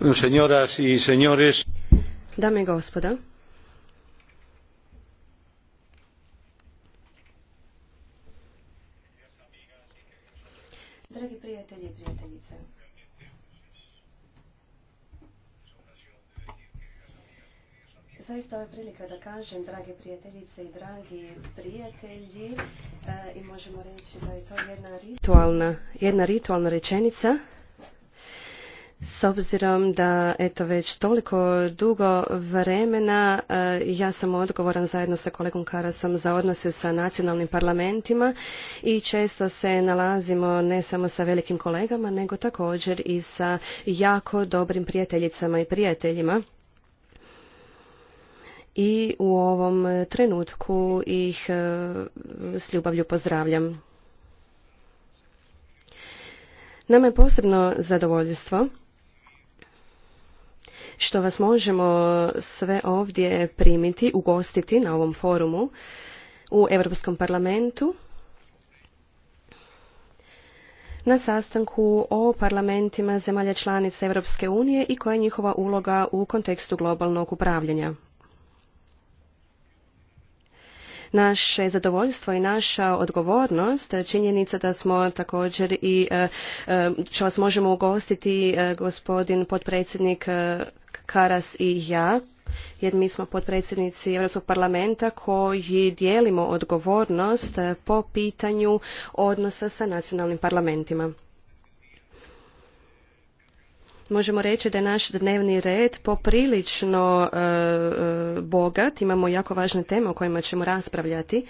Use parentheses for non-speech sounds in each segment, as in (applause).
Señoras Dame i gospoda. Dragi prijatelji i prijateljice. Zaista ovo je prilika da kažem, drage prijateljice i dragi prijatelji, e, i možemo reći da je to jedna ritualna, jedna ritualna rečenica s obzirom da eto već toliko dugo vremena e, ja sam odgovoran zajedno sa kolegom Karasom za odnose sa nacionalnim parlamentima i često se nalazimo ne samo sa velikim kolegama nego također i sa jako dobrim prijateljicama i prijateljima i u ovom trenutku ih e, s ljubavlju pozdravljam. Nama je posebno zadovoljstvo što vas možemo sve ovdje primiti, ugostiti na ovom forumu u Europskom parlamentu na sastanku o parlamentima zemalja članica Europske unije i koja je njihova uloga u kontekstu globalnog upravljanja naše zadovoljstvo i naša odgovornost, činjenica da smo također i e, e, što vas možemo ugostiti e, gospodin potpredsjednik Karas i ja, jer mi smo potpredsjednici Europskog parlamenta koji dijelimo odgovornost po pitanju odnosa sa nacionalnim parlamentima možemo reći da je naš dnevni red poprilično e, e, bogat, imamo jako važne teme o kojima ćemo raspravljati.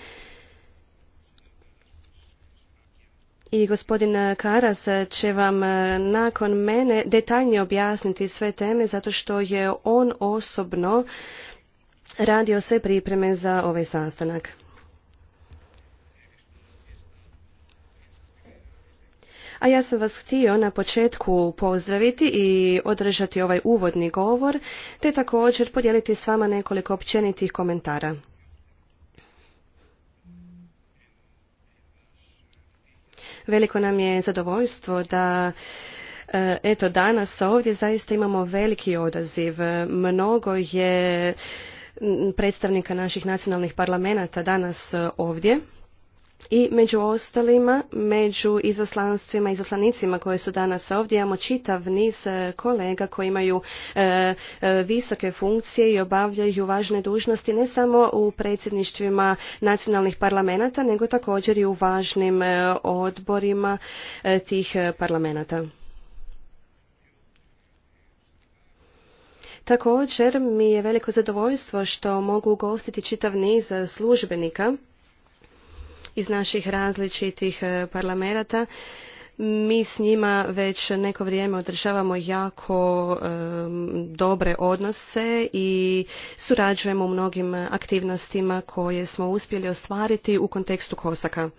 I gospodin Karas će vam e, nakon mene detaljnije objasniti sve teme zato što je on osobno radio sve pripreme za ovaj sastanak. A ja sam vas htio na početku pozdraviti i održati ovaj uvodni govor, te također podijeliti s vama nekoliko općenitih komentara. Veliko nam je zadovoljstvo da e, eto danas ovdje zaista imamo veliki odaziv. Mnogo je predstavnika naših nacionalnih parlamenta danas e, ovdje i među ostalima, među izaslanstvima i izaslanicima koje su danas ovdje, imamo čitav niz e, kolega koji imaju e, e, visoke funkcije i obavljaju važne dužnosti ne samo u predsjedništvima nacionalnih parlamenta, nego također i u važnim odborima tih parlamenta. Također mi je veliko zadovoljstvo što mogu ugostiti čitav niz službenika iz naših različitih e, parlamenata. Mi s njima već neko vrijeme održavamo jako e, dobre odnose i surađujemo u mnogim aktivnostima koje smo uspjeli ostvariti u kontekstu Kosaka.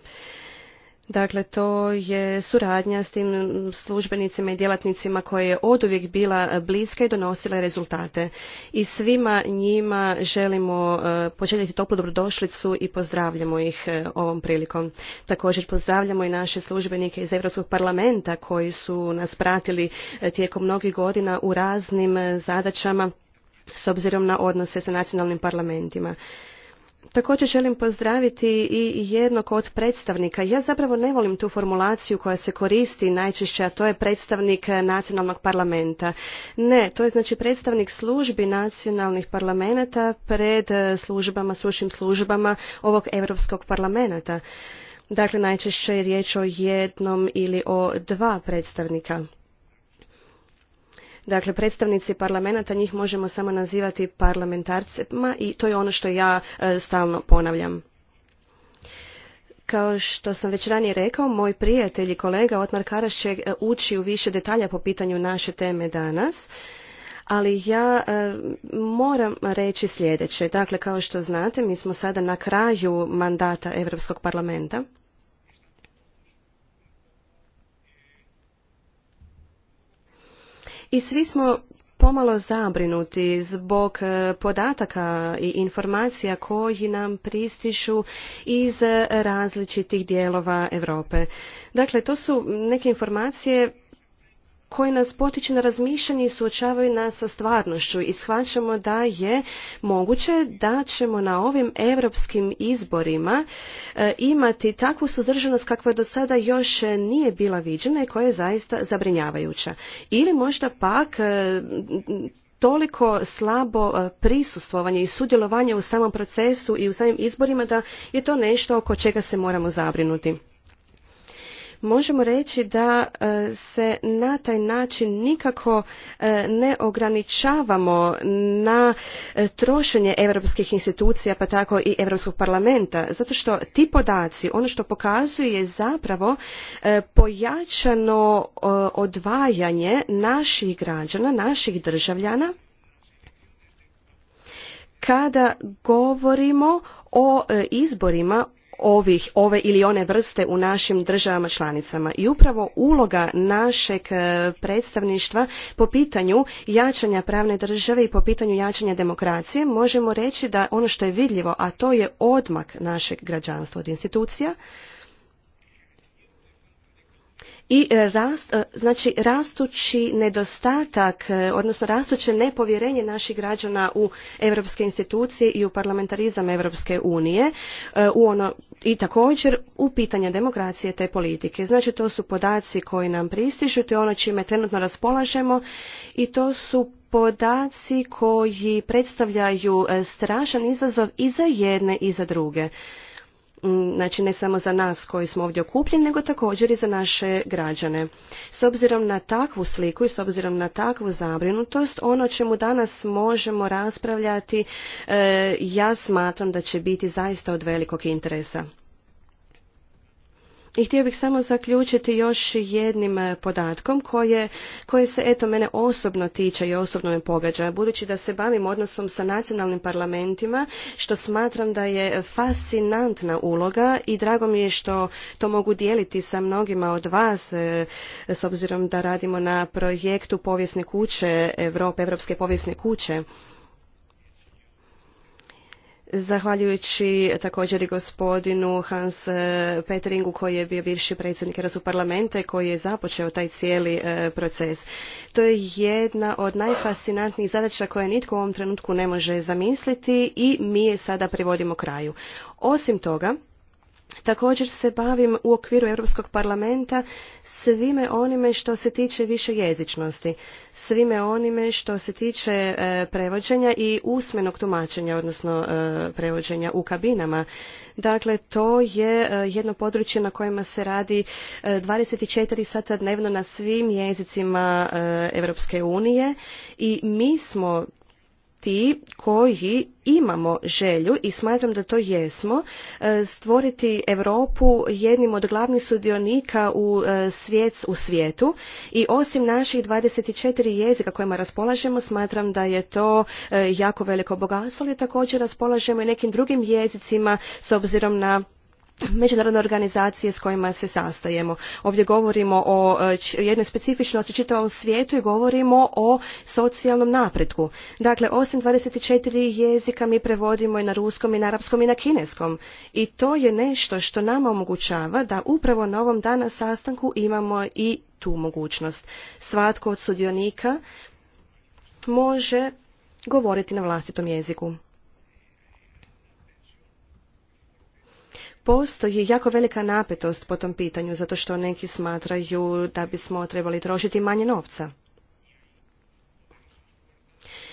Dakle, to je suradnja s tim službenicima i djelatnicima koja je oduvijek bila e, bliska i donosila rezultate. I svima njima želimo e, poželjeti toplu dobrodošlicu i pozdravljamo ih e, ovom prilikom. Također pozdravljamo i naše službenike iz Europskog parlamenta koji su nas pratili tijekom mnogih godina u raznim zadaćama s obzirom na odnose sa nacionalnim parlamentima. Također želim pozdraviti i jednog od predstavnika. Ja zapravo ne volim tu formulaciju koja se koristi najčešće, a to je predstavnik nacionalnog parlamenta. Ne, to je znači predstavnik službi nacionalnih parlamenta pred službama, slušim službama ovog Europskog parlamenta. Dakle, najčešće je riječ o jednom ili o dva predstavnika. Dakle, predstavnici parlamenta njih možemo samo nazivati parlamentarcima i to je ono što ja e, stalno ponavljam. Kao što sam već ranije rekao, moj prijatelj i kolega Otmar Karas će e, ući u više detalja po pitanju naše teme danas ali ja e, moram reći sljedeće. Dakle, kao što znate, mi smo sada na kraju mandata Europskog parlamenta i svi smo pomalo zabrinuti zbog e, podataka i informacija koji nam pristišu iz e, različitih dijelova Europe. Dakle, to su neke informacije koji nas potiče na razmišljanje i suočavaju nas sa stvarnošću i shvaćamo da je moguće da ćemo na ovim europskim izborima e, imati takvu suzdržanost kakva do sada još nije bila viđena i koja je zaista zabrinjavajuća. Ili možda pak e, toliko slabo e, prisustvovanje i sudjelovanje u samom procesu i u samim izborima da je to nešto oko čega se moramo zabrinuti možemo reći da e, se na taj način nikako e, ne ograničavamo na e, trošenje europskih institucija pa tako i europskog parlamenta zato što ti podaci ono što pokazuje je zapravo pojačano odvajanje naših građana naših državljana kada govorimo o izborima ovih, ove ili one vrste u našim državama članicama. I upravo uloga našeg e, predstavništva po pitanju jačanja pravne države i po pitanju jačanja demokracije možemo reći da ono što je vidljivo, a to je odmak našeg građanstva od institucija, i e, rast, e, znači rastući nedostatak, e, odnosno rastuće nepovjerenje naših građana u europske institucije i u parlamentarizam Europske unije u ono, i također u pitanje demokracije te politike. Znači to su podaci koji nam pristižu, to je ono čime trenutno raspolažemo i to su podaci koji predstavljaju strašan izazov i za jedne i za druge znači ne samo za nas koji smo ovdje okupljeni, nego također i za naše građane. S obzirom na takvu sliku i s obzirom na takvu zabrinutost, ono čemu danas možemo raspravljati, e, ja smatram da će biti zaista od velikog interesa. I htio bih samo zaključiti još jednim e, podatkom koje, koje se eto mene osobno tiče i osobno me pogađa. Budući da se bavim odnosom sa nacionalnim parlamentima, što smatram da je fascinantna uloga i drago mi je što to mogu dijeliti sa mnogima od vas e, s obzirom da radimo na projektu povijesne kuće Europe, Europske povijesne kuće zahvaljujući također i gospodinu Hans e, Peteringu koji je bio bivši predsjednik Europskog parlamenta koji je započeo taj cijeli e, proces. To je jedna od najfascinantnijih zadaća koje nitko u ovom trenutku ne može zamisliti i mi je sada privodimo kraju. Osim toga, Također se bavim u okviru Europskog parlamenta svime onime što se tiče više jezičnosti, svime onime što se tiče e, prevođenja i usmenog tumačenja, odnosno e, prevođenja u kabinama. Dakle, to je e, jedno područje na kojima se radi 24 sata dnevno na svim jezicima Europske unije i mi smo ti koji imamo želju i smatram da to jesmo e, stvoriti Europu jednim od glavnih sudionika u e, svijet u svijetu i osim naših 24 jezika kojima raspolažemo smatram da je to e, jako veliko bogatstvo ali također raspolažemo i nekim drugim jezicima s obzirom na međunarodne organizacije s kojima se sastajemo. Ovdje govorimo o e, jednoj specifičnosti čitavom svijetu i govorimo o socijalnom napretku. Dakle, osim 24 jezika mi prevodimo i na ruskom i na arapskom i na kineskom. I to je nešto što nama omogućava da upravo na ovom danas sastanku imamo i tu mogućnost. Svatko od sudionika može govoriti na vlastitom jeziku. Postoji jako velika napetost po tom pitanju, zato što neki smatraju da bismo trebali trošiti manje novca.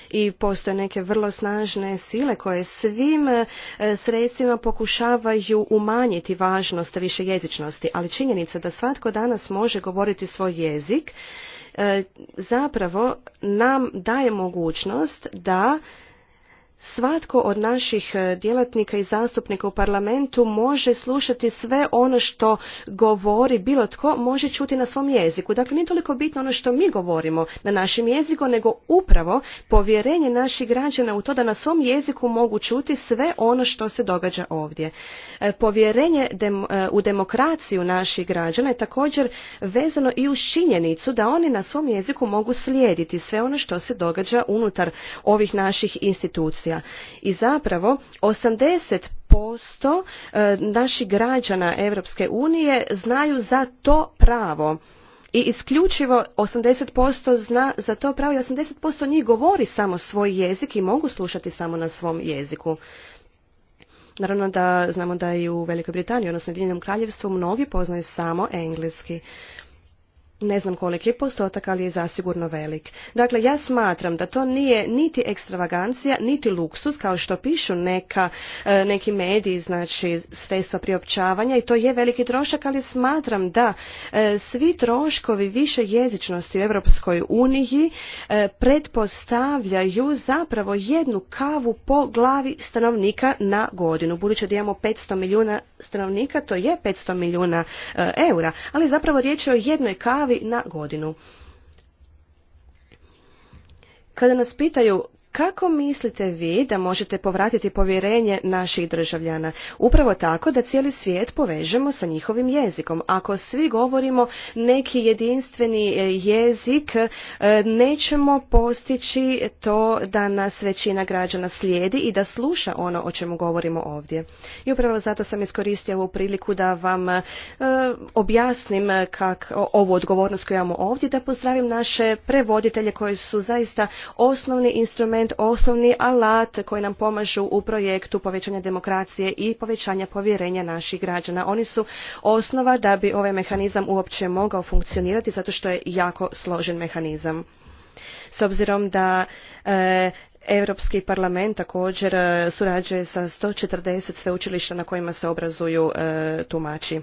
I postoje neke vrlo snažne sile koje svim e, sredstvima pokušavaju umanjiti važnost višejezičnosti, ali činjenica da svatko danas može govoriti svoj jezik e, zapravo nam daje mogućnost da svatko od naših e, djelatnika i zastupnika u parlamentu može slušati sve ono što govori bilo tko može čuti na svom jeziku. Dakle, nije toliko bitno ono što mi govorimo na našem jeziku, nego upravo povjerenje naših građana u to da na svom jeziku mogu čuti sve ono što se događa ovdje. E, povjerenje e, u demokraciju naših građana je također vezano i uz činjenicu da oni na svom jeziku mogu slijediti sve ono što se događa unutar ovih naših institucija i zapravo posto e, naših građana Europske unije znaju za to pravo i isključivo 80% zna za to pravo i 80% njih govori samo svoj jezik i mogu slušati samo na svom jeziku. Naravno da znamo da i u Velikoj Britaniji, odnosno Ujedinjenom kraljevstvu, mnogi poznaju samo engleski ne znam koliki je postotak, ali je zasigurno velik. Dakle, ja smatram da to nije niti ekstravagancija, niti luksus, kao što pišu neka, e, neki mediji, znači sredstva priopćavanja i to je veliki trošak, ali smatram da e, svi troškovi više jezičnosti u Europskoj uniji e, pretpostavljaju zapravo jednu kavu po glavi stanovnika na godinu. Budući da imamo 500 milijuna stanovnika, to je 500 milijuna eura, ali zapravo riječ je o jednoj kavi stavi na godinu. Kada nas pitaju kako mislite vi da možete povratiti povjerenje naših državljana? Upravo tako da cijeli svijet povežemo sa njihovim jezikom. Ako svi govorimo neki jedinstveni e, jezik, e, nećemo postići to da nas većina građana slijedi i da sluša ono o čemu govorimo ovdje. I upravo zato sam iskoristio ovu priliku da vam e, objasnim kak, ovu odgovornost koju imamo ovdje, da pozdravim naše prevoditelje koji su zaista osnovni instrument parlament osnovni alat koji nam pomažu u projektu povećanja demokracije i povećanja povjerenja naših građana. Oni su osnova da bi ovaj mehanizam uopće mogao funkcionirati zato što je jako složen mehanizam. S obzirom da e, Europski parlament također e, surađuje sa 140 sveučilišta na kojima se obrazuju e, tumači.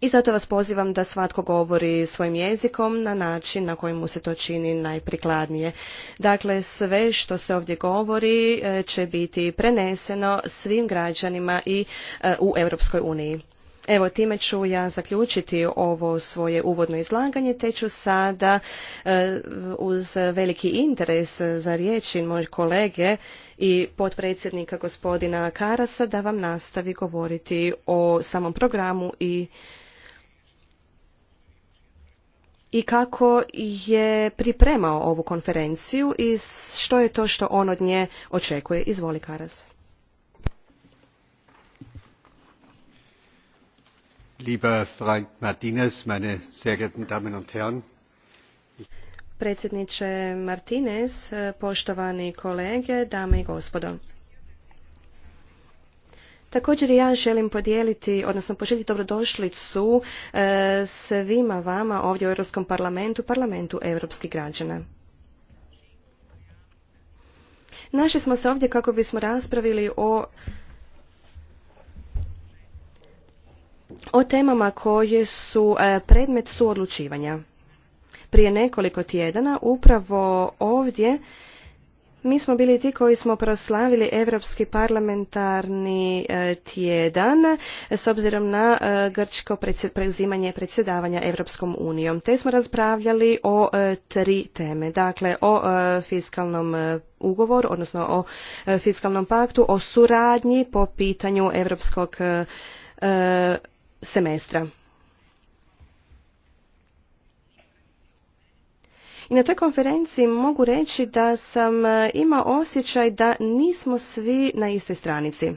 I zato vas pozivam da svatko govori svojim jezikom na način na koji mu se to čini najprikladnije. Dakle, sve što se ovdje govori e, će biti preneseno svim građanima i e, u Europskoj uniji. Evo, time ću ja zaključiti ovo svoje uvodno izlaganje, te ću sada e, uz veliki interes za riječi mojeg kolege i potpredsjednika gospodina Karasa da vam nastavi govoriti o samom programu i i kako je pripremao ovu konferenciju i što je to što on od nje očekuje. Izvoli Karas. lieber Martinez, meine Predsjedniče Martinez, poštovani kolege, dame i gospodo. Također i ja želim podijeliti, odnosno poželjiti dobrodošlicu e, svima vama ovdje u Europskom parlamentu, parlamentu europskih građana. Našli smo se ovdje kako bismo raspravili o o temama koje su e, predmet suodlučivanja. Prije nekoliko tjedana upravo ovdje mi smo bili ti koji smo proslavili Europski parlamentarni e, tjedan e, s obzirom na grčko preuzimanje predsjedavanja Europskom unijom. Te smo raspravljali o tri teme, dakle o fiskalnom ugovoru, odnosno o fiskalnom paktu, o suradnji po pitanju Europskog semestra. I na toj konferenciji mogu reći da sam e, ima osjećaj da nismo svi na istoj stranici.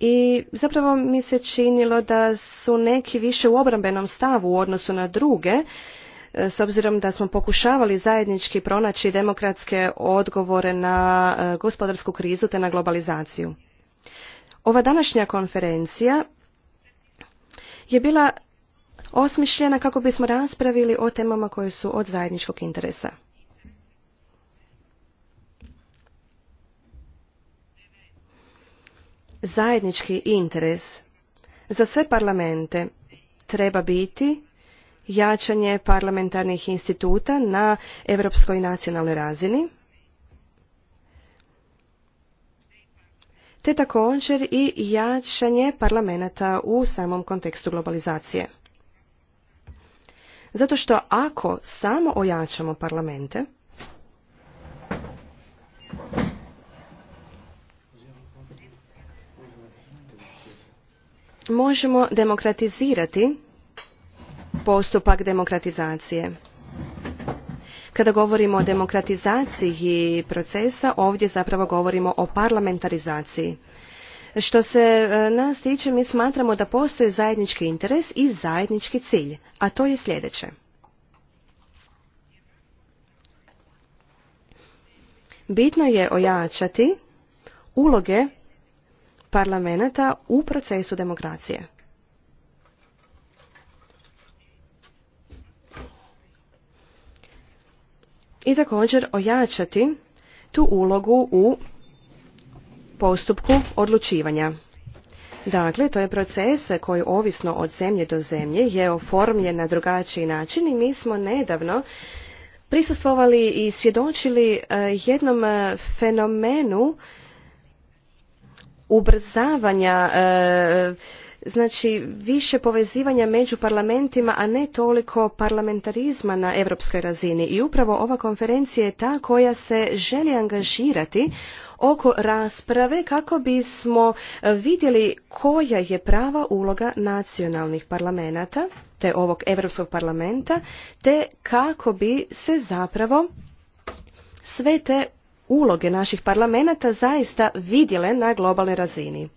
I zapravo mi se činilo da su neki više u obrambenom stavu u odnosu na druge, e, s obzirom da smo pokušavali zajednički pronaći demokratske odgovore na e, gospodarsku krizu te na globalizaciju. Ova današnja konferencija je bila osmišljena kako bismo raspravili o temama koje su od zajedničkog interesa. Zajednički interes za sve parlamente treba biti jačanje parlamentarnih instituta na europskoj i nacionalnoj razini te također i jačanje parlamenta u samom kontekstu globalizacije. Zato što ako samo ojačamo parlamente, možemo demokratizirati postupak demokratizacije kada govorimo o demokratizaciji procesa, ovdje zapravo govorimo o parlamentarizaciji. Što se e, nas tiče, mi smatramo da postoji zajednički interes i zajednički cilj, a to je sljedeće. Bitno je ojačati uloge parlamenta u procesu demokracije. i također ojačati tu ulogu u postupku odlučivanja. Dakle, to je proces koji ovisno od zemlje do zemlje je oformljen na drugačiji način i mi smo nedavno prisustvovali i svjedočili e, jednom e, fenomenu ubrzavanja e, znači više povezivanja među parlamentima, a ne toliko parlamentarizma na europskoj razini. I upravo ova konferencija je ta koja se želi angažirati oko rasprave kako bismo e, vidjeli koja je prava uloga nacionalnih parlamenata, te ovog Europskog parlamenta, te kako bi se zapravo sve te uloge naših parlamenta zaista vidjele na globalnoj razini.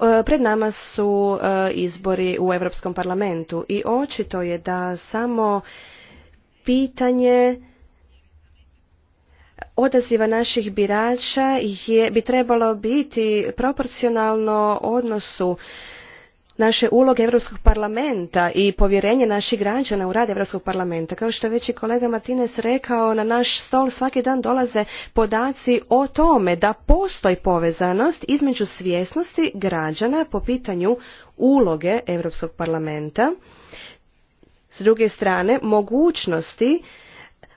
E, pred nama su e, izbori u Europskom parlamentu i očito je da samo pitanje odaziva naših birača bi trebalo biti proporcionalno odnosu naše uloge Europskog parlamenta i povjerenje naših građana u rad Europskog parlamenta. Kao što je već i kolega Martinez rekao, na naš stol svaki dan dolaze podaci o tome da postoji povezanost između svjesnosti građana po pitanju uloge Europskog parlamenta, s druge strane mogućnosti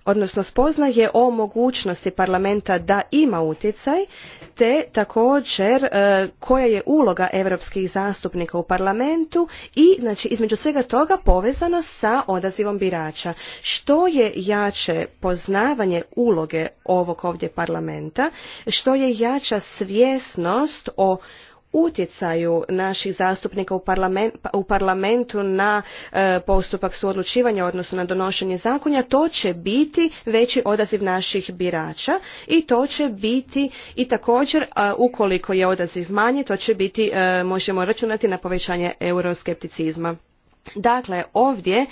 odnosno spoznaje o mogućnosti parlamenta da ima utjecaj te također e, koja je uloga europskih zastupnika u parlamentu i znači između svega toga povezano sa odazivom birača što je jače poznavanje uloge ovog ovdje parlamenta što je jača svjesnost o utjecaju naših zastupnika u, parlamentu na e, postupak suodlučivanja odnosno na donošenje zakonja to će biti veći odaziv naših birača i to će biti i također e, ukoliko je odaziv manji to će biti e, možemo računati na povećanje euroskepticizma Dakle, ovdje,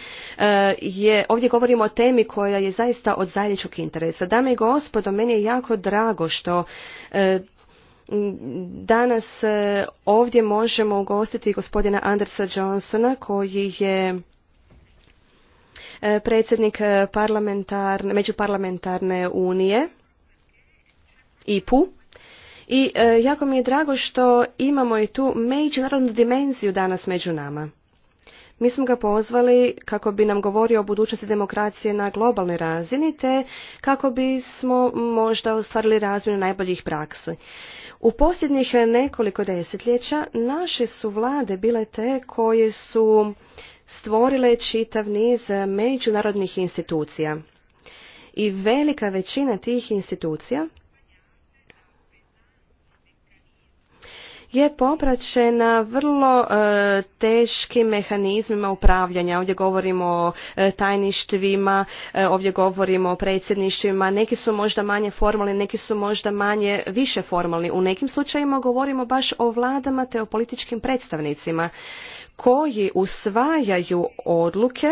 je, ovdje govorimo o temi koja je zaista od zajedničkog interesa. Dame i gospodo, meni je jako drago što Danas e, ovdje možemo ugostiti gospodina Andersa Johnsona koji je e, predsjednik parlamentarne, Međuparlamentarne unije IPU. I e, jako mi je drago što imamo i tu međunarodnu dimenziju danas među nama. Mi smo ga pozvali kako bi nam govorio o budućnosti demokracije na globalnoj razini te kako bismo možda ostvarili razmjenu najboljih praksi. U posljednjih nekoliko desetljeća naše su vlade bile te koje su stvorile čitav niz međunarodnih institucija. I velika većina tih institucija je popraćena vrlo e, teškim mehanizmima upravljanja. Ovdje govorimo o e, tajništvima, e, ovdje govorimo o predsjedništvima, neki su možda manje formalni, neki su možda manje više formalni. U nekim slučajima govorimo baš o vladama te o političkim predstavnicima koji usvajaju odluke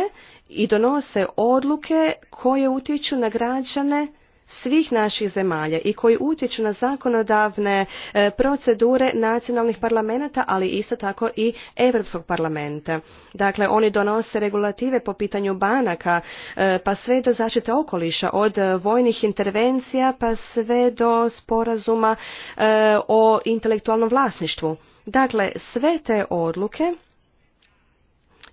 i donose odluke koje utječu na građane svih naših zemalja i koji utječu na zakonodavne e, procedure nacionalnih parlamenata, ali isto tako i Europskog parlamenta. Dakle, oni donose regulative po pitanju banaka, e, pa sve do zaštite okoliša, od vojnih intervencija pa sve do sporazuma e, o intelektualnom vlasništvu. Dakle, sve te odluke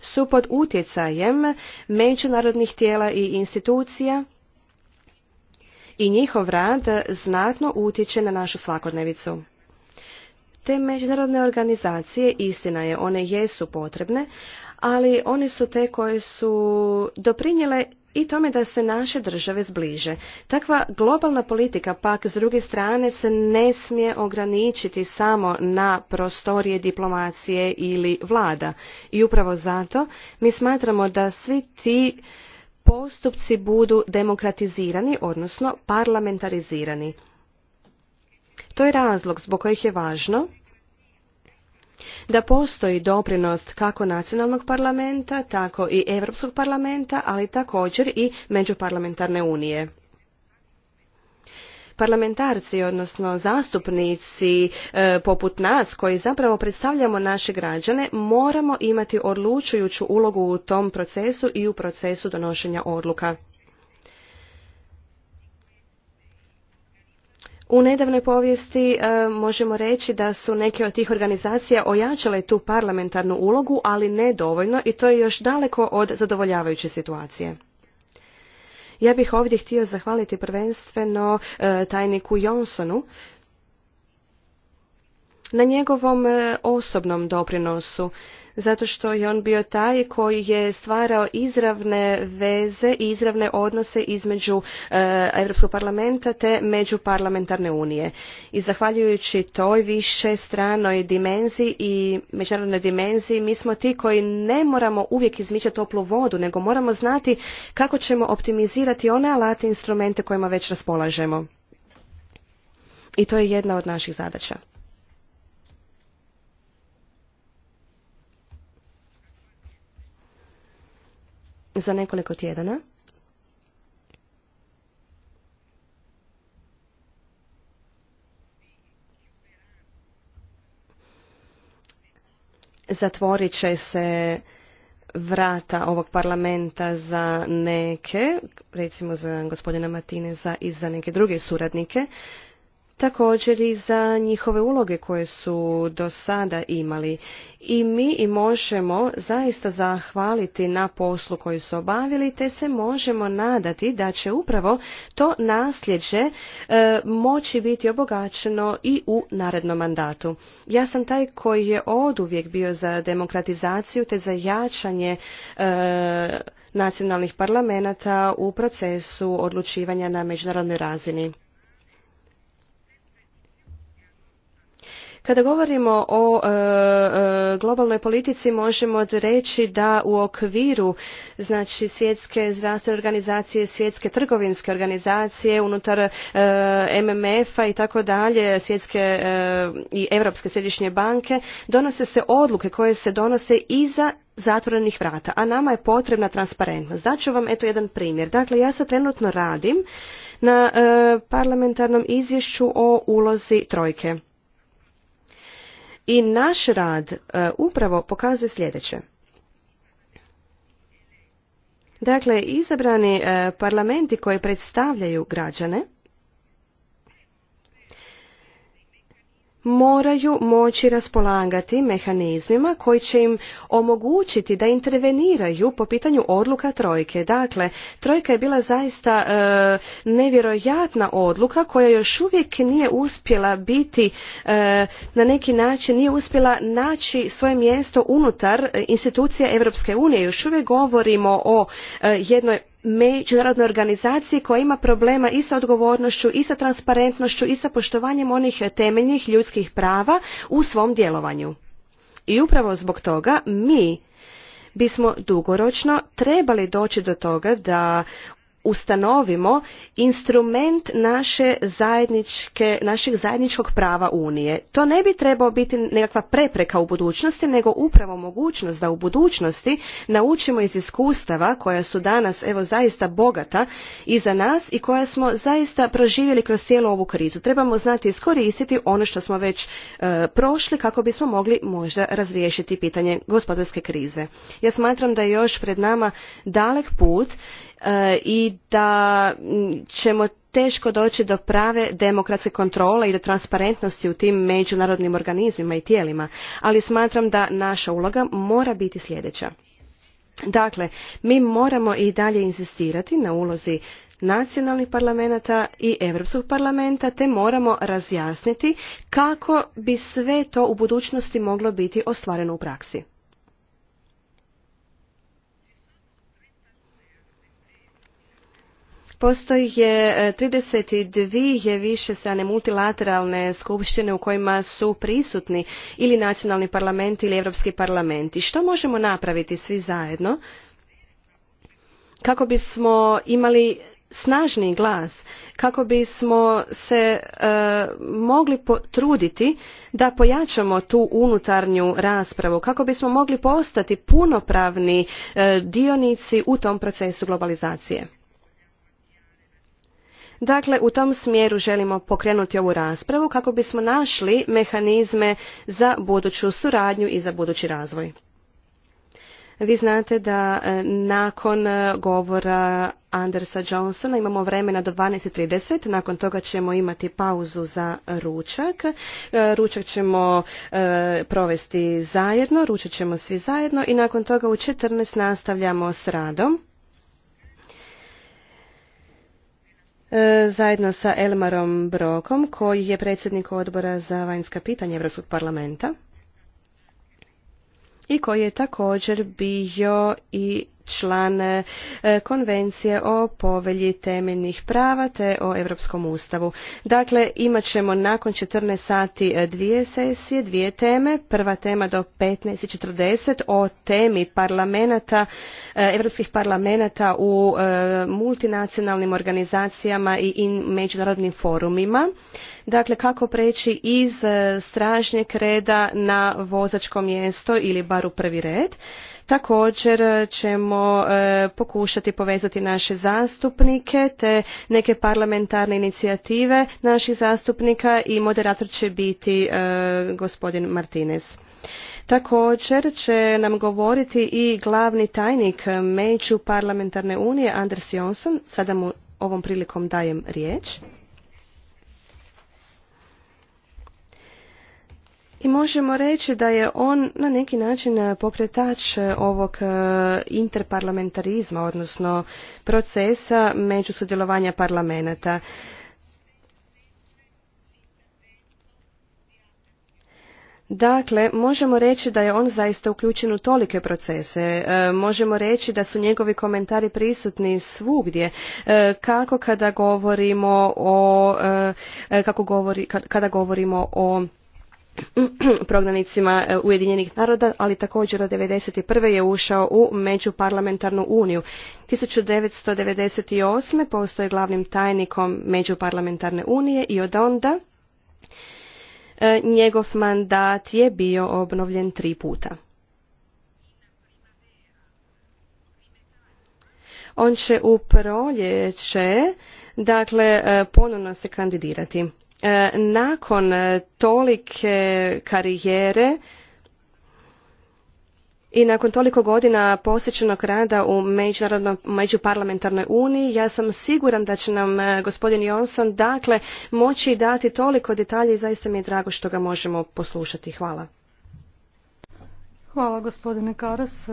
su pod utjecajem međunarodnih tijela i institucija i njihov rad znatno utječe na našu svakodnevicu. Te međunarodne organizacije, istina je, one jesu potrebne, ali one su te koje su doprinjele i tome da se naše države zbliže. Takva globalna politika pak s druge strane se ne smije ograničiti samo na prostorije diplomacije ili vlada. I upravo zato mi smatramo da svi ti postupci budu demokratizirani, odnosno parlamentarizirani. To je razlog zbog kojih je važno da postoji doprinost kako nacionalnog parlamenta, tako i Europskog parlamenta, ali također i međuparlamentarne unije parlamentarci, odnosno zastupnici e, poput nas koji zapravo predstavljamo naše građane, moramo imati odlučujuću ulogu u tom procesu i u procesu donošenja odluka. U nedavnoj povijesti e, možemo reći da su neke od tih organizacija ojačale tu parlamentarnu ulogu, ali ne dovoljno i to je još daleko od zadovoljavajuće situacije. Ja bih ovdje htio zahvaliti prvenstveno e, tajniku Jonsonu na njegovom e, osobnom doprinosu, zato što je on bio taj koji je stvarao izravne veze i izravne odnose između e, Europskog parlamenta te parlamentarne unije. I zahvaljujući toj više stranoj dimenziji i međunarodnoj dimenziji, mi smo ti koji ne moramo uvijek izmičati toplu vodu, nego moramo znati kako ćemo optimizirati one alate i instrumente kojima već raspolažemo. I to je jedna od naših zadaća. za nekoliko tjedana. Zatvorit će se vrata ovog parlamenta za neke, recimo za gospodina Martineza i za neke druge suradnike također i za njihove uloge koje su do sada imali. I mi i možemo zaista zahvaliti na poslu koji su obavili, te se možemo nadati da će upravo to nasljeđe e, moći biti obogaćeno i u narednom mandatu. Ja sam taj koji je oduvijek bio za demokratizaciju te za jačanje e, nacionalnih parlamenta u procesu odlučivanja na međunarodnoj razini. Kada govorimo o e, e, globalnoj politici možemo reći da u okviru znači svjetske zdravstvene organizacije, svjetske trgovinske organizacije unutar e, MMF-a i tako dalje, svjetske i Europske središnje banke donose se odluke koje se donose iza zatvorenih vrata, a nama je potrebna transparentnost. Daću vam eto jedan primjer. Dakle, ja sad trenutno radim na parlamentarnom izvješću o ulozi trojke. I naš rad e, upravo pokazuje sljedeće. Dakle, izabrani e, parlamenti koji predstavljaju građane moraju moći raspolagati mehanizmima koji će im omogućiti da interveniraju po pitanju odluka trojke. Dakle, trojka je bila zaista e, nevjerojatna odluka koja još uvijek nije uspjela biti e, na neki način nije uspjela naći svoje mjesto unutar e, institucija Europske unije. Još uvijek govorimo o jednoj međunarodnoj organizacije koja ima problema i sa odgovornošću i sa transparentnošću i sa poštovanjem onih temeljnih ljudskih prava u svom djelovanju. I upravo zbog toga mi bismo dugoročno trebali doći do toga da ustanovimo instrument naše zajedničke, našeg zajedničkog prava Unije. To ne bi trebao biti nekakva prepreka u budućnosti, nego upravo mogućnost da u budućnosti naučimo iz iskustava koja su danas evo zaista bogata iza nas i koja smo zaista proživjeli kroz cijelu ovu krizu. Trebamo znati iskoristiti ono što smo već e, prošli kako bismo mogli možda razriješiti pitanje gospodarske krize. Ja smatram da je još pred nama dalek put E, i da ćemo teško doći do prave demokratske kontrole i do transparentnosti u tim međunarodnim organizmima i tijelima ali smatram da naša uloga mora biti sljedeća dakle mi moramo i dalje inzistirati na ulozi nacionalnih parlamenata i europskog parlamenta te moramo razjasniti kako bi sve to u budućnosti moglo biti ostvareno u praksi Postoji e, je 32 više strane multilateralne skupštine u kojima su prisutni ili nacionalni parlamenti ili Europski parlamenti. što možemo napraviti svi zajedno kako bismo imali snažni glas kako bismo se e, mogli potruditi da pojačamo tu unutarnju raspravu kako bismo mogli postati punopravni e, dionici u tom procesu globalizacije Dakle, u tom smjeru želimo pokrenuti ovu raspravu kako bismo našli mehanizme za buduću suradnju i za budući razvoj. Vi znate da e, nakon e, govora Andersa Johnsona imamo vremena do 12.30, nakon toga ćemo imati pauzu za ručak. E, ručak ćemo provesti zajedno, ručat ćemo svi zajedno i nakon toga u 14 nastavljamo s radom. E, zajedno sa Elmarom Brokom, koji je predsjednik odbora za vanjska pitanja Europskog parlamenta i koji je također bio i član e, konvencije o povelji temeljnih prava te o Europskom ustavu. Dakle, imat ćemo nakon 14 sati e, dvije sesije, dvije teme. Prva tema do 15.40 o temi parlamenta, e, europskih parlamenta u multinacionalnim organizacijama i međunarodnim forumima. Dakle, kako preći iz stražnjeg reda na vozačko mjesto ili bar u prvi red. Također ćemo e, pokušati povezati naše zastupnike te neke parlamentarne inicijative naših zastupnika i moderator će biti e, gospodin Martinez. Također će nam govoriti i glavni tajnik Među parlamentarne unije Anders Jonsson. Sada mu ovom prilikom dajem riječ. i možemo reći da je on na neki način e, pokretač e, ovog e, interparlamentarizma, odnosno procesa među sudjelovanja parlamenta. Dakle, možemo reći da je on zaista uključen u tolike procese, možemo reći da su njegovi komentari prisutni svugdje, kako kada govorimo o, kako govori, kada govorimo o (clears throat) prognanicima e, Ujedinjenih naroda, ali također od jedan je ušao u Međuparlamentarnu uniju. 1998. je glavnim tajnikom Međuparlamentarne unije i od onda e, njegov mandat je bio obnovljen tri puta. On će u proljeće, dakle, e, ponovno se kandidirati. E, nakon e, tolike karijere i nakon toliko godina posjećenog rada u međuparlamentarnoj uniji, ja sam siguran da će nam e, gospodin Johnson dakle moći dati toliko detalja i zaista mi je drago što ga možemo poslušati. Hvala. Hvala gospodine Karas.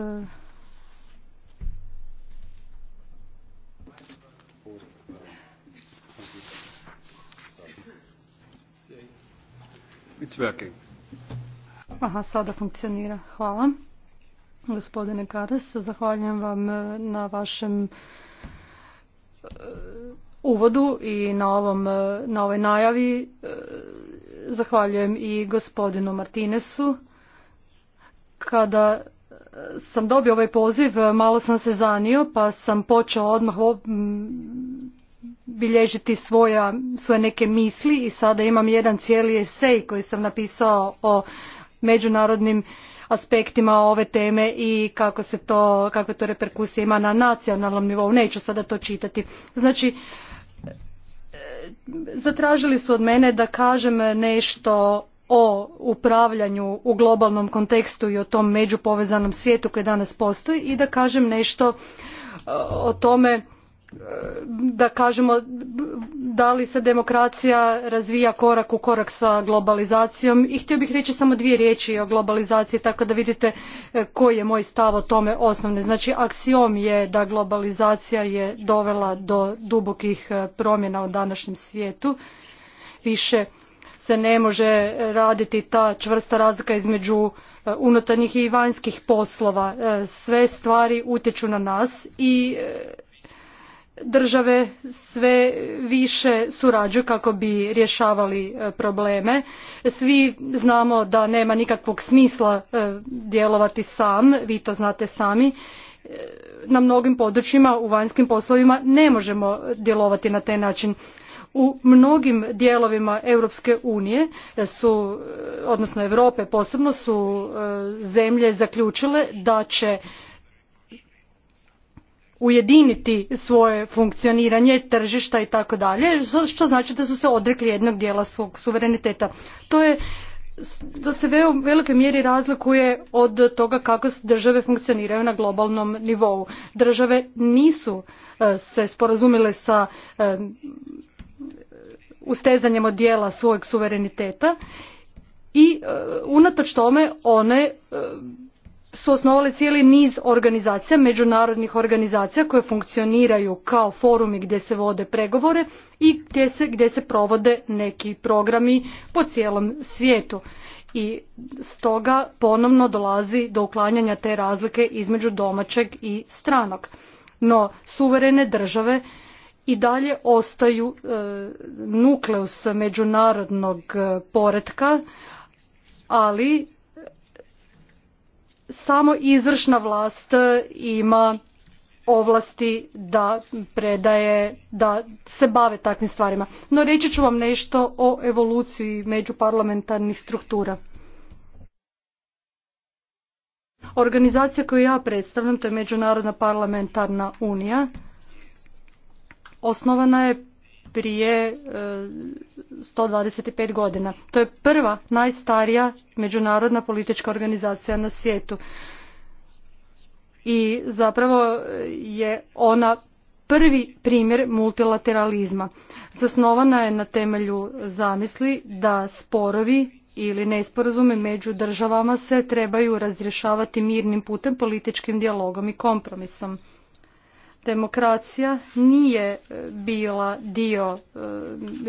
It's sada funkcionira. Hvala. Gospodine Karas, zahvaljujem vam eh, na vašem eh, uvodu i na, eh, na ovoj najavi. Zahvaljujem i gospodinu Martinesu. Kada sam dobio ovaj poziv, malo sam se zanio, pa sam počeo odmah bilježiti svoja, svoje neke misli i sada imam jedan cijeli esej koji sam napisao o međunarodnim aspektima ove teme i kako se to, kakve to reperkusije ima na nacionalnom nivou. Neću sada to čitati. Znači, e, zatražili su od mene da kažem nešto o upravljanju u globalnom kontekstu i o tom međupovezanom svijetu koji danas postoji i da kažem nešto e, o tome da kažemo da li se demokracija razvija korak u korak sa globalizacijom i htio bih reći samo dvije riječi o globalizaciji tako da vidite e, koji je moj stav o tome osnovni. Znači aksiom je da globalizacija je dovela do dubokih e, promjena u današnjem svijetu. Više se ne može raditi ta čvrsta razlika između e, unutarnjih i vanjskih poslova. Sve stvari utječu na nas i države sve više surađuju kako bi rješavali e, probleme. Svi znamo da nema nikakvog smisla e, djelovati sam, vi to znate sami. E, na mnogim područjima u vanjskim poslovima ne možemo djelovati na taj način. U mnogim dijelovima Europske unije su, odnosno Europe posebno, su zemlje zaključile da će ujediniti svoje funkcioniranje tržišta i tako dalje što znači da su se odrekli jednog dijela svog suvereniteta to je da se u velikoj mjeri razlikuje od toga kako države funkcioniraju na globalnom nivou države nisu e, se sporazumile sa e, ustezanjem od dijela svojeg suvereniteta i e, unatoč tome one su osnovali cijeli niz organizacija, međunarodnih organizacija koje funkcioniraju kao forumi gdje se vode pregovore i gdje se, gdje se provode neki programi po cijelom svijetu. I stoga ponovno dolazi do uklanjanja te razlike između domaćeg i stranog. No, suverene države i dalje ostaju e, nukleus međunarodnog e, poretka, ali samo izvršna vlast e, ima ovlasti da predaje, da se bave takvim stvarima. No reći ću vam nešto o evoluciji međuparlamentarnih struktura. Organizacija koju ja predstavljam, to je Međunarodna parlamentarna unija, osnovana je prije 125 e, godina. To je prva najstarija međunarodna politička organizacija na svijetu. I zapravo je ona prvi primjer multilateralizma. Zasnovana je na temelju zamisli da sporovi ili nesporazumi među državama se trebaju razrješavati mirnim putem, političkim dijalogom i kompromisom demokracija nije e, bila dio e,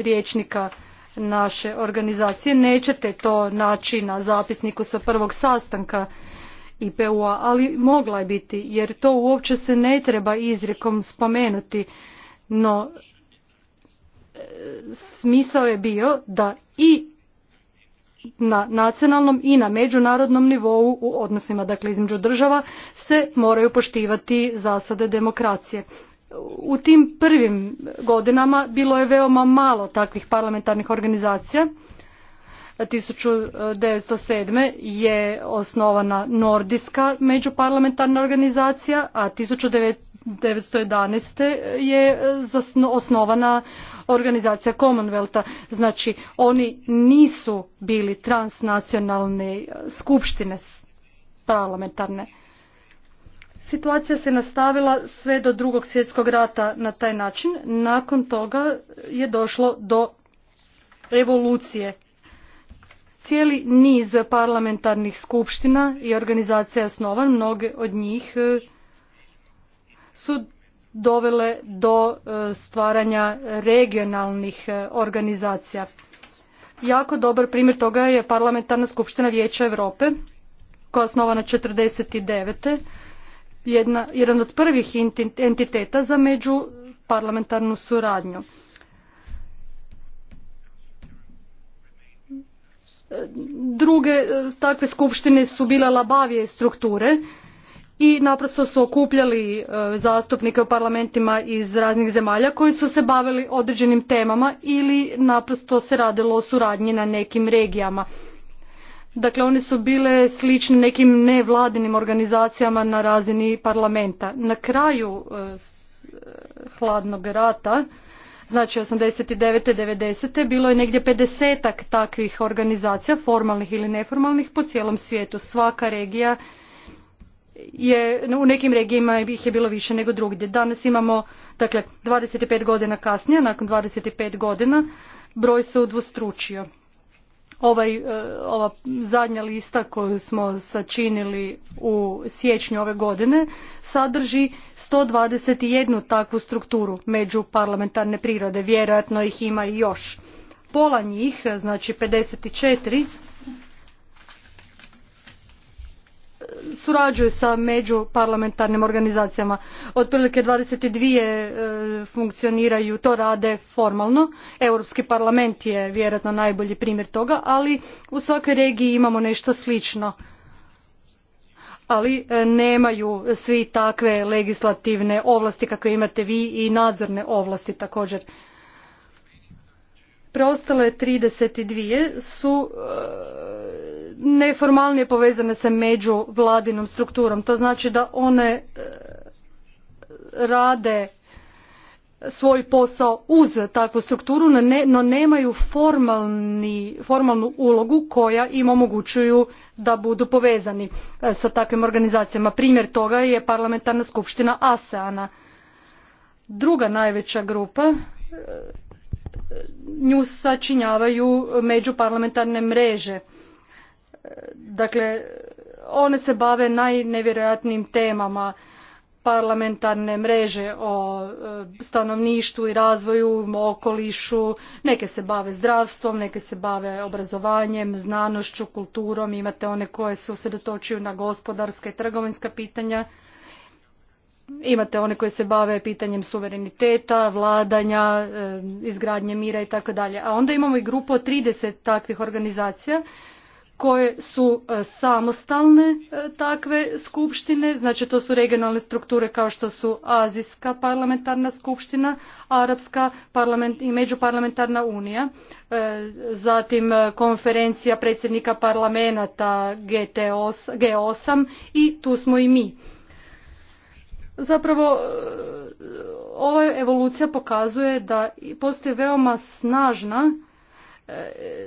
rječnika naše organizacije. Nećete to naći na zapisniku sa prvog sastanka IPU-a, ali mogla je biti, jer to uopće se ne treba izrijekom spomenuti, no e, smisao je bio da i na nacionalnom i na međunarodnom nivou u odnosima dakle između država se moraju poštivati zasade demokracije. U tim prvim godinama bilo je veoma malo takvih parlamentarnih organizacija. 1907. je osnovana Nordijska međuparlamentarna organizacija, a 1911. je osnovana organizacija Commonwealtha. Znači oni nisu bili transnacionalne skupštine parlamentarne. Situacija se nastavila sve do drugog svjetskog rata na taj način. Nakon toga je došlo do evolucije. Cijeli niz parlamentarnih skupština i organizacija je osnovan, mnoge od njih eh, su dovele do e, stvaranja regionalnih e, organizacija. Jako dobar primjer toga je parlamentarna skupština Vijeća Europe koja je osnovana 49. Jedna, jedan od prvih entiteta za međuparlamentarnu suradnju. E, druge takve skupštine su bile labavije strukture i naprosto su okupljali e, zastupnike u parlamentima iz raznih zemalja koji su se bavili određenim temama ili naprosto se radilo o suradnji na nekim regijama. Dakle, one su bile slične nekim nevladinim organizacijama na razini parlamenta. Na kraju e, e, hladnog rata, znači 89. 90. bilo je negdje 50 takvih organizacija, formalnih ili neformalnih, po cijelom svijetu. Svaka regija je u nekim regijima ih je bilo više nego drugdje. Danas imamo, dakle, 25 godina kasnije, nakon 25 godina, broj se udvostručio. Ovaj, e, ova zadnja lista koju smo sačinili u siječnju ove godine sadrži 121 takvu strukturu među parlamentarne prirode. Vjerojatno ih ima i još. Pola njih, e, znači 54, surađuju sa međuparlamentarnim organizacijama. Otprilike 22 e, funkcioniraju, to rade formalno. Europski parlament je vjerojatno najbolji primjer toga, ali u svakoj regiji imamo nešto slično. Ali e, nemaju svi takve legislativne ovlasti kakve imate vi i nadzorne ovlasti također. Preostale 32 su e, neformalnije povezane među međuvladinom strukturom. To znači da one e, rade svoj posao uz takvu strukturu, no nemaju formalnu ulogu koja im omogućuju da budu povezani e, sa takvim organizacijama. Primjer toga je parlamentarna skupština ASEANA. Druga najveća grupa e, nju sačinjavaju međuparlamentarne mreže Dakle, one se bave najnevjerojatnijim temama parlamentarne mreže o e, stanovništvu i razvoju, okolišu, neke se bave zdravstvom, neke se bave obrazovanjem, znanošću, kulturom, imate one koje se usredotočuju na gospodarska i trgovinska pitanja, imate one koje se bave pitanjem suvereniteta, vladanja, e, izgradnje mira i tako dalje. A onda imamo i grupu od 30 takvih organizacija koje su e, samostalne e, takve skupštine, znači to su regionalne strukture kao što su Azijska parlamentarna skupština, Arapska parlament i Međuparlamentarna unija, e, zatim konferencija predsjednika parlamenta G8 i tu smo i mi. Zapravo, ova evolucija pokazuje da postoje veoma snažna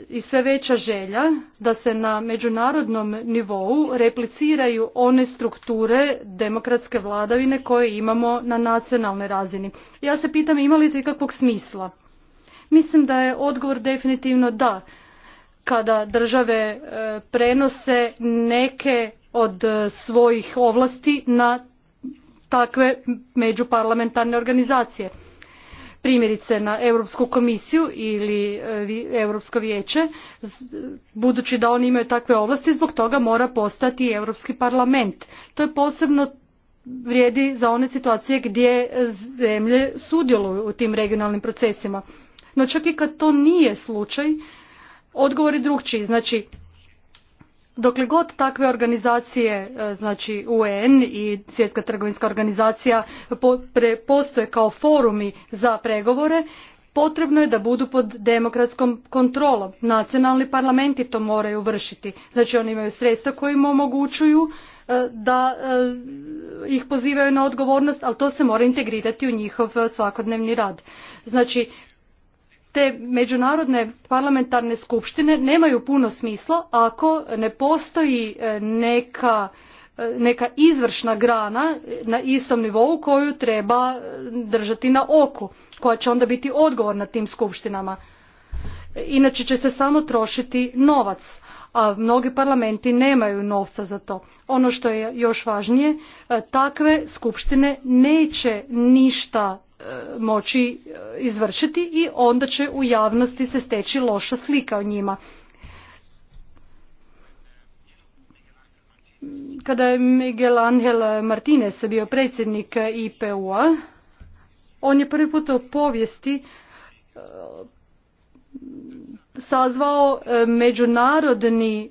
i sve veća želja da se na međunarodnom nivou repliciraju one strukture demokratske vladavine koje imamo na nacionalnoj razini. Ja se pitam ima li to ikakvog smisla? Mislim da je odgovor definitivno da. Kada države e, prenose neke od svojih ovlasti na takve međuparlamentarne organizacije primjerice na Europsku komisiju ili e, Europsko vijeće, budući da oni imaju takve ovlasti, zbog toga mora postati i Europski parlament. To je posebno vrijedi za one situacije gdje zemlje sudjeluju u tim regionalnim procesima. No čak i kad to nije slučaj, odgovor je drugčiji. Znači, Dokle god takve organizacije, e, znači UN i Svjetska trgovinska organizacija postoje kao forumi za pregovore, potrebno je da budu pod demokratskom kontrolom. Nacionalni parlamenti to moraju vršiti. Znači oni imaju sredstva koja im omogućuju e, da e, ih pozivaju na odgovornost, ali to se mora integrirati u njihov svakodnevni rad. Znači, te međunarodne parlamentarne skupštine nemaju puno smisla ako ne postoji e, neka e, neka izvršna grana e, na istom nivou koju treba držati na oku, koja će onda biti odgovorna tim skupštinama. Inače će se samo trošiti novac, a mnogi parlamenti nemaju novca za to. Ono što je još važnije, takve skupštine neće ništa moći e, izvršiti i onda će u javnosti se steći loša slika o njima. Kada je Miguel Angel Martinez bio predsjednik IPU-a, on je prvi put u povijesti e, sazvao e, međunarodni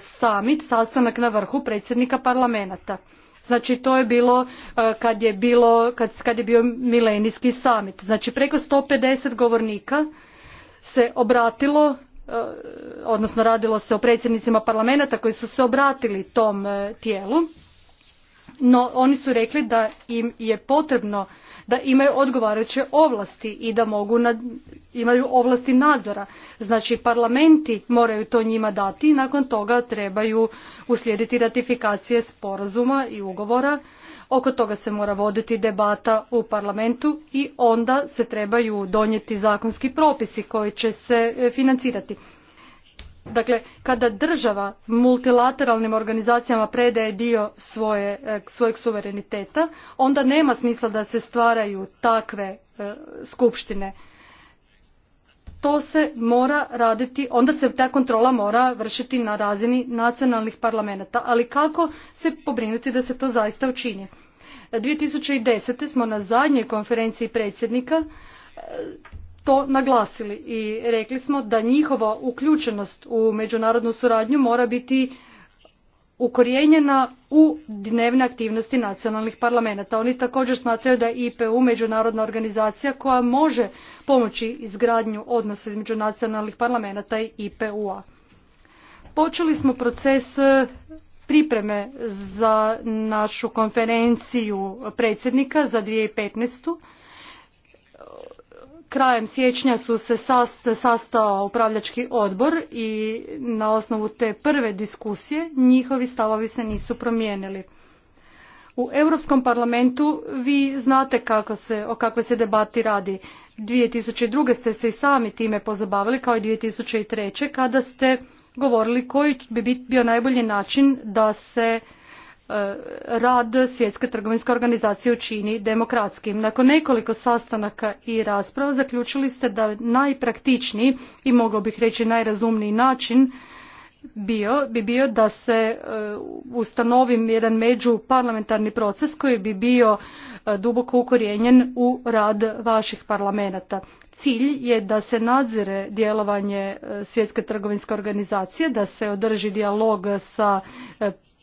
summit, sastanak na vrhu predsjednika parlamenta. Znači to je bilo e, kad je, bilo, kad, kad je bio milenijski summit. Znači preko 150 govornika se obratilo e, odnosno radilo se o predsjednicima parlamenata koji su se obratili tom e, tijelu no oni su rekli da im je potrebno da imaju odgovarajuće ovlasti i da mogu nad, imaju ovlasti nadzora. Znači parlamenti moraju to njima dati i nakon toga trebaju uslijediti ratifikacije sporazuma i ugovora. Oko toga se mora voditi debata u parlamentu i onda se trebaju donijeti zakonski propisi koji će se e, financirati. Dakle, kada država multilateralnim organizacijama predaje dio svoje, e, svojeg suvereniteta, onda nema smisla da se stvaraju takve e, skupštine. To se mora raditi, onda se ta kontrola mora vršiti na razini nacionalnih parlamenata. Ali kako se pobrinuti da se to zaista učini? 2010. E, smo na zadnjoj konferenciji predsjednika to naglasili i rekli smo da njihova uključenost u međunarodnu suradnju mora biti ukorijenjena u dnevne aktivnosti nacionalnih parlamenta. Oni također smatraju da je IPU međunarodna organizacija koja može pomoći izgradnju odnosa između nacionalnih parlamenta i IPU-a. Počeli smo proces e, pripreme za našu konferenciju predsjednika za 2015 krajem siječnja su se sastao upravljački odbor i na osnovu te prve diskusije njihovi stavovi se nisu promijenili. U Europskom parlamentu vi znate kako se, o kakve se debati radi. 2002. ste se i sami time pozabavili kao i 2003. kada ste govorili koji bi bio najbolji način da se E, rad Svjetske trgovinske organizacije učini demokratskim. Nakon nekoliko sastanaka i rasprava zaključili ste da najpraktičniji i mogao bih reći najrazumniji način bio, bi bio da se e, ustanovi jedan međuparlamentarni proces koji bi bio e, duboko ukorijenjen u rad vaših parlamenata. Cilj je da se nadzire djelovanje Svjetske trgovinske organizacije, da se održi dijalog sa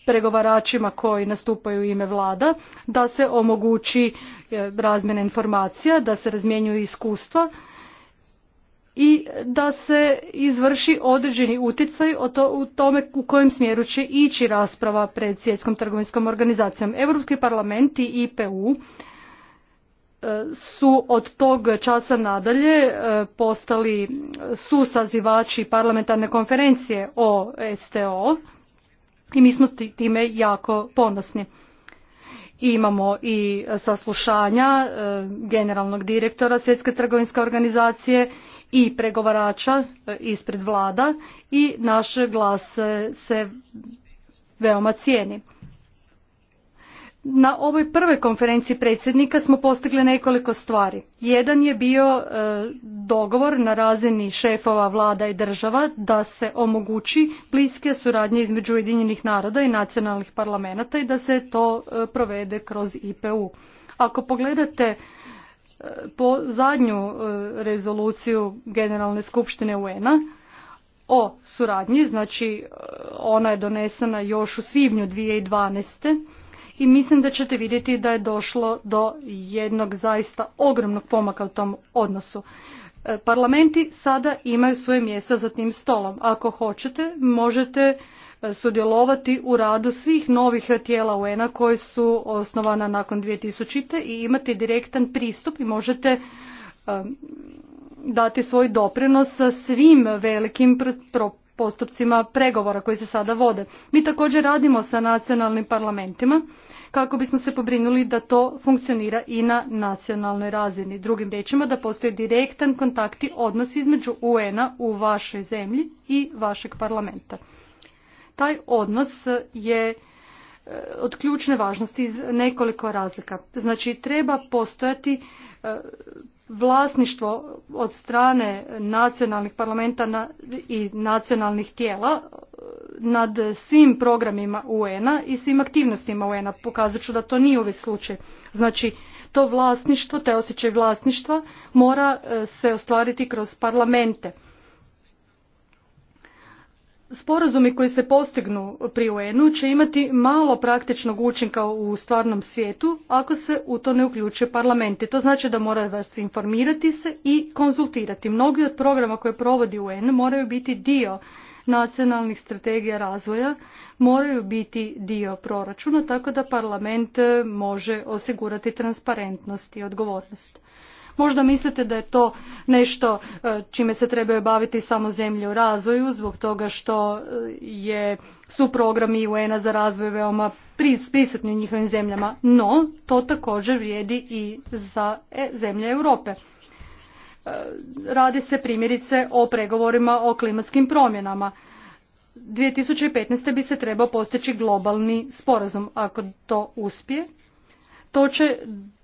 pregovaračima koji nastupaju u ime vlada da se omogući e, razmjena informacija, da se razmjenjuju iskustva i da se izvrši određeni utjecaj to, u tome u kojem smjeru će ići rasprava pred svjetskom trgovinskom organizacijom. Europski parlament i IPU e, su od tog časa nadalje e, postali susazivači parlamentarne konferencije o STO i mi smo time jako ponosni. Imamo i saslušanja e, generalnog direktora Svjetske trgovinske organizacije i pregovarača e, ispred vlada i naš glas se veoma cijeni na ovoj prvoj konferenciji predsjednika smo postigli nekoliko stvari. Jedan je bio e, dogovor na razini šefova vlada i država da se omogući bliske suradnje između Ujedinjenih naroda i nacionalnih parlamenata i da se to e, provede kroz IPU. Ako pogledate e, po zadnju rezoluciju Generalne skupštine UN-a, o suradnji, znači ona je donesena još u svibnju 2012 i mislim da ćete vidjeti da je došlo do jednog zaista ogromnog pomaka u tom odnosu. E, parlamenti sada imaju svoje mjesto za tim stolom. Ako hoćete, možete e, sudjelovati u radu svih novih tijela UN-a su osnovana nakon 2000. i imati direktan pristup i možete e, dati svoj doprinos svim velikim postupcima pregovora koji se sada vode. Mi također radimo sa nacionalnim parlamentima kako bismo se pobrinuli da to funkcionira i na nacionalnoj razini. Drugim riječima da postoji direktan kontakt i odnos između UN-a u vašoj zemlji i vašeg parlamenta. Taj odnos je e, od ključne važnosti iz nekoliko razlika. Znači treba postojati e, vlasništvo od strane nacionalnih parlamenta i nacionalnih tijela eh, nad svim programima UN-a i svim aktivnostima UN-a. Pokazat ću da to nije uvijek slučaj. Znači, to vlasništvo, te osjećaj vlasništva mora eh, se ostvariti kroz parlamente sporazumi koji se postignu pri UN-u će imati malo praktičnog učinka u stvarnom svijetu ako se u to ne uključe parlamenti. To znači da mora vas informirati se i konzultirati. Mnogi od programa koje provodi UN moraju biti dio nacionalnih strategija razvoja, moraju biti dio proračuna tako da parlament može osigurati transparentnost i odgovornost. Možda mislite da je to nešto e, čime se trebaju baviti samo zemlje u razvoju zbog toga što e, je, su programi UN-a za razvoj veoma prisutni u njihovim zemljama, no to također vrijedi i za e, zemlje Europe radi se primjerice o pregovorima o klimatskim promjenama. 2015. bi se trebao postići globalni sporazum. Ako to uspije, to će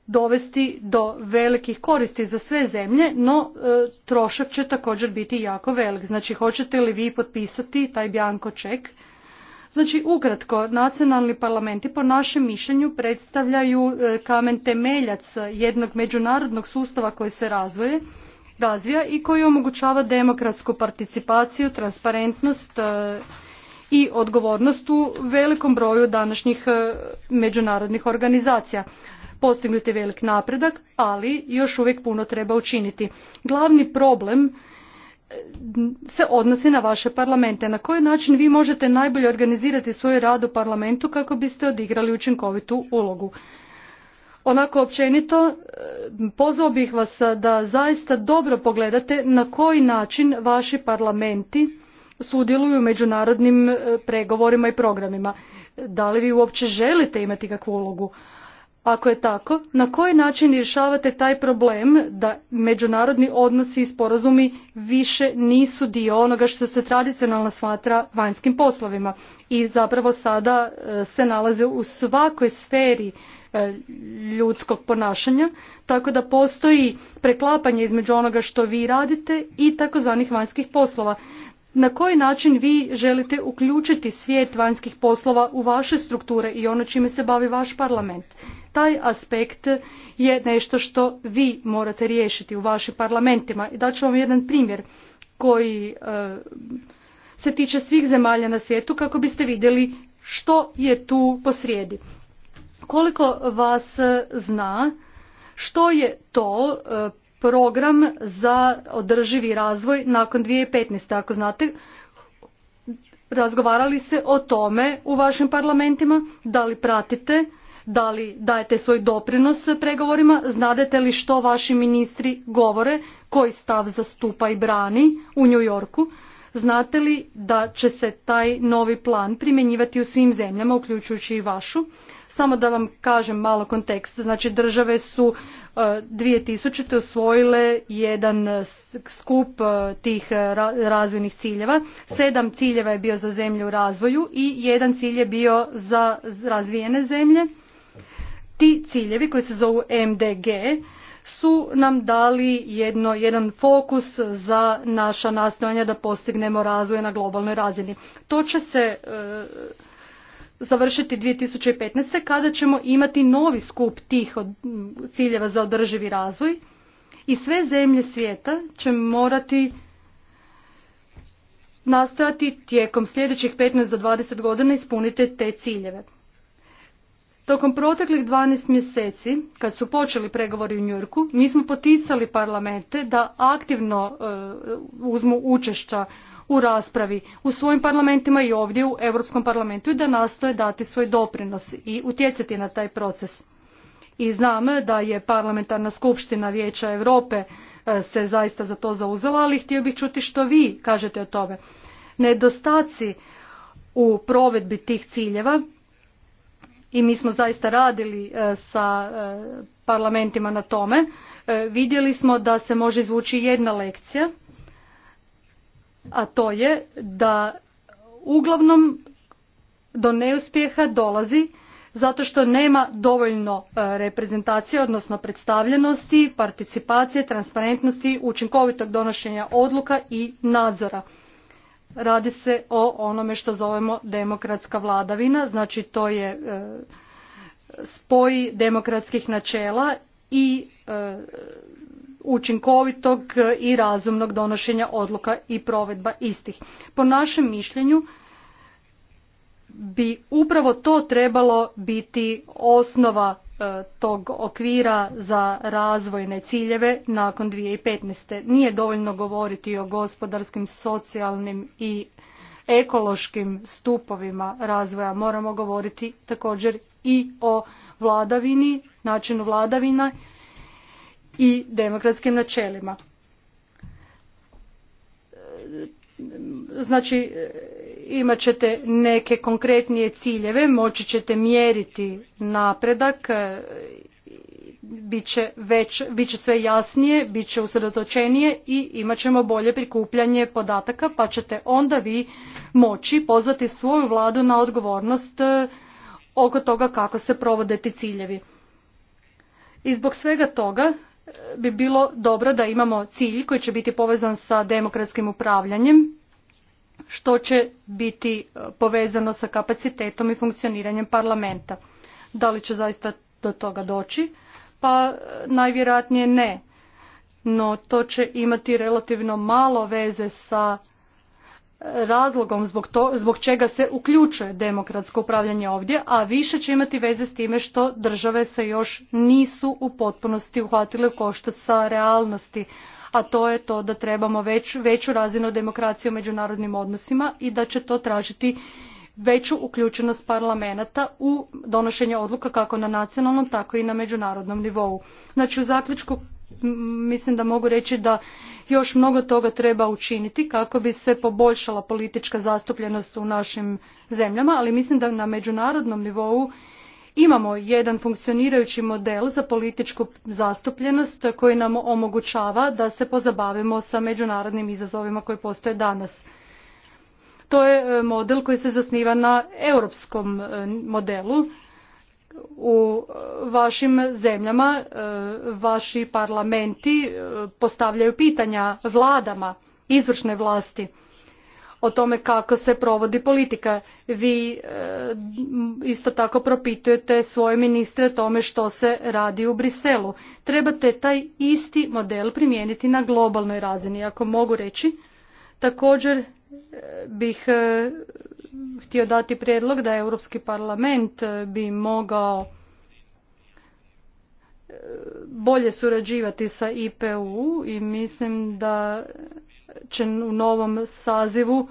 dovesti do velikih koristi za sve zemlje, no e, trošak će također biti jako velik. Znači, hoćete li vi potpisati taj bjanko ček? Znači, ukratko, nacionalni parlamenti po našem mišljenju predstavljaju e, kamen temeljac jednog međunarodnog sustava koji se razvija i koji omogućava demokratsku participaciju, transparentnost e, i odgovornost u velikom broju današnjih međunarodnih organizacija. Postignut velik napredak, ali još uvijek puno treba učiniti. Glavni problem e, se odnosi na vaše parlamente. Na koji način vi možete najbolje organizirati svoj rad u parlamentu kako biste odigrali učinkovitu ulogu? Onako općenito, e, pozvao bih vas da zaista dobro pogledate na koji način vaši parlamenti sudjeluju u međunarodnim e, pregovorima i programima. Da li vi uopće želite imati kakvu ulogu? Ako je tako, na koji način rješavate taj problem da međunarodni odnosi i sporazumi više nisu dio onoga što se tradicionalno smatra vanjskim poslovima i zapravo sada e, se nalaze u svakoj sferi e, ljudskog ponašanja, tako da postoji preklapanje između onoga što vi radite i takozvanih vanjskih poslova. Na koji način vi želite uključiti svijet vanjskih poslova u vaše strukture i ono čime se bavi vaš parlament? Taj aspekt je nešto što vi morate riješiti u vašim parlamentima. I ću vam jedan primjer koji eh, se tiče svih zemalja na svijetu kako biste vidjeli što je tu posrijedi. Koliko vas eh, zna što je to eh, program za održivi razvoj nakon 2015. ako znate razgovarali se o tome u vašim parlamentima, da li pratite da li dajete svoj doprinos pregovorima, znadete li što vaši ministri govore, koji stav zastupa i brani u New Yorku, znate li da će se taj novi plan primjenjivati u svim zemljama, uključujući i vašu. Samo da vam kažem malo kontekst, znači države su 2000. E, osvojile jedan skup e, tih e, razvojnih ciljeva. Sedam ciljeva je bio za zemlje u razvoju i jedan cilj je bio za razvijene zemlje ti ciljevi koji se zovu MDG su nam dali jedno, jedan fokus za naša nastojanja da postignemo razvoj na globalnoj razini. To će se e, završiti 2015. kada ćemo imati novi skup tih ciljeva za održivi razvoj i sve zemlje svijeta će morati nastojati tijekom sljedećih 15 do 20 godina ispuniti te ciljeve. Tokom proteklih 12 mjeseci, kad su počeli pregovori u Njurku, mi smo poticali parlamente da aktivno e, uzmu učešća u raspravi u svojim parlamentima i ovdje u Europskom parlamentu i da nastoje dati svoj doprinos i utjecati na taj proces. I znam da je parlamentarna skupština Vijeća Europe e, se zaista za to zauzela, ali htio bih čuti što vi kažete o tome. Nedostaci u provedbi tih ciljeva i mi smo zaista radili e, sa e, parlamentima na tome, e, vidjeli smo da se može izvući jedna lekcija, a to je da uglavnom do neuspjeha dolazi zato što nema dovoljno reprezentacije, odnosno predstavljenosti, participacije, transparentnosti, učinkovitog donošenja odluka i nadzora. Radi se o onome što zovemo demokratska vladavina, znači to je e, spoj demokratskih načela i e, učinkovitog i razumnog donošenja odluka i provedba istih. Po našem mišljenju bi upravo to trebalo biti osnova E, tog okvira za razvojne ciljeve nakon 2015. Nije dovoljno govoriti o gospodarskim, socijalnim i ekološkim stupovima razvoja. Moramo govoriti također i o vladavini, načinu vladavina i demokratskim načelima. Znači, imat ćete neke konkretnije ciljeve, moći ćete mjeriti napredak, e, bit će, sve jasnije, bit će usredotočenije i imat ćemo bolje prikupljanje podataka pa ćete onda vi moći pozvati svoju vladu na odgovornost e, oko toga kako se provode ti ciljevi. I zbog svega toga e, bi bilo dobro da imamo cilj koji će biti povezan sa demokratskim upravljanjem što će biti e, povezano sa kapacitetom i funkcioniranjem parlamenta. Da li će zaista do toga doći? Pa e, najvjerojatnije ne. No to će imati relativno malo veze sa e, razlogom zbog, zbog čega se uključuje demokratsko upravljanje ovdje, a više će imati veze s time što države se još nisu u potpunosti uhvatile koštac sa realnosti a to je to da trebamo već, veću razinu demokracije u međunarodnim odnosima i da će to tražiti veću uključenost parlamenata u donošenje odluka kako na nacionalnom tako i na međunarodnom nivou. Znači u zaključku mislim da mogu reći da još mnogo toga treba učiniti kako bi se poboljšala politička zastupljenost u našim zemljama, ali mislim da na međunarodnom nivou Imamo jedan funkcionirajući model za političku zastupljenost koji nam omogućava da se pozabavimo sa međunarodnim izazovima koji postoje danas. To je e, model koji se zasniva na europskom e, modelu. U e, vašim zemljama vaši parlamenti postavljaju pitanja vladama, izvršne vlasti o tome kako se provodi politika. Vi e, isto tako propitujete svoje ministre o tome što se radi u Briselu. Trebate taj isti model primijeniti na globalnoj razini. Ako mogu reći, također e, bih e, htio dati prijedlog da Europski parlament bi mogao bolje surađivati sa IPU i mislim da će u novom sazivu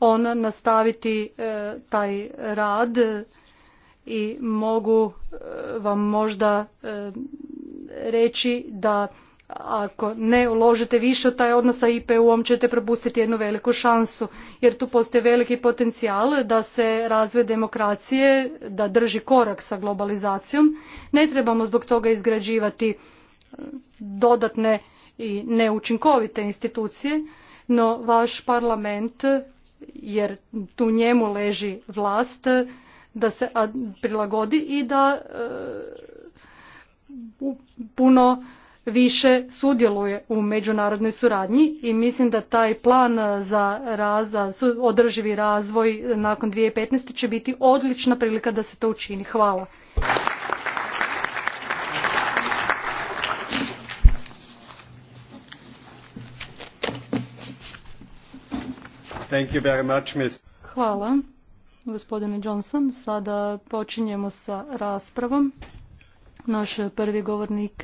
on nastaviti e, taj rad i mogu e, vam možda e, reći da ako ne uložite više u taj odnos sa IPU-om ćete propustiti jednu veliku šansu jer tu postoji veliki potencijal da se razvoj demokracije, da drži korak sa globalizacijom. Ne trebamo zbog toga izgrađivati dodatne i neučinkovite institucije, no vaš parlament, jer tu njemu leži vlast, da se prilagodi i da e, puno više sudjeluje u međunarodnoj suradnji i mislim da taj plan za, raz, za održivi razvoj nakon 2015. će biti odlična prilika da se to učini. Hvala. Hvala, gospodine Johnson. Sada počinjemo sa raspravom. Naš prvi govornik,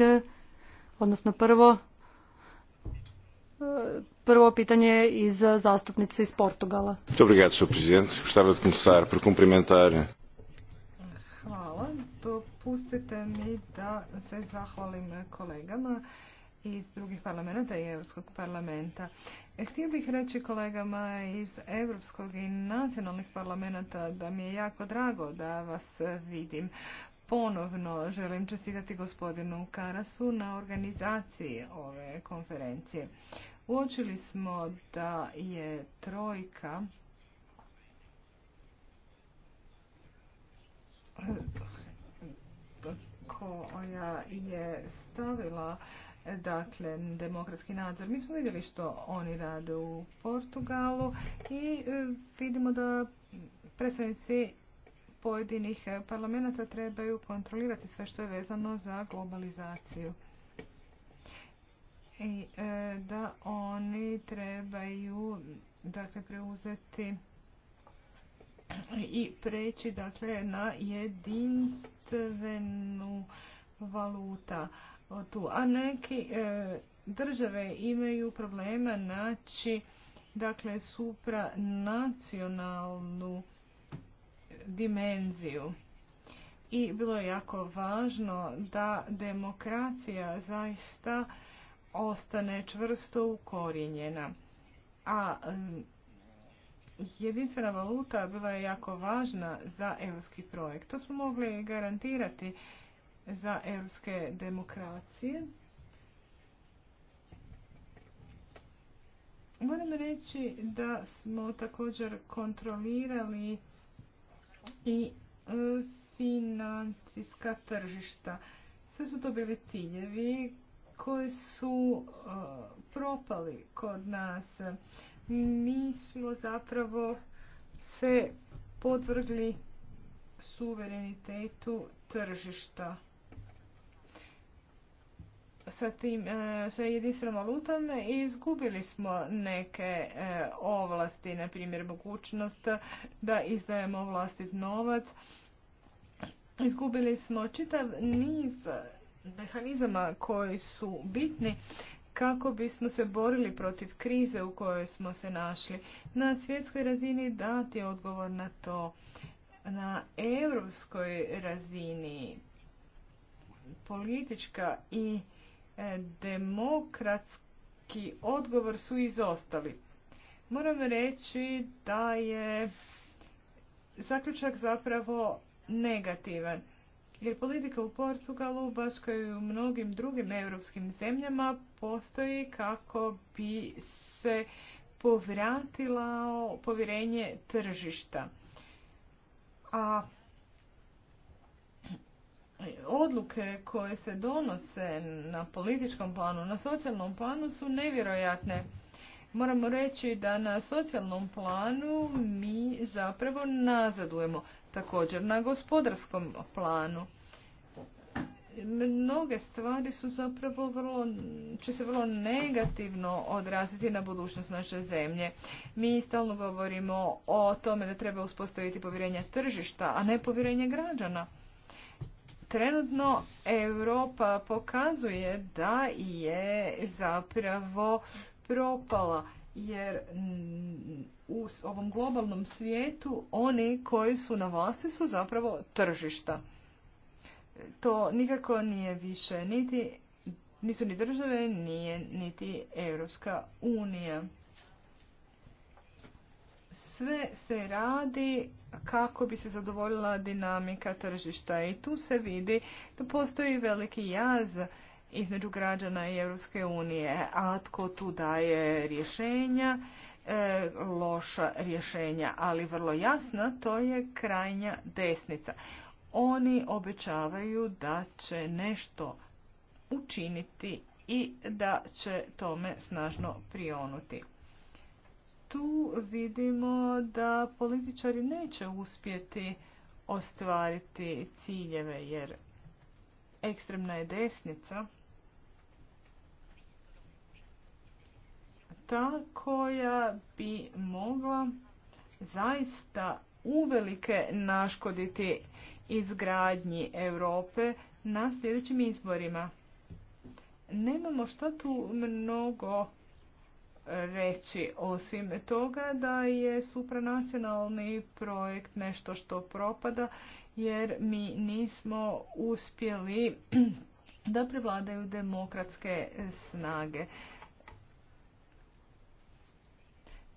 odnosno prvo, prvo pitanje iz zastupnice iz Portugala. obrigado, Presidente. de começar por cumprimentar Hvala. Dopustite mi da se zahvalim kolegama iz drugih parlamenta i Europskog parlamenta. E, htio bih reći kolegama iz Europskog i nacionalnih parlamenta da mi je jako drago da vas vidim. Ponovno želim čestitati gospodinu Karasu na organizaciji ove konferencije. Uočili smo da je trojka koja je stavila dakle, demokratski nadzor. Mi smo vidjeli što oni rade u Portugalu i e, vidimo da predstavnici pojedinih parlamenta trebaju kontrolirati sve što je vezano za globalizaciju. I e, da oni trebaju dakle, preuzeti i preći dakle, na jedinstvenu valuta tu. A neki e, države imaju problema naći dakle supranacionalnu dimenziju. I bilo je jako važno da demokracija zaista ostane čvrsto ukorinjena. A e, jedinstvena valuta bila je jako važna za evropski projekt. To smo mogli garantirati za europske demokracije. Moram reći da smo također kontrolirali i e, financijska tržišta. Sve su to bili ciljevi koji su e, propali kod nas. Mi smo zapravo se podvrgli suverenitetu tržišta sa tim e, sa jedinstvenom valutom izgubili smo neke e, ovlasti, na primjer mogućnost da izdajemo vlastit novac. Izgubili smo čitav niz mehanizama koji su bitni kako bismo se borili protiv krize u kojoj smo se našli. Na svjetskoj razini dati odgovor na to. Na europskoj razini politička i demokratski odgovor su izostali. Moram reći da je zaključak zapravo negativan. Jer politika u Portugalu, baš kao i u mnogim drugim europskim zemljama, postoji kako bi se povratila povjerenje tržišta. A odluke koje se donose na političkom planu, na socijalnom planu su nevjerojatne. Moramo reći da na socijalnom planu mi zapravo nazadujemo, također na gospodarskom planu. Mnoge stvari su zapravo vrlo, će se vrlo negativno odraziti na budućnost naše zemlje. Mi stalno govorimo o tome da treba uspostaviti povjerenje tržišta, a ne povjerenje građana Trenutno Europa pokazuje da je zapravo propala jer u ovom globalnom svijetu oni koji su na vlasti su zapravo tržišta. To nikako nije više niti nisu ni države, nije niti Europska unija. Sve se radi kako bi se zadovoljila dinamika tržišta i tu se vidi da postoji veliki jaz između građana i Europske unije, a tko tu daje rješenja, e, loša rješenja, ali vrlo jasna, to je krajnja desnica. Oni obećavaju da će nešto učiniti i da će tome snažno prionuti tu vidimo da političari neće uspjeti ostvariti ciljeve jer ekstremna je desnica ta koja bi mogla zaista uvelike naškoditi izgradnji Europe na sljedećim izborima. Nemamo što tu mnogo reći osim toga da je supranacionalni projekt nešto što propada jer mi nismo uspjeli (clears throat) da prevladaju demokratske snage.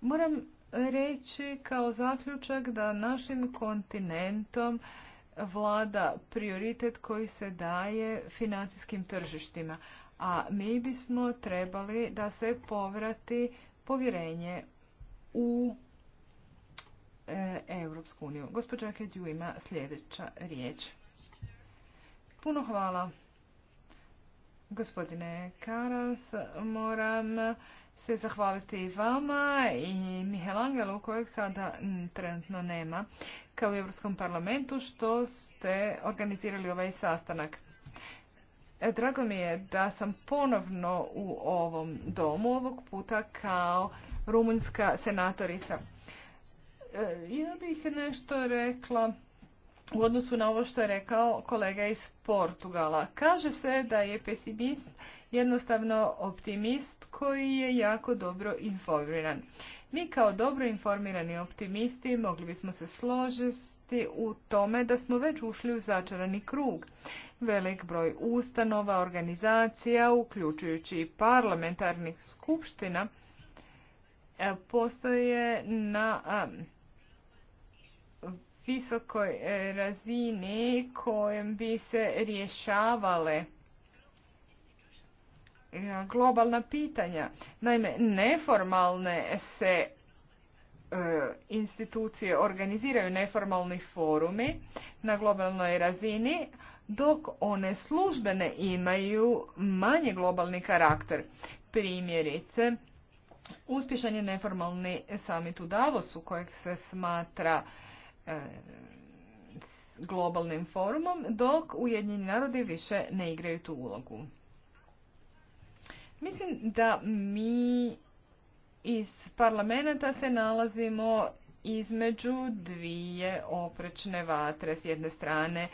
Moram reći kao zaključak da našim kontinentom vlada prioritet koji se daje financijskim tržištima a mi bismo trebali da se povrati povjerenje u e, Europsku uniju. Gospođa Kedju ima sljedeća riječ. Puno hvala. Gospodine Karas, moram se zahvaliti vama i Angelu, kojeg sada trenutno nema kao u Europskom parlamentu što ste organizirali ovaj sastanak. E, drago mi je da sam ponovno u ovom domu, ovog puta kao rumunjska senatorica. E, ja bih nešto rekla u odnosu na ovo što je rekao kolega iz Portugala. Kaže se da je pesimist jednostavno optimist koji je jako dobro informiran. Mi kao dobro informirani optimisti mogli bismo se složiti u tome da smo već ušli u začarani krug. Velik broj ustanova, organizacija, uključujući i parlamentarnih skupština, e, postoje na visokoj e, razini kojem bi se rješavale E, globalna pitanja. Naime, neformalne se e, institucije organiziraju neformalni forumi na globalnoj razini, dok one službene imaju manje globalni karakter. Primjerice, uspješan je neformalni summit u Davosu, kojeg se smatra e, globalnim forumom, dok Ujedinjeni narodi više ne igraju tu ulogu. Mislim da mi iz parlamenta se nalazimo između dvije oprečne vatre. S jedne strane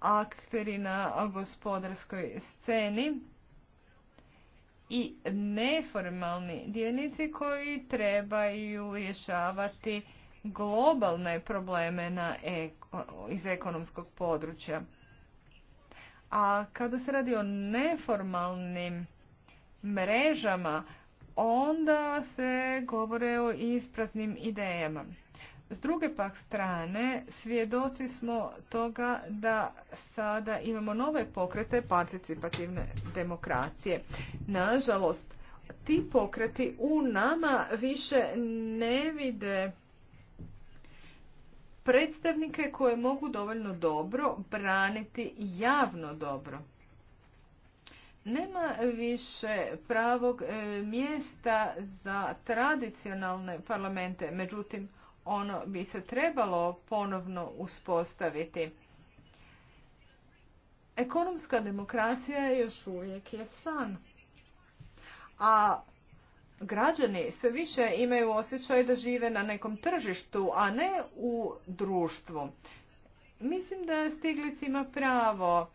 akteri na gospodarskoj sceni i neformalni dionici koji trebaju rješavati globalne probleme iz ekonomskog područja. A kada se radi o neformalnim mrežama, onda se govore o ispraznim idejama. S druge pak strane, svjedoci smo toga da sada imamo nove pokrete participativne demokracije. Nažalost, ti pokreti u nama više ne vide predstavnike koje mogu dovoljno dobro braniti javno dobro. Nema više pravog e, mjesta za tradicionalne parlamente, međutim ono bi se trebalo ponovno uspostaviti. Ekonomska demokracija još uvijek je san. A građani sve više imaju osjećaj da žive na nekom tržištu, a ne u društvu. Mislim da Stiglic ima pravo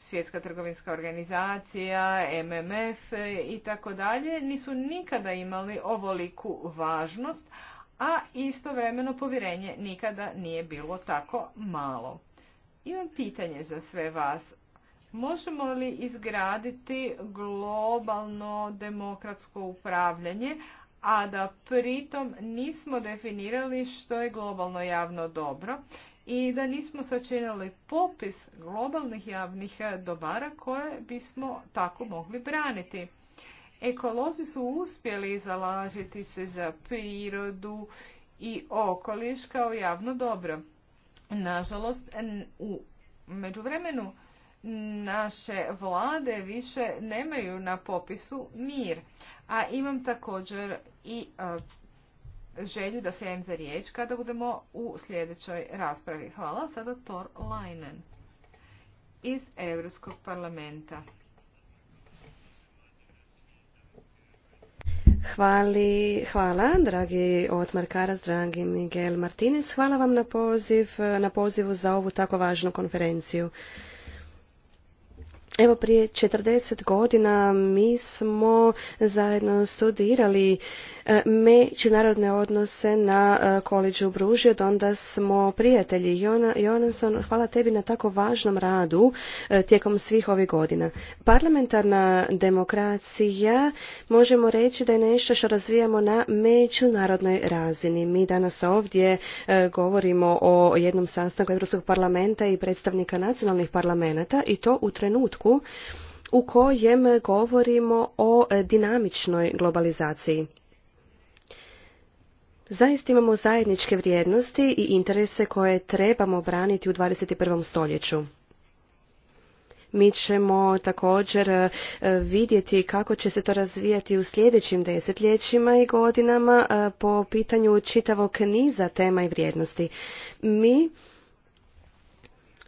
svjetska trgovinska organizacija, MMF i tako dalje, nisu nikada imali ovoliku važnost, a istovremeno povjerenje nikada nije bilo tako malo. Imam pitanje za sve vas. Možemo li izgraditi globalno demokratsko upravljanje, a da pritom nismo definirali što je globalno javno dobro i da nismo sačinili popis globalnih javnih e, dobara koje bismo tako mogli braniti. Ekolozi su uspjeli zalažiti se za prirodu i okoliš kao javno dobro. Nažalost, u međuvremenu naše vlade više nemaju na popisu mir, a imam također i e, želju da se javim za riječ kada budemo u sljedećoj raspravi. Hvala. Sada to Leinen iz Europskog parlamenta. Hvali, hvala, dragi Otmar Karas, dragi Miguel Martinez. Hvala vam na, poziv, na pozivu za ovu tako važnu konferenciju. Evo prije 40 godina mi smo zajedno studirali E, međunarodne odnose na e, koleđu u Bruži, od onda smo prijatelji. Jonason, hvala tebi na tako važnom radu e, tijekom svih ovih godina. Parlamentarna demokracija možemo reći da je nešto što razvijamo na međunarodnoj razini. Mi danas ovdje govorimo o jednom sastanku Europskog parlamenta i predstavnika nacionalnih parlamenta i to u trenutku u kojem govorimo o dinamičnoj globalizaciji. Zaista imamo zajedničke vrijednosti i interese koje trebamo braniti u 21. stoljeću. Mi ćemo također e, vidjeti kako će se to razvijati u sljedećim desetljećima i godinama e, po pitanju čitavog niza tema i vrijednosti. Mi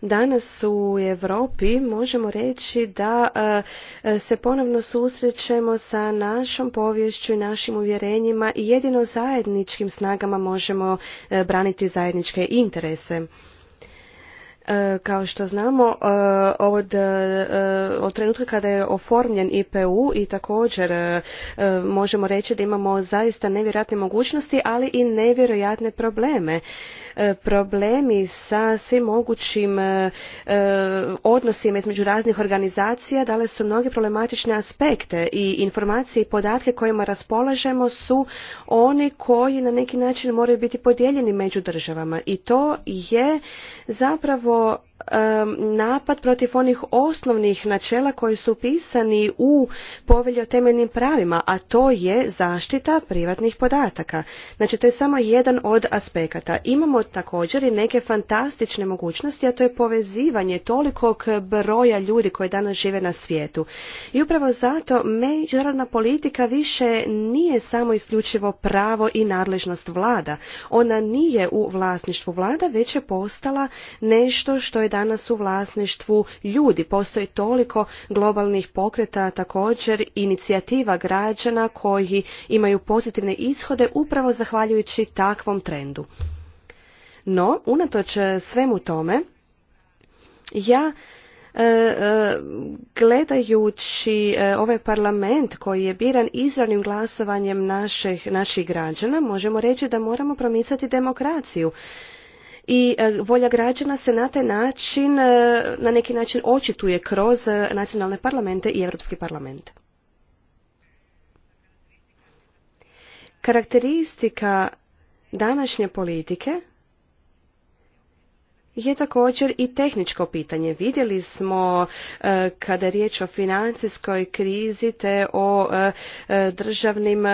Danas u Europi možemo reći da e, se ponovno susrećemo sa našom poviješću i našim uvjerenjima i jedino zajedničkim snagama možemo e, braniti zajedničke interese e, kao što znamo od, od trenutka kada je oformljen IPU i također možemo reći da imamo zaista nevjerojatne mogućnosti ali i nevjerojatne probleme E, problemi sa svim mogućim e, e, odnosima između raznih organizacija dale su mnoge problematične aspekte i informacije i podatke kojima raspolažemo su oni koji na neki način moraju biti podijeljeni među državama i to je zapravo napad protiv onih osnovnih načela koji su pisani u povelji o temeljnim pravima, a to je zaštita privatnih podataka. Znači, to je samo jedan od aspekata. Imamo također i neke fantastične mogućnosti, a to je povezivanje tolikog broja ljudi koji danas žive na svijetu. I upravo zato međunarodna politika više nije samo isključivo pravo i nadležnost vlada. Ona nije u vlasništvu vlada, već je postala nešto što je danas u vlasništvu ljudi. Postoji toliko globalnih pokreta, također inicijativa građana koji imaju pozitivne ishode upravo zahvaljujući takvom trendu. No, unatoč svemu tome, ja e, e, gledajući e, ovaj parlament koji je biran izravnim glasovanjem naših građana, možemo reći da moramo promicati demokraciju i e, volja građana se na taj način, e, na neki način očituje kroz e, nacionalne parlamente i Europski parlament. Karakteristika današnje politike je također i tehničko pitanje. Vidjeli smo e, kada je riječ o financijskoj krizi te o e, e, državnim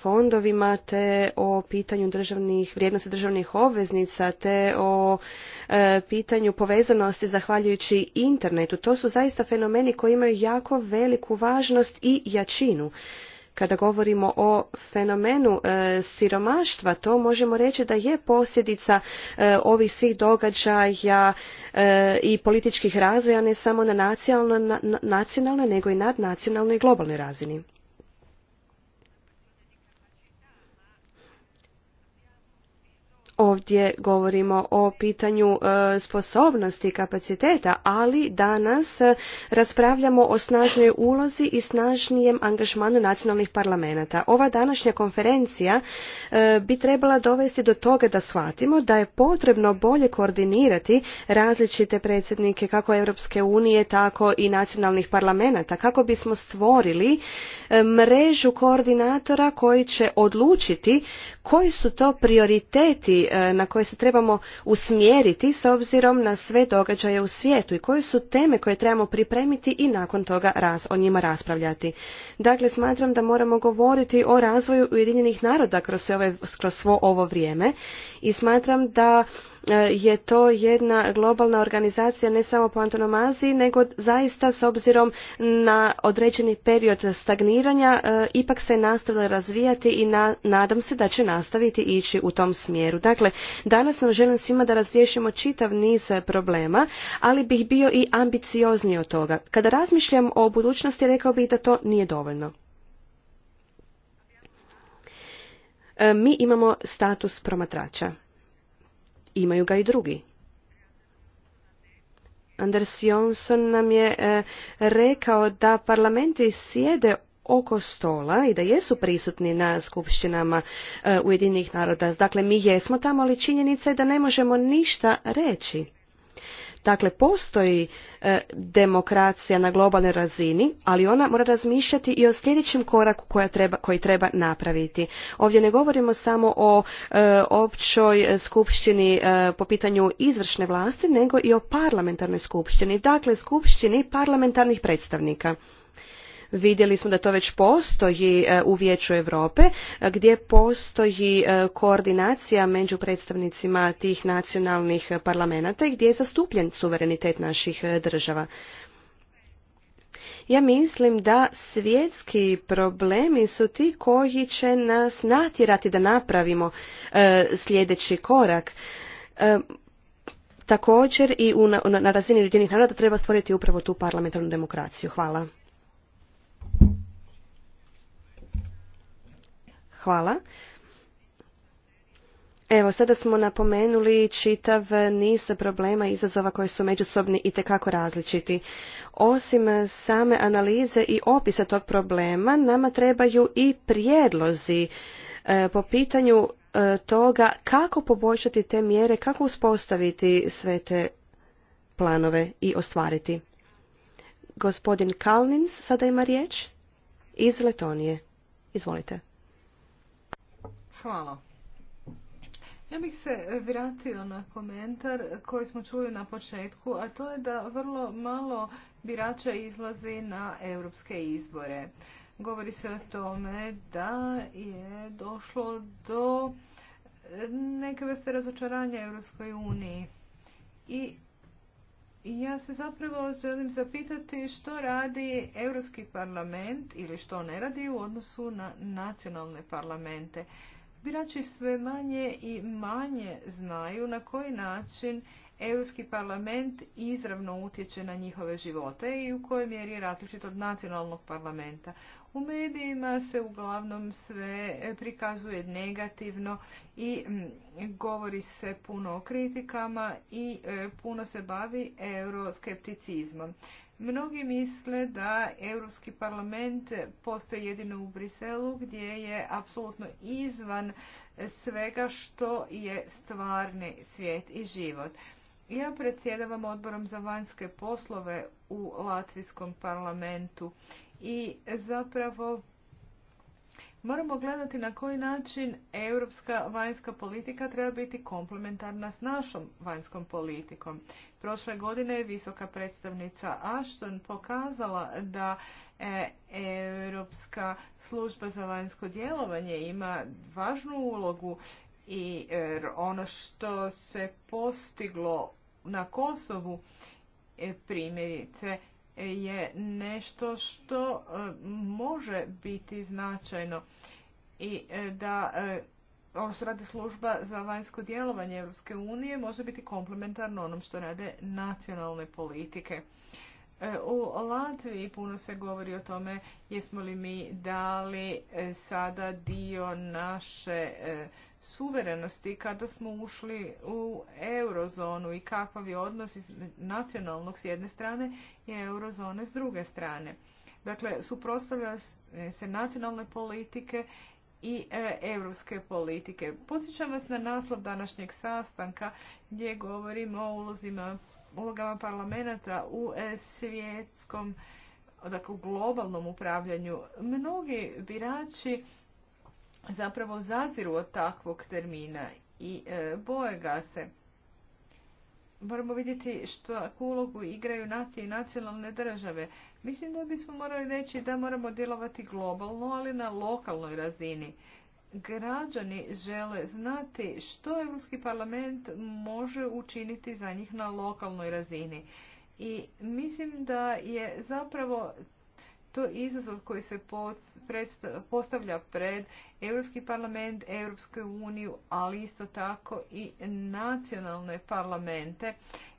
fondovima te o pitanju državnih vrijednosti državnih obveznica te o pitanju povezanosti zahvaljujući internetu. To su zaista fenomeni koji imaju jako veliku važnost i jačinu. Kada govorimo o fenomenu e, siromaštva, to možemo reći da je posljedica e, ovih svih događaja e, i političkih razvoja ne samo na nacionalnoj, nego i nadnacionalnoj i globalnoj razini. Ovdje govorimo o pitanju e, sposobnosti i kapaciteta, ali danas e, raspravljamo o snažnoj ulozi i snažnijem angažmanu nacionalnih parlamenta. Ova današnja konferencija e, bi trebala dovesti do toga da shvatimo da je potrebno bolje koordinirati različite predsjednike kako Europske unije, tako i nacionalnih parlamenta, kako bismo stvorili mrežu koordinatora koji će odlučiti koji su to prioriteti e, na koje se trebamo usmjeriti s obzirom na sve događaje u svijetu i koje su teme koje trebamo pripremiti i nakon toga raz, o njima raspravljati. Dakle, smatram da moramo govoriti o razvoju Ujedinjenih naroda kroz, sve kroz svo ovo vrijeme i smatram da E, je to jedna globalna organizacija ne samo po antonomaziji nego zaista s obzirom na određeni period stagniranja e, ipak se nastavila razvijati i nadam se da će nastaviti ići u tom smjeru. Dakle, danas nam želim svima da razriješimo čitav niz problema, ali bih bio i ambiciozniji od toga. Kada razmišljam o budućnosti rekao bih da to nije dovoljno. E, mi imamo status promatrača imaju ga i drugi. Anders Jonsson nam je e, rekao da parlamenti sjede oko stola i da jesu prisutni na skupštinama e, Ujedinih naroda. Dakle, mi jesmo tamo, ali činjenica je da ne možemo ništa reći. Dakle, postoji e, demokracija na globalnoj razini, ali ona mora razmišljati i o sljedećem koraku koji treba napraviti. Ovdje ne govorimo samo o e, općoj skupštini e, po pitanju izvršne vlasti, nego i o parlamentarnoj skupštini, dakle skupštini parlamentarnih predstavnika. Vidjeli smo da to već postoji e, u Vijeću Europe e, gdje postoji e, koordinacija među predstavnicima tih nacionalnih parlamenata i gdje je zastupljen suverenitet naših država. Ja mislim da svjetski problemi su ti koji će nas natjerati da napravimo sljedeći korak. također i na, na razini Ujedinjenih naroda treba stvoriti upravo tu parlamentarnu demokraciju. Hvala. Hvala. Evo, sada smo napomenuli čitav niz problema i izazova koji su međusobni i tekako različiti. Osim same analize i opisa tog problema, nama trebaju i prijedlozi e, po pitanju e, toga kako poboljšati te mjere, kako uspostaviti sve te planove i ostvariti. Gospodin Kalnins sada ima riječ iz Letonije. Izvolite. Hvala. Ja bih se vratila na komentar koji smo čuli na početku, a to je da vrlo malo birača izlazi na europske izbore. Govori se o tome da je došlo do neke vrste razočaranja Europskoj uniji. I ja se zapravo želim zapitati što radi Europski parlament ili što ne radi u odnosu na nacionalne parlamente birači sve manje i manje znaju na koji način Europski parlament izravno utječe na njihove živote i u kojoj mjeri je različit od nacionalnog parlamenta. U medijima se uglavnom sve prikazuje negativno i mm, govori se puno o kritikama i e, puno se bavi euroskepticizmom. Mnogi misle da Europski parlament postoji jedino u Briselu gdje je apsolutno izvan svega što je stvarni svijet i život. Ja predsjedavam odborom za vanjske poslove u Latvijskom parlamentu i zapravo Moramo gledati na koji način europska vanjska politika treba biti komplementarna s našom vanjskom politikom. Prošle godine je visoka predstavnica Ashton pokazala da e, Europska služba za vanjsko djelovanje ima važnu ulogu i er, ono što se postiglo na Kosovu e, primjerice je nešto što e, može biti značajno i e, da e, ovo što radi služba za vanjsko djelovanje Europske unije može biti komplementarno onom što rade nacionalne politike. U Latviji puno se govori o tome jesmo li mi dali sada dio naše suverenosti kada smo ušli u eurozonu i kakav je odnos nacionalnog s jedne strane i eurozone s druge strane. Dakle, suprotstavljaju se nacionalne politike i europske politike. Podsjećam vas na naslov današnjeg sastanka gdje govorimo o ulozima, ulogama parlamenta u e, svjetskom, dakle u globalnom upravljanju. Mnogi birači zapravo zaziru od takvog termina i e, boje ga se. Moramo vidjeti što ulogu igraju nacije i nacionalne države. Mislim da bismo morali reći da moramo djelovati globalno, ali na lokalnoj razini. Građani žele znati što Europski parlament može učiniti za njih na lokalnoj razini. I mislim da je zapravo to je izazov koji se postavlja pred Europski parlament, Europsku uniju, ali isto tako i nacionalne parlamente,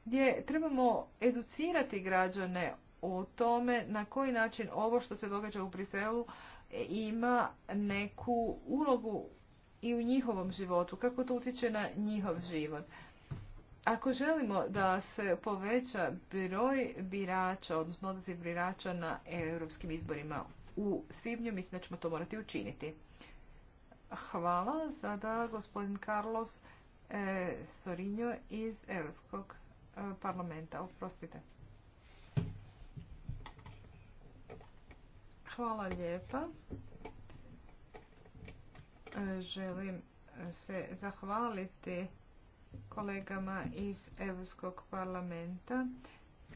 gdje trebamo educirati građane o tome na koji način ovo što se događa u Briselu ima neku ulogu i u njihovom životu, kako to utječe na njihov život. Ako želimo da se poveća broj birača, odnosno odaziv birača na europskim izborima u svibnju, mislim da ćemo to morati učiniti. Hvala. Sada gospodin Carlos eh, Sorinjo iz Europskog eh, parlamenta. Oprostite. Hvala lijepa. Eh, želim se zahvaliti kolegama iz Europskog parlamenta,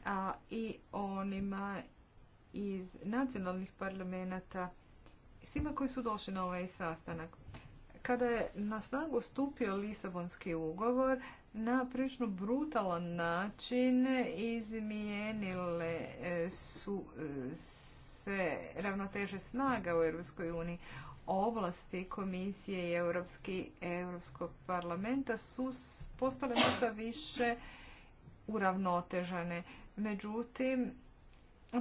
a i onima iz nacionalnih parlamenta, svima koji su došli na ovaj sastanak. Kada je na snagu stupio Lisabonski ugovor, na prilično brutalan način izmijenile e, su e, se ravnoteže snaga u Europskoj uniji ovlasti komisije i Europski, Europskog parlamenta su postale nešto više uravnotežane. Međutim,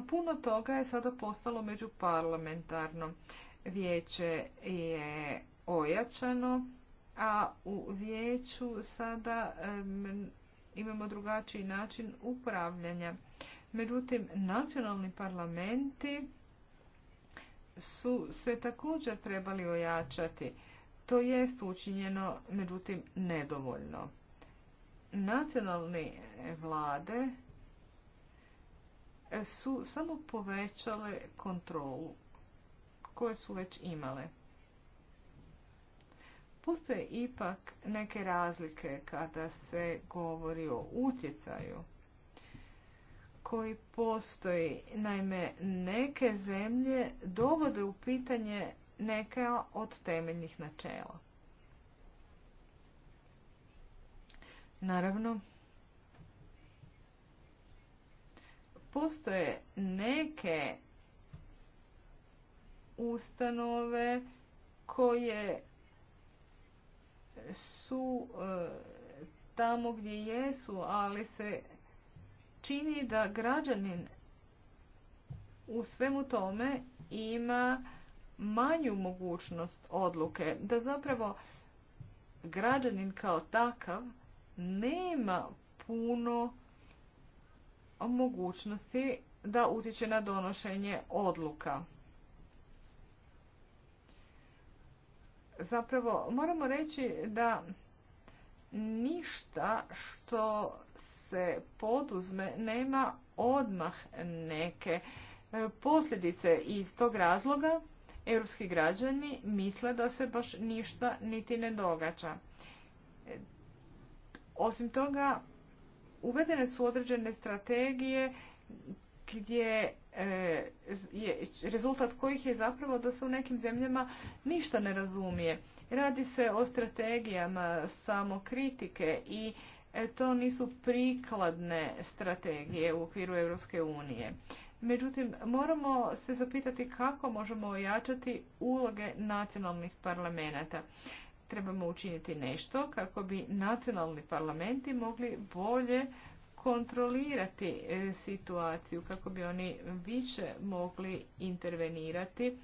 puno toga je sada postalo međuparlamentarno. Vijeće je ojačano, a u vijeću sada imamo drugačiji način upravljanja. Međutim, nacionalni parlamenti su se također trebali ojačati. To jest učinjeno, međutim, nedovoljno. Nacionalne vlade su samo povećale kontrolu koje su već imale. Postoje ipak neke razlike kada se govori o utjecaju koji postoji. Naime, neke zemlje dovode u pitanje neka od temeljnih načela. Naravno, postoje neke ustanove koje su e, tamo gdje jesu, ali se čini da građanin u svemu tome ima manju mogućnost odluke, da zapravo građanin kao takav nema puno mogućnosti da utječe na donošenje odluka. Zapravo moramo reći da ništa što se poduzme nema odmah neke e, posljedice iz tog razloga europski građani misle da se baš ništa niti ne događa. E, osim toga, uvedene su određene strategije gdje e, je rezultat kojih je zapravo da se u nekim zemljama ništa ne razumije. Radi se o strategijama samokritike i E, to nisu prikladne strategije u okviru Europske unije. Međutim, moramo se zapitati kako možemo ojačati uloge nacionalnih parlamenta. Trebamo učiniti nešto kako bi nacionalni parlamenti mogli bolje kontrolirati e, situaciju, kako bi oni više mogli intervenirati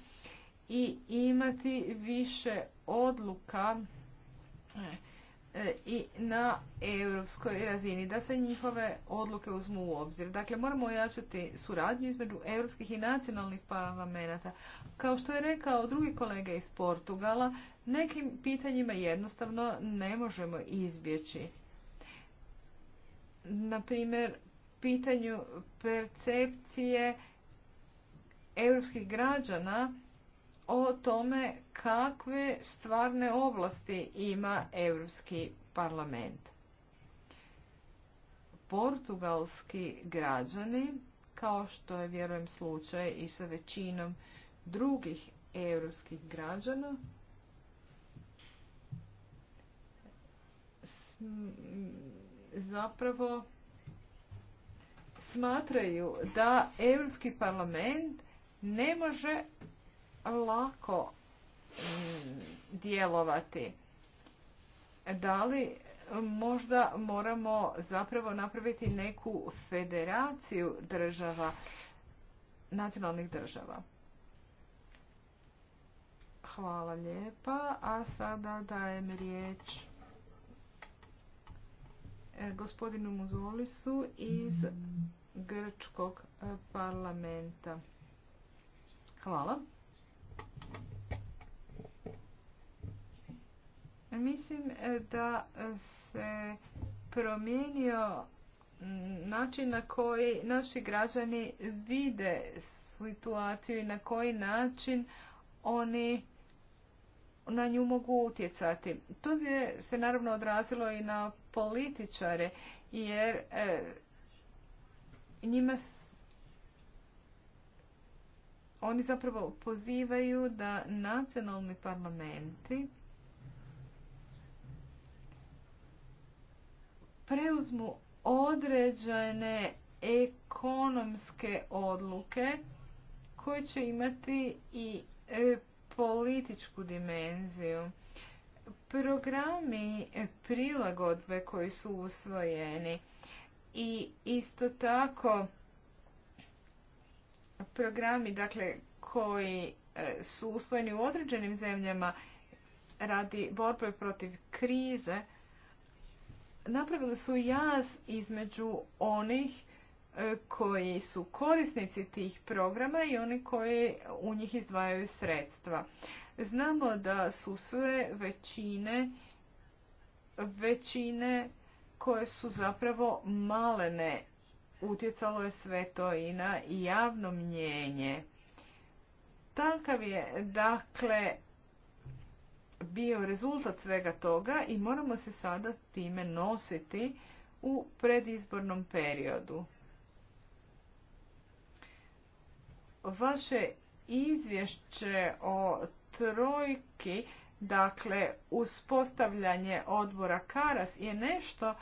i imati više odluka e, E, i na europskoj razini, da se njihove odluke uzmu u obzir. Dakle, moramo ojačati suradnju između europskih i nacionalnih parlamenta. Kao što je rekao drugi kolega iz Portugala, nekim pitanjima jednostavno ne možemo izbjeći. Na primjer, pitanju percepcije europskih građana o tome kakve stvarne ovlasti ima Europski parlament. Portugalski građani, kao što je vjerujem slučaj i sa većinom drugih europskih građana, zapravo smatraju da Europski parlament ne može lako mm, djelovati. Da li možda moramo zapravo napraviti neku federaciju država, nacionalnih država? Hvala lijepa. A sada dajem riječ e, gospodinu Muzolisu iz Grčkog e, parlamenta. Hvala. Mislim e, da e, se promijenio način na koji naši građani vide situaciju i na koji način oni na nju mogu utjecati. To je se naravno odrazilo i na političare jer e, njima oni zapravo pozivaju da nacionalni parlamenti preuzmu određene ekonomske odluke koje će imati i e, političku dimenziju. Programi prilagodbe koji su usvojeni i isto tako programi dakle, koji e, su usvojeni u određenim zemljama radi borbe protiv krize napravili su jaz između onih e, koji su korisnici tih programa i oni koji u njih izdvajaju sredstva. Znamo da su sve većine većine koje su zapravo malene utjecalo je sve to i na javno mnjenje. Takav je dakle bio rezultat svega toga i moramo se sada time nositi u predizbornom periodu. Vaše izvješće o trojki, dakle uspostavljanje odbora Karas je nešto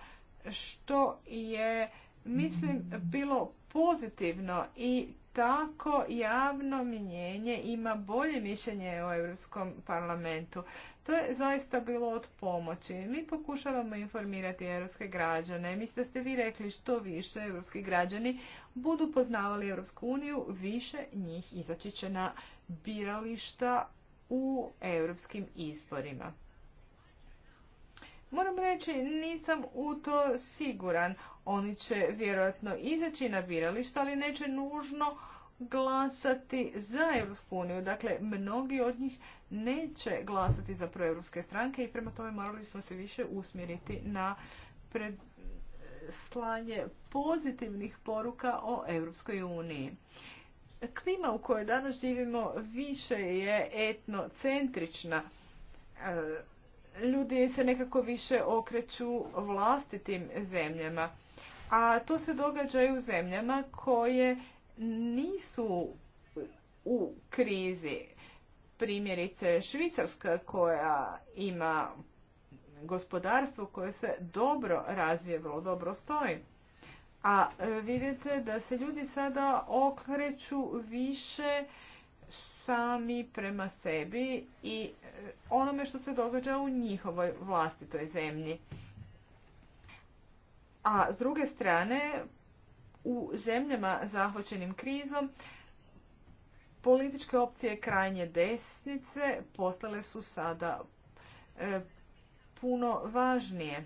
što je mislim bilo pozitivno i tako javno minjenje ima bolje mišljenje o Europskom parlamentu. To je zaista bilo od pomoći. Mi pokušavamo informirati europske građane. Mislim da ste vi rekli što više europski građani budu poznavali Europsku uniju, više njih izaći će na birališta u europskim izborima. Moram reći, nisam u to siguran. Oni će vjerojatno izaći na birališta, ali neće nužno glasati za Europsku uniju. Dakle, mnogi od njih neće glasati za proeuropske stranke i prema tome morali smo se više usmjeriti na slanje pozitivnih poruka o Europskoj uniji. Klima u kojoj danas živimo više je etnocentrična. E, ljudi se nekako više okreću vlastitim zemljama a to se događa i u zemljama koje nisu u krizi. Primjerice Švicarska koja ima gospodarstvo koje se dobro razvije, vrlo dobro stoji. A vidite da se ljudi sada okreću više sami prema sebi i onome što se događa u njihovoj vlastitoj zemlji a s druge strane u zemljama zahvaćenim krizom političke opcije krajnje desnice postale su sada e, puno važnije.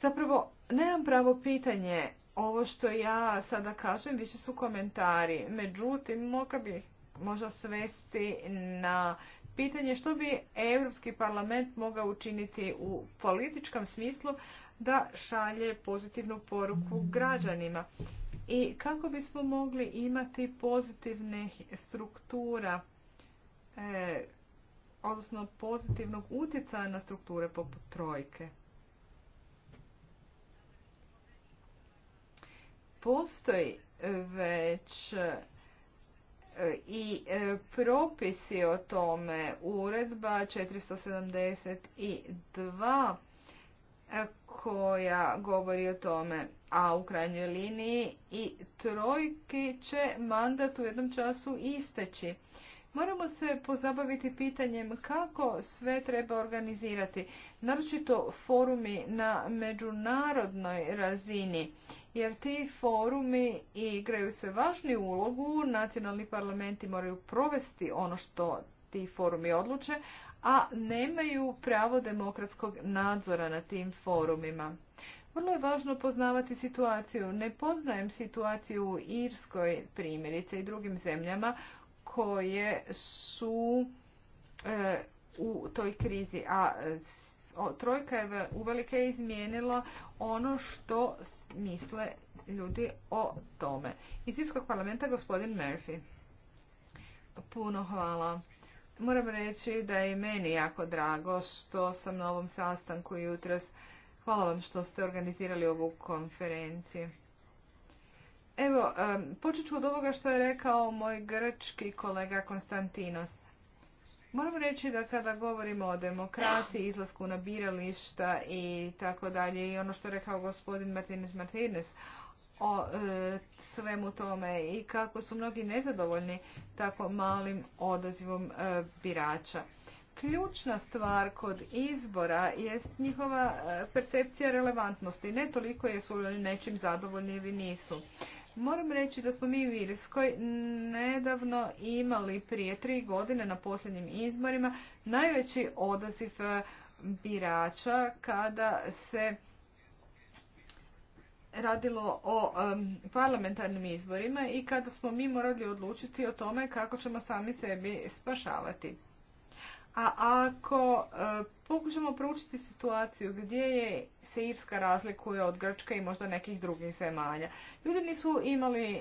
Zapravo, nemam pravo pitanje. Ovo što ja sada kažem više su komentari. Međutim, moga bih možda svesti na pitanje što bi Europski parlament mogao učiniti u političkom smislu da šalje pozitivnu poruku građanima i kako bismo mogli imati pozitivnih struktura e, odnosno pozitivnog utjecaja na strukture poput trojke. Postoji već i e, propisi o tome uredba 472 e, koja govori o tome, a u krajnjoj liniji i trojki će mandat u jednom času isteći. Moramo se pozabaviti pitanjem kako sve treba organizirati, naročito forumi na međunarodnoj razini, jer ti forumi igraju sve važniju ulogu, nacionalni parlamenti moraju provesti ono što ti forumi odluče, a nemaju pravo demokratskog nadzora na tim forumima. Vrlo je važno poznavati situaciju. Ne poznajem situaciju u Irskoj primjerice i drugim zemljama koje su e, u toj krizi. A trojka je uvelike izmijenila ono što misle ljudi o tome. Iz Irskog parlamenta gospodin Murphy. Puno hvala. Moram reći da je meni jako drago što sam na ovom sastanku jutros. Hvala vam što ste organizirali ovu konferenciju. Evo, počet ću od ovoga što je rekao moj grčki kolega Konstantinos. Moram reći da kada govorimo o demokraciji, izlasku na birališta i tako dalje, i ono što je rekao gospodin Martinez Martinez, o e, svemu tome i kako su mnogi nezadovoljni tako malim odazivom e, birača. Ključna stvar kod izbora jest njihova e, percepcija relevantnosti, ne toliko jesu li nečim zadovoljni ili nisu. Moram reći da smo mi u Irskoj nedavno imali prije tri godine na posljednjim izborima najveći odaziv e, birača kada se radilo o e, parlamentarnim izborima i kada smo mi morali odlučiti o tome kako ćemo sami sebi spašavati. A ako e, pokušamo proučiti situaciju gdje je, se Irska razlikuje od Grčke i možda nekih drugih zemalja, ljudi nisu imali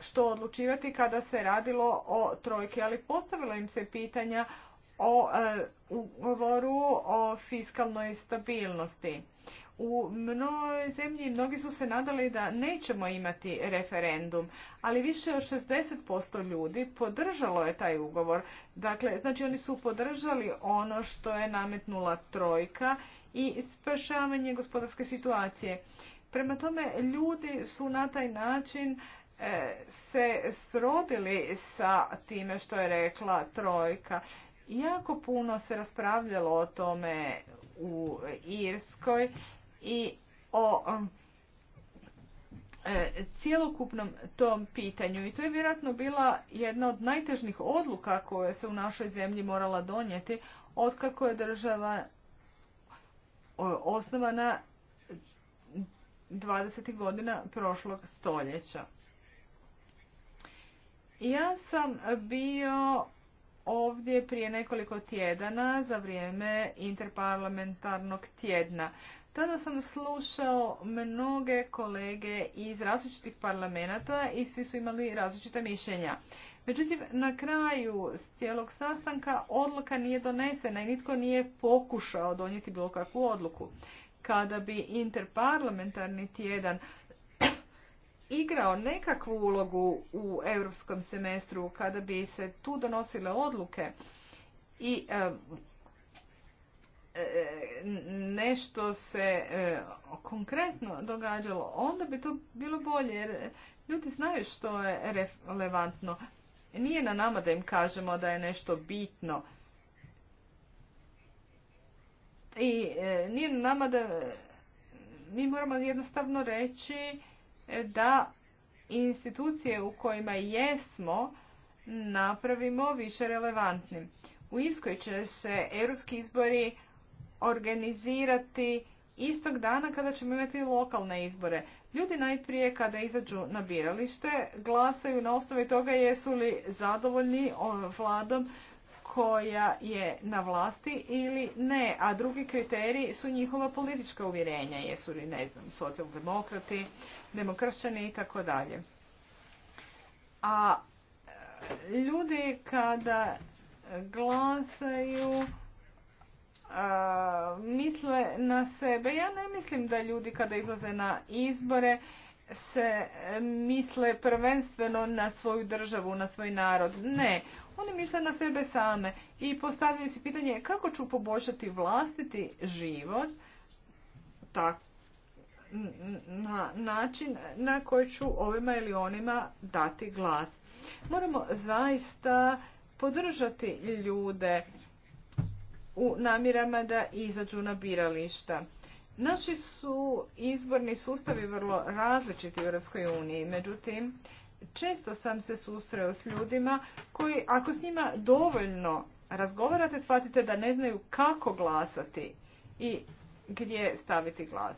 što odlučivati kada se radilo o trojki, ali postavilo im se pitanja o e, ugovoru o fiskalnoj stabilnosti. U mnoj zemlji mnogi su se nadali da nećemo imati referendum, ali više od 60% ljudi podržalo je taj ugovor. Dakle, znači oni su podržali ono što je nametnula trojka i spašavanje gospodarske situacije. Prema tome, ljudi su na taj način e, se srodili sa time što je rekla trojka. Jako puno se raspravljalo o tome u Irskoj i o um, e, cjelokupnom tom pitanju i to je vjerojatno bila jedna od najtežnijih odluka koje se u našoj zemlji morala donijeti otkako je država osnovana 20. godina prošlog stoljeća. Ja sam bio ovdje prije nekoliko tjedana za vrijeme interparlamentarnog tjedna. Tada sam slušao mnoge kolege iz različitih parlamenta i svi su imali različita mišljenja. Međutim, na kraju cijelog sastanka odluka nije donesena i nitko nije pokušao donijeti bilo kakvu odluku. Kada bi interparlamentarni tjedan igrao nekakvu ulogu u europskom semestru, kada bi se tu donosile odluke i E, e, nešto se e, konkretno događalo, onda bi to bilo bolje jer ljudi znaju što je relevantno. Nije na nama da im kažemo da je nešto bitno. I nije na nama da mi moramo jednostavno reći da institucije u kojima jesmo napravimo više relevantnim. U Irskoj će se europski izbori organizirati istog dana kada ćemo imati lokalne izbore. Ljudi najprije kada izađu na biralište glasaju na osnovi toga jesu li zadovoljni vladom koja je na vlasti ili ne, a drugi kriteriji su njihova politička uvjerenja, jesu li, ne znam, socijaldemokrati, demokršćani i tako dalje. A e, ljudi kada glasaju misle na sebe. Ja ne mislim da ljudi kada izlaze na izbore se misle prvenstveno na svoju državu, na svoj narod. Ne, oni misle na sebe same i postavljaju si pitanje kako ću poboljšati vlastiti život tak na način na koji ću ovima ili onima dati glas. Moramo zaista podržati ljude u namjerama da izađu na birališta. Naši su izborni sustavi vrlo različiti u Europskoj uniji, međutim, često sam se susreo s ljudima koji, ako s njima dovoljno razgovarate, shvatite da ne znaju kako glasati i gdje staviti glas.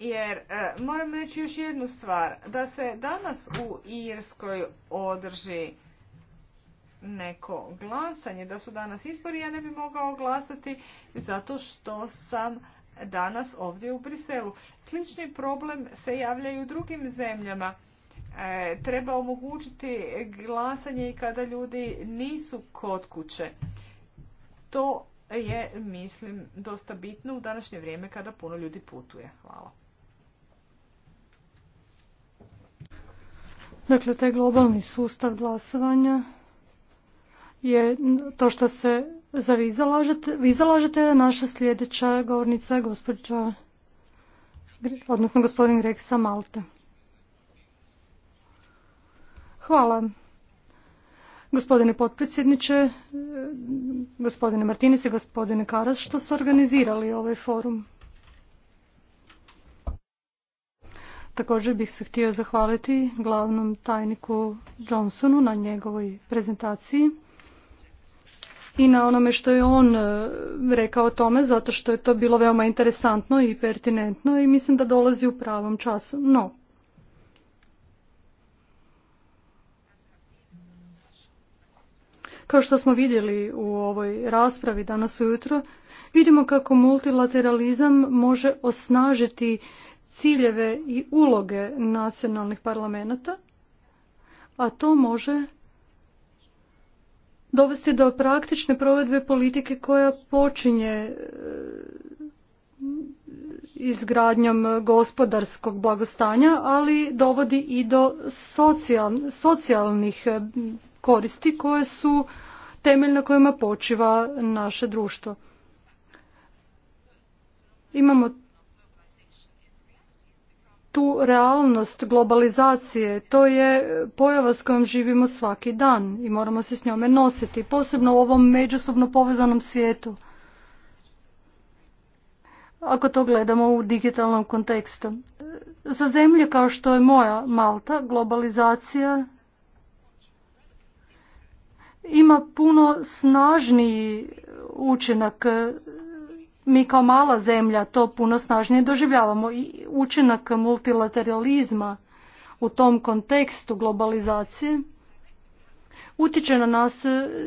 Jer e, moram reći još jednu stvar, da se danas u Irskoj održi neko glasanje, da su danas izbori, ja ne bi mogao glasati zato što sam danas ovdje u Briselu. Slični problem se javlja i u drugim zemljama. E, treba omogućiti glasanje i kada ljudi nisu kod kuće. To je, mislim, dosta bitno u današnje vrijeme kada puno ljudi putuje. Hvala. Dakle, taj globalni sustav glasovanja je to što se za vi zalažete. Vi zalažete naša sljedeća govornica gospođa, odnosno gospodin Greksa Malte. Hvala. Gospodine potpredsjedniče, gospodine Martinis i gospodine Karas, što su organizirali ovaj forum. Također bih se htio zahvaliti glavnom tajniku Johnsonu na njegovoj prezentaciji i na onome što je on e, rekao o tome zato što je to bilo veoma interesantno i pertinentno i mislim da dolazi u pravom času. No, Kao što smo vidjeli u ovoj raspravi danas ujutro, vidimo kako multilateralizam može osnažiti ciljeve i uloge nacionalnih parlamenta, a to može dovesti do praktične provedbe politike koja počinje e, izgradnjom gospodarskog blagostanja, ali dovodi i do socijalnih e, koristi koje su temelj na kojima počiva naše društvo. Imamo tu realnost globalizacije, to je pojava s kojom živimo svaki dan i moramo se s njome nositi, posebno u ovom međusobno povezanom svijetu. Ako to gledamo u digitalnom kontekstu. Za zemlje kao što je moja Malta, globalizacija ima puno snažniji učinak mi kao mala zemlja to puno snažnije doživljavamo i učinak multilateralizma u tom kontekstu globalizacije utječe na nas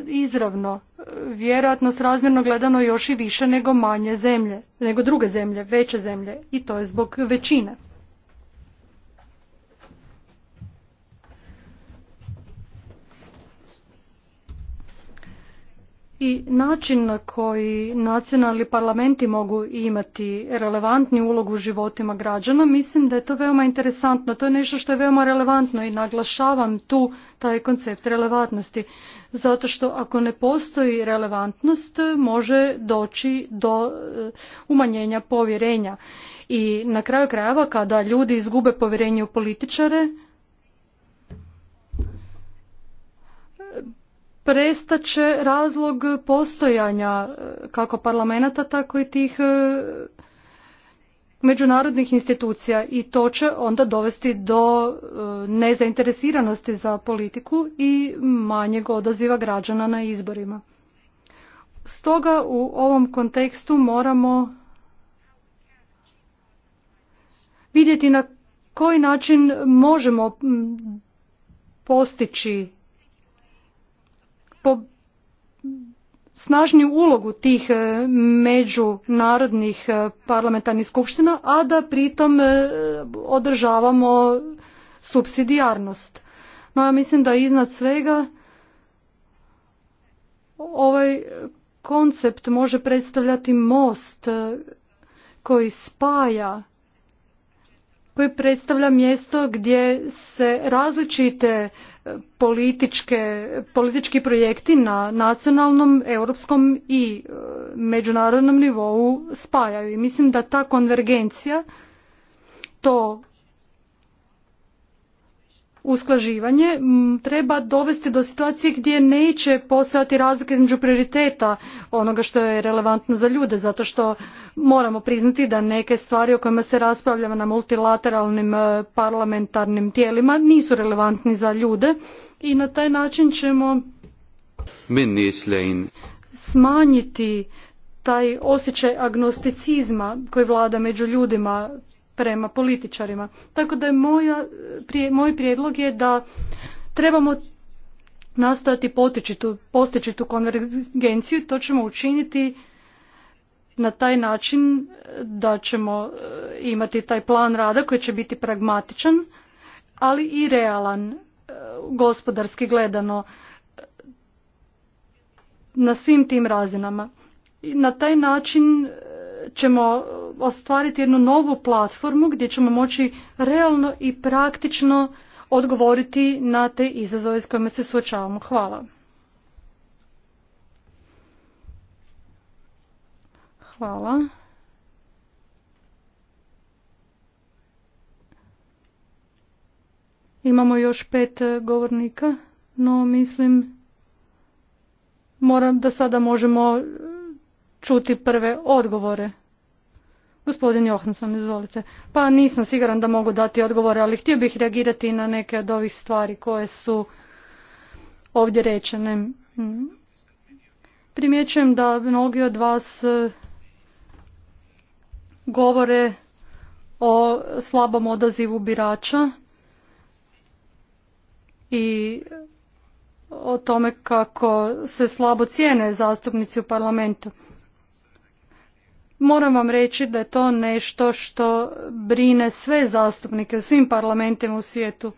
izravno, vjerojatno srazmjerno gledano još i više nego manje zemlje, nego druge zemlje, veće zemlje i to je zbog većine. i način na koji nacionalni parlamenti mogu imati relevantni ulogu u životima građana, mislim da je to veoma interesantno. To je nešto što je veoma relevantno i naglašavam tu taj koncept relevantnosti. Zato što ako ne postoji relevantnost, može doći do e, umanjenja povjerenja. I na kraju krajeva, kada ljudi izgube povjerenje u političare, prestaće razlog postojanja e, kako parlamenta tako i tih e, međunarodnih institucija i to će onda dovesti do e, nezainteresiranosti za politiku i manjeg odaziva građana na izborima. Stoga u ovom kontekstu moramo vidjeti na koji način možemo postići po snažniju ulogu tih e, međunarodnih e, parlamentarnih skupština, a da pritom e, održavamo subsidijarnost. No ja mislim da iznad svega ovaj koncept može predstavljati most koji spaja koji predstavlja mjesto gdje se različite politički projekti na nacionalnom, europskom i e, međunarodnom nivou spajaju. I mislim da ta konvergencija, to usklaživanje treba dovesti do situacije gdje neće postojati razlike između prioriteta onoga što je relevantno za ljude zato što moramo priznati da neke stvari o kojima se raspravlja na multilateralnim e, parlamentarnim tijelima nisu relevantni za ljude i na taj način ćemo smanjiti taj osjećaj agnosticizma koji vlada među ljudima prema političarima. Tako da je moja, moj prijedlog je da trebamo nastojati postići tu konvergenciju to ćemo učiniti na taj način e, da ćemo e, imati taj plan rada koji će biti pragmatičan, ali i realan, e, gospodarski gledano, na svim tim razinama. I na taj način ćemo ostvariti jednu novu platformu gdje ćemo moći realno i praktično odgovoriti na te izazove s kojima se suočavamo. Hvala. Hvala. Imamo još pet govornika, no mislim moram da sada možemo čuti prve odgovore. Gospodin Johansson, izvolite. Pa nisam siguran da mogu dati odgovore, ali htio bih reagirati na neke od ovih stvari koje su ovdje rečene. Primjećujem da mnogi od vas e, govore o slabom odazivu birača i o tome kako se slabo cijene zastupnici u parlamentu. Moram vam reći da je to nešto što brine sve zastupnike u svim parlamentima u svijetu.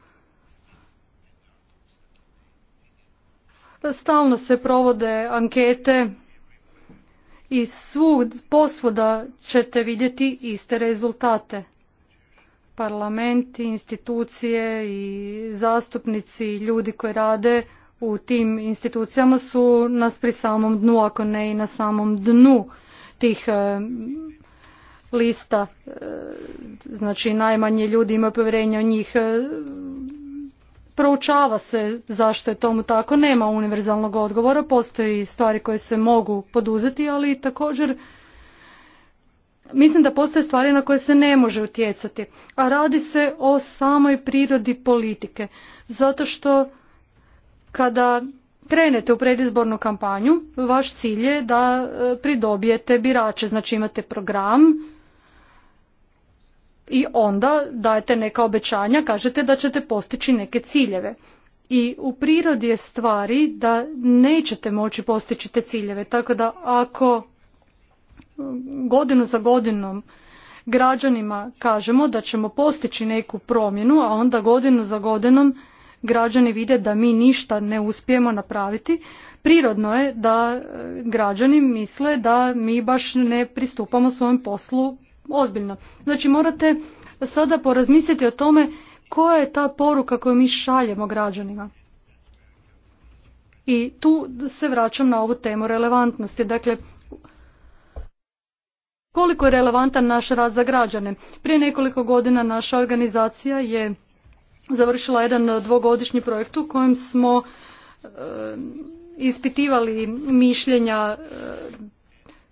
Stalno se provode ankete i svog posvuda ćete vidjeti iste rezultate. Parlamenti, institucije i zastupnici ljudi koji rade u tim institucijama su nas pri samom dnu, ako ne i na samom dnu tih e, lista, e, znači najmanje ljudi imaju povjerenje u njih, e, proučava se zašto je tomu tako, nema univerzalnog odgovora, postoji stvari koje se mogu poduzeti, ali također mislim da postoje stvari na koje se ne može utjecati, a radi se o samoj prirodi politike, zato što kada krenete u predizbornu kampanju, vaš cilj je da e, pridobijete birače, znači imate program i onda dajete neka obećanja, kažete da ćete postići neke ciljeve. I u prirodi je stvari da nećete moći postići te ciljeve, tako da ako e, godinu za godinom građanima kažemo da ćemo postići neku promjenu, a onda godinu za godinom građani vide da mi ništa ne uspijemo napraviti, prirodno je da e, građani misle da mi baš ne pristupamo svom poslu ozbiljno. Znači morate sada porazmisliti o tome koja je ta poruka koju mi šaljemo građanima. I tu se vraćam na ovu temu relevantnosti. Dakle, koliko je relevantan naš rad za građane? Prije nekoliko godina naša organizacija je završila jedan e, dvogodišnji projekt u kojem smo e, ispitivali mišljenja e,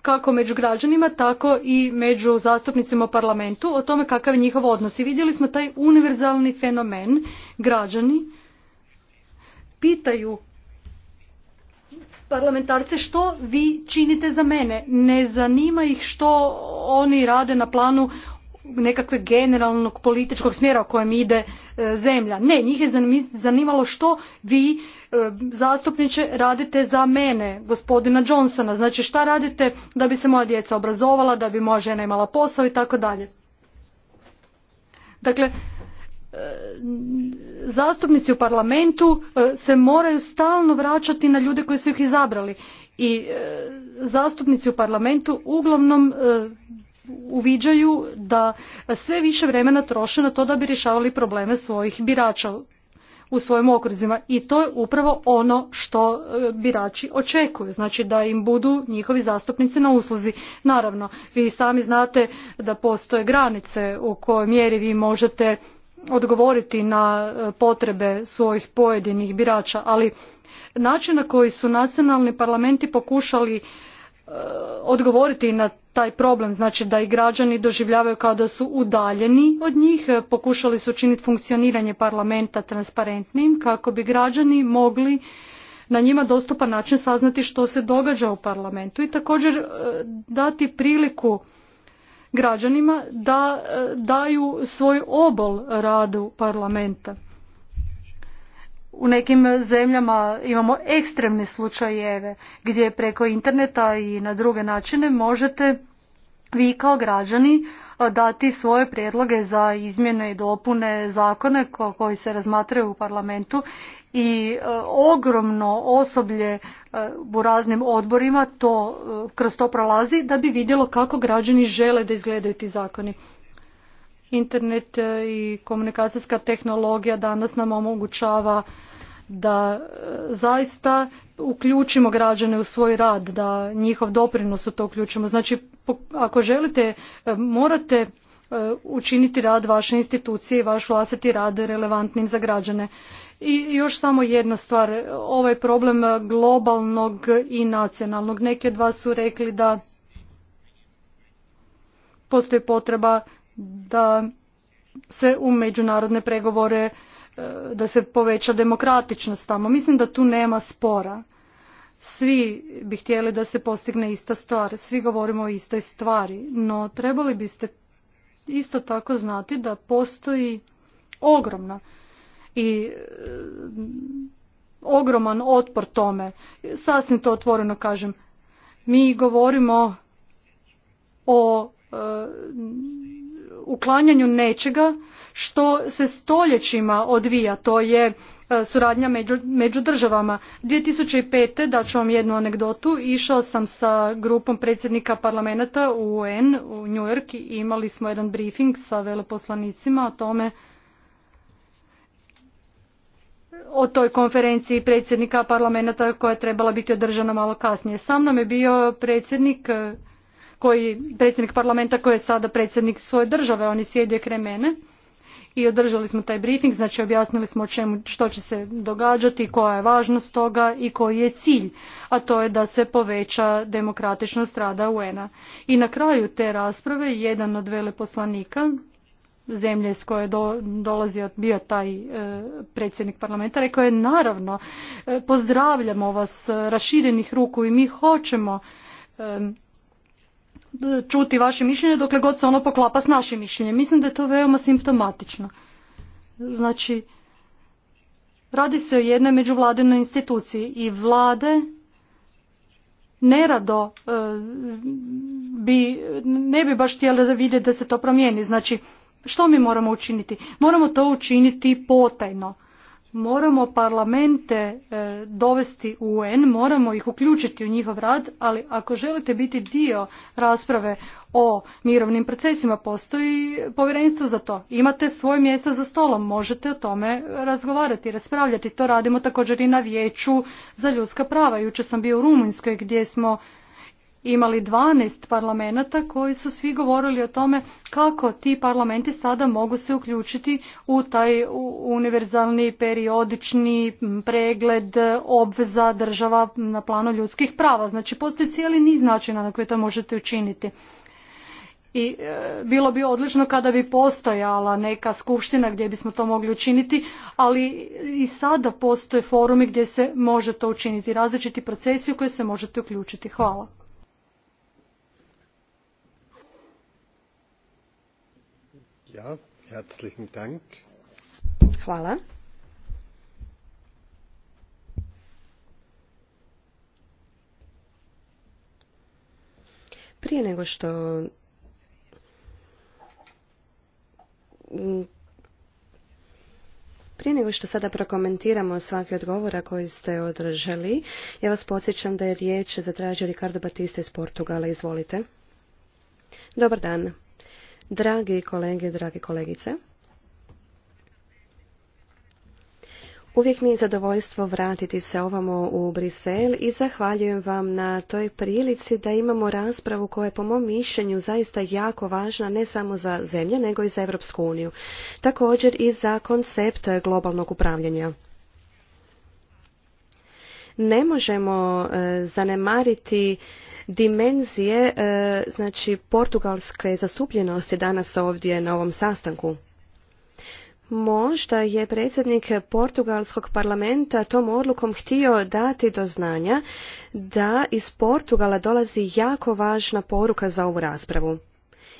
kako među građanima, tako i među zastupnicima u parlamentu o tome kakav je njihov odnos. I vidjeli smo taj univerzalni fenomen. Građani pitaju parlamentarce što vi činite za mene. Ne zanima ih što oni rade na planu nekakvog generalnog političkog smjera u kojem ide e, zemlja. Ne, njih je zanimalo što vi e, zastupniče radite za mene, gospodina Johnsona. Znači šta radite da bi se moja djeca obrazovala, da bi moja žena imala posao i tako dalje. Dakle, e, zastupnici u parlamentu se moraju stalno vraćati na ljude koji su ih izabrali i zastupnici u parlamentu uglavnom uviđaju da sve više vremena troše na to da bi rješavali probleme svojih birača u svojim okruzima i to je upravo ono što e, birači očekuju, znači da im budu njihovi zastupnici na usluzi. Naravno, vi sami znate da postoje granice u kojoj mjeri vi možete odgovoriti na e, potrebe svojih pojedinih birača, ali način na koji su nacionalni parlamenti pokušali Eh, odgovoriti na taj problem, znači da i građani doživljavaju kao da su udaljeni od njih, eh, pokušali su učiniti funkcioniranje parlamenta transparentnim kako bi građani mogli na njima dostupan način saznati što se događa u parlamentu i također eh, dati priliku građanima da daju svoj obol radu parlamenta u nekim zemljama imamo ekstremne slučajeve gdje preko interneta i na druge načine možete vi kao građani dati svoje prijedloge za izmjene i dopune zakone koji se razmatraju u parlamentu i ogromno osoblje u raznim odborima to, kroz to prolazi da bi vidjelo kako građani žele da izgledaju ti zakoni. Internet i komunikacijska tehnologija danas nam omogućava da e, zaista uključimo građane u svoj rad, da njihov doprinos u to uključimo. Znači, ako želite, e, morate e, učiniti rad vaše institucije i vaš vlastiti rad relevantnim za građane. I još samo jedna stvar, ovaj problem globalnog i nacionalnog. Neki od vas su rekli da postoji potreba da se u međunarodne pregovore da se poveća demokratičnost tamo. Mislim da tu nema spora. Svi bi htjeli da se postigne ista stvar, svi govorimo o istoj stvari, no trebali biste isto tako znati da postoji ogromna i e, ogroman otpor tome. Sasvim to otvoreno kažem. Mi govorimo o e, uklanjanju nečega što se stoljećima odvija, to je e, suradnja među, među državama. 2005. da ću vam jednu anegdotu, išao sam sa grupom predsjednika parlamenta u UN u New York i imali smo jedan briefing sa veleposlanicima o tome o toj konferenciji predsjednika parlamenta koja je trebala biti održana malo kasnije. Sa mnom je bio predsjednik e, koji, predsjednik parlamenta koji je sada predsjednik svoje države, on je sjedio kraj mene i održali smo taj briefing, znači objasnili smo čemu, što će se događati, koja je važnost toga i koji je cilj, a to je da se poveća demokratičnost rada UN-a. I na kraju te rasprave jedan od veleposlanika zemlje s koje do, dolazi bio taj e, predsjednik parlamenta rekao je naravno e, pozdravljamo vas e, raširenih ruku i mi hoćemo e, čuti vaše mišljenje dokle god se ono poklapa s našim mišljenjem. Mislim da je to veoma simptomatično. Znači, radi se o jednoj međuvladinoj instituciji i vlade nerado e, bi, ne bi baš htjele da vide da se to promijeni. Znači, što mi moramo učiniti? Moramo to učiniti potajno moramo parlamente e, dovesti u UN, moramo ih uključiti u njihov rad, ali ako želite biti dio rasprave o mirovnim procesima, postoji povjerenstvo za to. Imate svoje mjesto za stolom, možete o tome razgovarati, raspravljati. To radimo također i na vijeću za ljudska prava. Jučer sam bio u Rumunjskoj gdje smo imali 12 parlamenta koji su svi govorili o tome kako ti parlamenti sada mogu se uključiti u taj univerzalni periodični pregled obveza država na planu ljudskih prava. Znači postoji cijeli niz načina na koji to možete učiniti i e, bilo bi odlično kada bi postojala neka skupština gdje bismo to mogli učiniti, ali i sada postoje forumi gdje se može to učiniti, različiti procesi u koje se možete uključiti. Hvala. herzlichen Hvala. Prije nego što prije nego što sada prokomentiramo svaki odgovora koji ste održali, ja vas podsjećam da je riječ zatražio Ricardo Batista iz Portugala. Izvolite. Dobar dan. Dragi kolege, dragi kolegice, Uvijek mi je zadovoljstvo vratiti se ovamo u Brisel i zahvaljujem vam na toj prilici da imamo raspravu koja je po mom mišljenju zaista jako važna ne samo za zemlje nego i za Europsku uniju. Također i za koncept globalnog upravljanja. Ne možemo e, zanemariti dimenzije e, znači portugalske zastupljenosti danas ovdje na ovom sastanku. Možda je predsjednik Portugalskog parlamenta tom odlukom htio dati do znanja da iz Portugala dolazi jako važna poruka za ovu raspravu.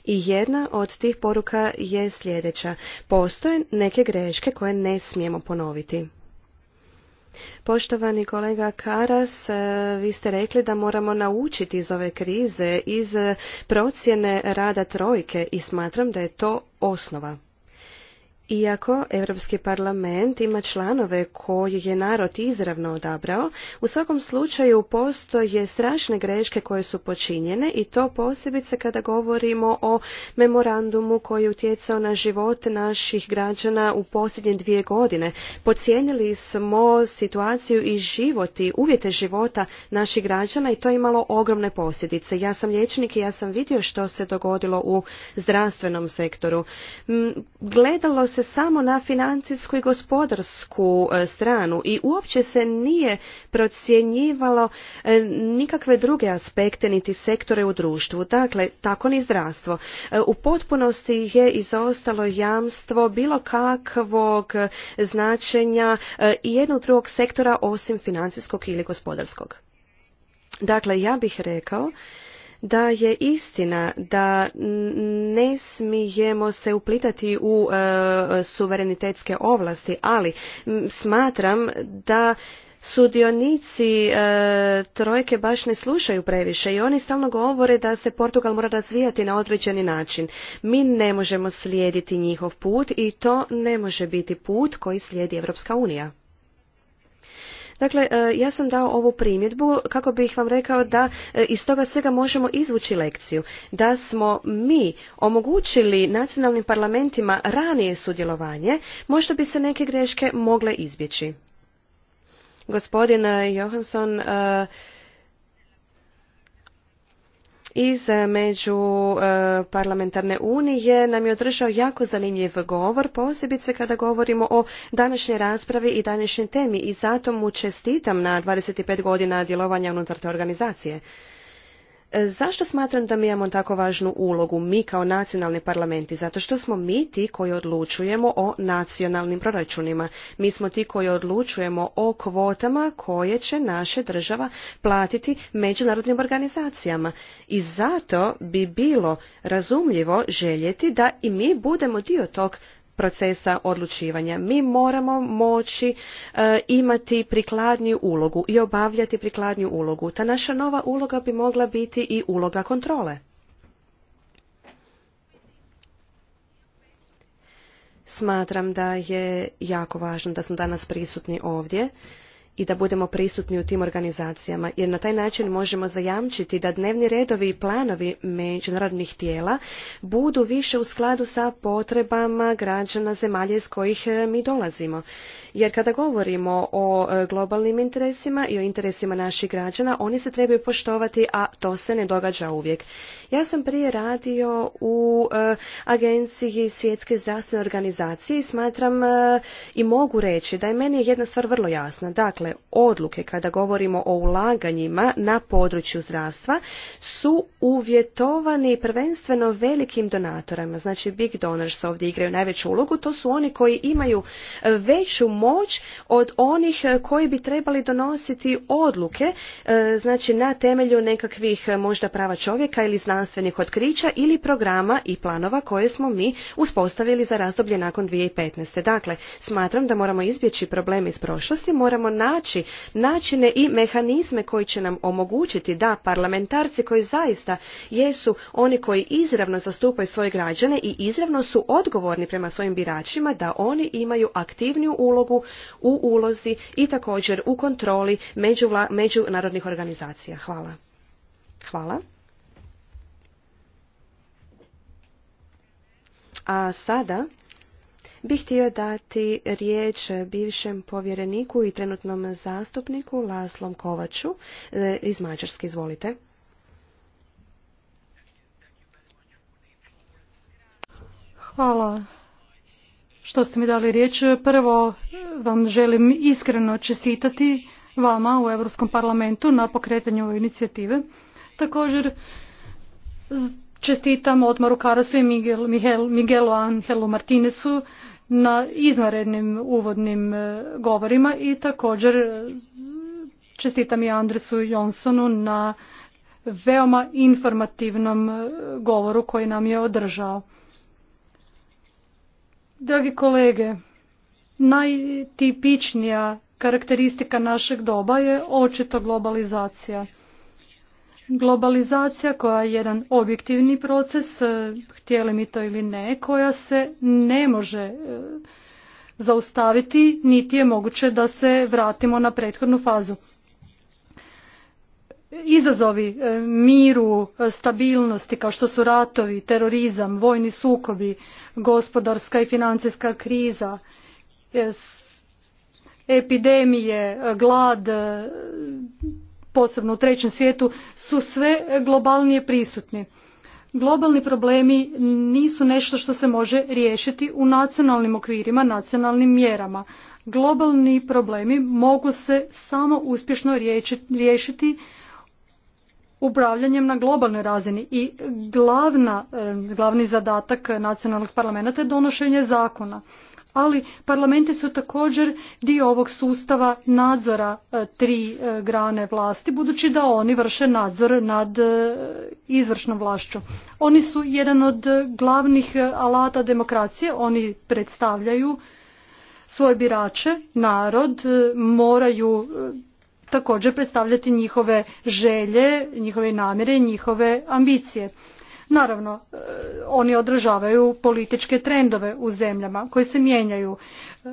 I jedna od tih poruka je sljedeća. Postoje neke greške koje ne smijemo ponoviti. Poštovani kolega Karas, e, vi ste rekli da moramo naučiti iz ove krize, iz procjene rada trojke i smatram da je to osnova. Iako Europski parlament ima članove koje je narod izravno odabrao, u svakom slučaju postoje strašne greške koje su počinjene i to posebice kada govorimo o memorandumu koji je utjecao na život naših građana u posljednje dvije godine. Pocijenili smo situaciju i život i uvjete života naših građana i to je imalo ogromne posljedice. Ja sam liječnik i ja sam vidio što se dogodilo u zdravstvenom sektoru. Mm, gledalo samo na financijsku i gospodarsku e, stranu i uopće se nije procjenjivalo e, nikakve druge aspekte niti sektore u društvu, dakle tako ni zdravstvo. E, u potpunosti je izostalo jamstvo bilo kakvog značenja i jednog drugog sektora osim financijskog ili gospodarskog. Dakle, ja bih rekao da je istina da ne smijemo se uplitati u e, suverenitetske ovlasti, ali smatram da sudionici e, trojke baš ne slušaju previše i oni stalno govore da se Portugal mora razvijati na određeni način. Mi ne možemo slijediti njihov put i to ne može biti put koji slijedi Europska unija. Dakle, e, ja sam dao ovu primjedbu kako bih vam rekao da e, iz toga svega možemo izvući lekciju. Da smo mi omogućili nacionalnim parlamentima ranije sudjelovanje, možda bi se neke greške mogle izbjeći. Gospodin e, Johansson iz e, među e, parlamentarne unije nam je održao jako zanimljiv govor, posebice kada govorimo o današnjoj raspravi i današnjoj temi i zato mu čestitam na 25 godina djelovanja unutar te organizacije. E, zašto smatram da mi imamo tako važnu ulogu, mi kao nacionalni parlamenti? Zato što smo mi ti koji odlučujemo o nacionalnim proračunima. Mi smo ti koji odlučujemo o kvotama koje će naše država platiti međunarodnim organizacijama. I zato bi bilo razumljivo željeti da i mi budemo dio tog procesa odlučivanja. Mi moramo moći e, imati prikladnju ulogu i obavljati prikladnju ulogu. Ta naša nova uloga bi mogla biti i uloga kontrole. Smatram da je jako važno da smo danas prisutni ovdje i da budemo prisutni u tim organizacijama jer na taj način možemo zajamčiti da dnevni redovi i planovi međunarodnih tijela budu više u skladu sa potrebama građana zemalja iz kojih e, mi dolazimo. Jer kada govorimo o e, globalnim interesima i o interesima naših građana, oni se trebaju poštovati, a to se ne događa uvijek. Ja sam prije radio u e, agenciji Svjetske zdravstvene organizacije i smatram i mogu reći da je meni jedna stvar vrlo jasna. Dakle, Dakle, odluke kada govorimo o ulaganjima na području zdravstva su uvjetovani prvenstveno velikim donatorima Znači, big donors ovdje igraju najveću ulogu. To su oni koji imaju veću moć od onih koji bi trebali donositi odluke, e, znači na temelju nekakvih e, možda prava čovjeka ili znanstvenih otkrića ili programa i planova koje smo mi uspostavili za razdoblje nakon 2015. Dakle, smatram da moramo izbjeći probleme iz prošlosti, moramo na naći načine i mehanizme koji će nam omogućiti da parlamentarci koji zaista jesu oni koji izravno zastupaju svoje građane i izravno su odgovorni prema svojim biračima da oni imaju aktivniju ulogu u ulozi i također u kontroli međunarodnih organizacija. Hvala. Hvala. A sada bih htio dati riječ bivšem povjereniku i trenutnom zastupniku Laslom Kovaču e, iz Mađarske. Izvolite. Hvala što ste mi dali riječ. Prvo e, vam želim iskreno čestitati vama u Europskom parlamentu na pokretanju ove inicijative. Također čestitam Otmaru Karasu i Miguel, Angelu Martinesu na izvanrednim uvodnim e, govorima i također e, čestitam i Andresu Jonsonu na veoma informativnom e, govoru koji nam je održao. Dragi kolege, najtipičnija karakteristika našeg doba je očito globalizacija. Globalizacija koja je jedan objektivni proces, e, htjeli mi to ili ne, koja se ne može e, zaustaviti, niti je moguće da se vratimo na prethodnu fazu. Izazovi e, miru, stabilnosti kao što su ratovi, terorizam, vojni sukobi, gospodarska i financijska kriza, epidemije, glad, posebno u trećem svijetu, su sve globalnije prisutni. Globalni problemi nisu nešto što se može riješiti u nacionalnim okvirima, nacionalnim mjerama. Globalni problemi mogu se samo uspješno riješiti upravljanjem na globalnoj razini i glavni zadatak nacionalnog parlamenta je donošenje zakona ali parlamente su također dio ovog sustava nadzora e, tri e, grane vlasti, budući da oni vrše nadzor nad e, izvršnom vlašću. Oni su jedan od glavnih alata demokracije, oni predstavljaju svoje birače, narod, moraju također predstavljati njihove želje, njihove namjere, njihove ambicije. Naravno, e, oni održavaju političke trendove u zemljama koje se mijenjaju e,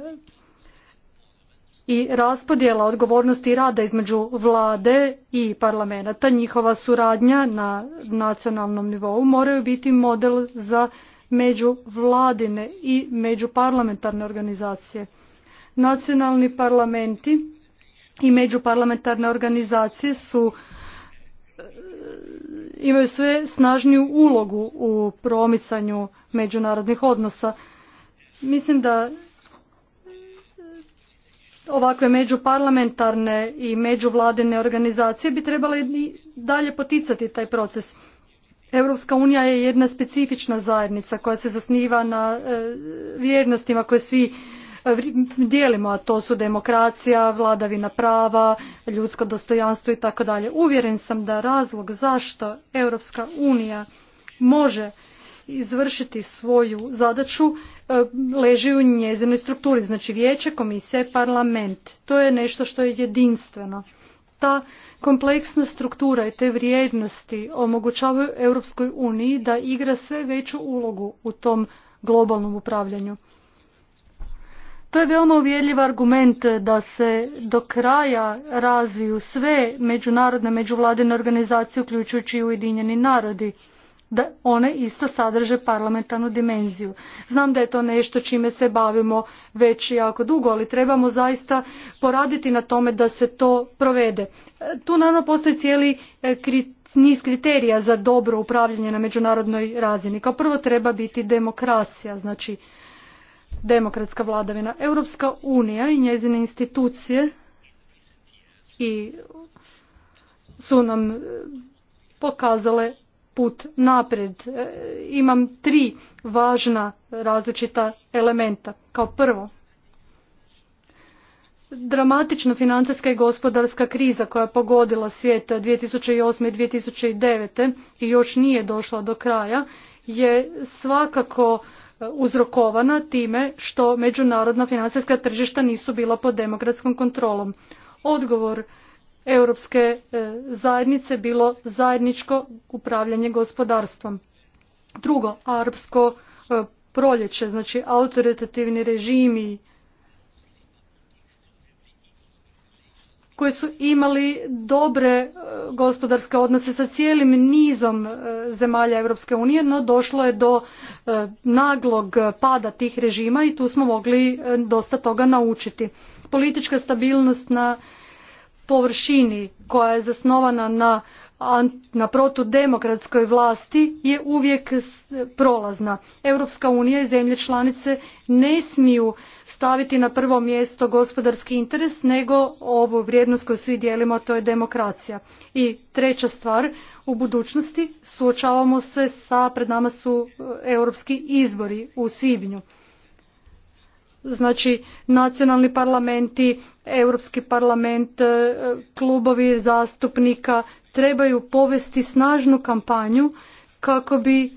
i raspodjela odgovornosti i rada između vlade i parlamenta, njihova suradnja na nacionalnom nivou moraju biti model za međuvladine i međuparlamentarne organizacije. Nacionalni parlamenti i međuparlamentarne organizacije su imaju sve snažniju ulogu u promicanju međunarodnih odnosa. Mislim da ovakve međuparlamentarne i međuvladine organizacije bi trebale i dalje poticati taj proces. Europska unija je jedna specifična zajednica koja se zasniva na e, vjernostima koje svi dijelimo, a to su demokracija, vladavina prava, ljudsko dostojanstvo i tako dalje. Uvjeren sam da razlog zašto Europska unija može izvršiti svoju zadaću e, leži u njezinoj strukturi, znači vijeće, komisija i parlament. To je nešto što je jedinstveno. Ta kompleksna struktura i te vrijednosti omogućavaju Europskoj uniji da igra sve veću ulogu u tom globalnom upravljanju. To je veoma uvjerljiv argument da se do kraja razviju sve međunarodne međuvladine organizacije uključujući i Ujedinjeni narodi da one isto sadrže parlamentarnu dimenziju. Znam da je to nešto čime se bavimo već jako dugo, ali trebamo zaista poraditi na tome da se to provede. Tu naravno postoji cijeli e, niz kriterija za dobro upravljanje na međunarodnoj razini. Kao prvo treba biti demokracija, znači demokratska vladavina. Europska unija i njezine institucije i su nam e, pokazale put naprijed. E, imam tri važna različita elementa. Kao prvo, dramatična financijska i gospodarska kriza koja je pogodila svijet 2008. i 2009. i još nije došla do kraja je svakako uzrokovana time što međunarodna financijska tržišta nisu bila pod demokratskom kontrolom. Odgovor europske e, zajednice bilo zajedničko upravljanje gospodarstvom. Drugo, arapsko e, proljeće, znači autoritativni režimi koje su imali dobre e, gospodarske odnose sa cijelim nizom e, zemalja Europske unije, no došlo je do e, naglog pada tih režima i tu smo mogli dosta toga naučiti. Politička stabilnost na površini koja je zasnovana na na demokratskoj vlasti je uvijek prolazna. Europska unija i zemlje članice ne smiju staviti na prvo mjesto gospodarski interes, nego ovu vrijednost koju svi dijelimo, a to je demokracija. I treća stvar, u budućnosti suočavamo se sa, pred nama su e, europski izbori u Svibnju znači nacionalni parlamenti, Europski parlament, e, klubovi zastupnika trebaju povesti snažnu kampanju kako bi e,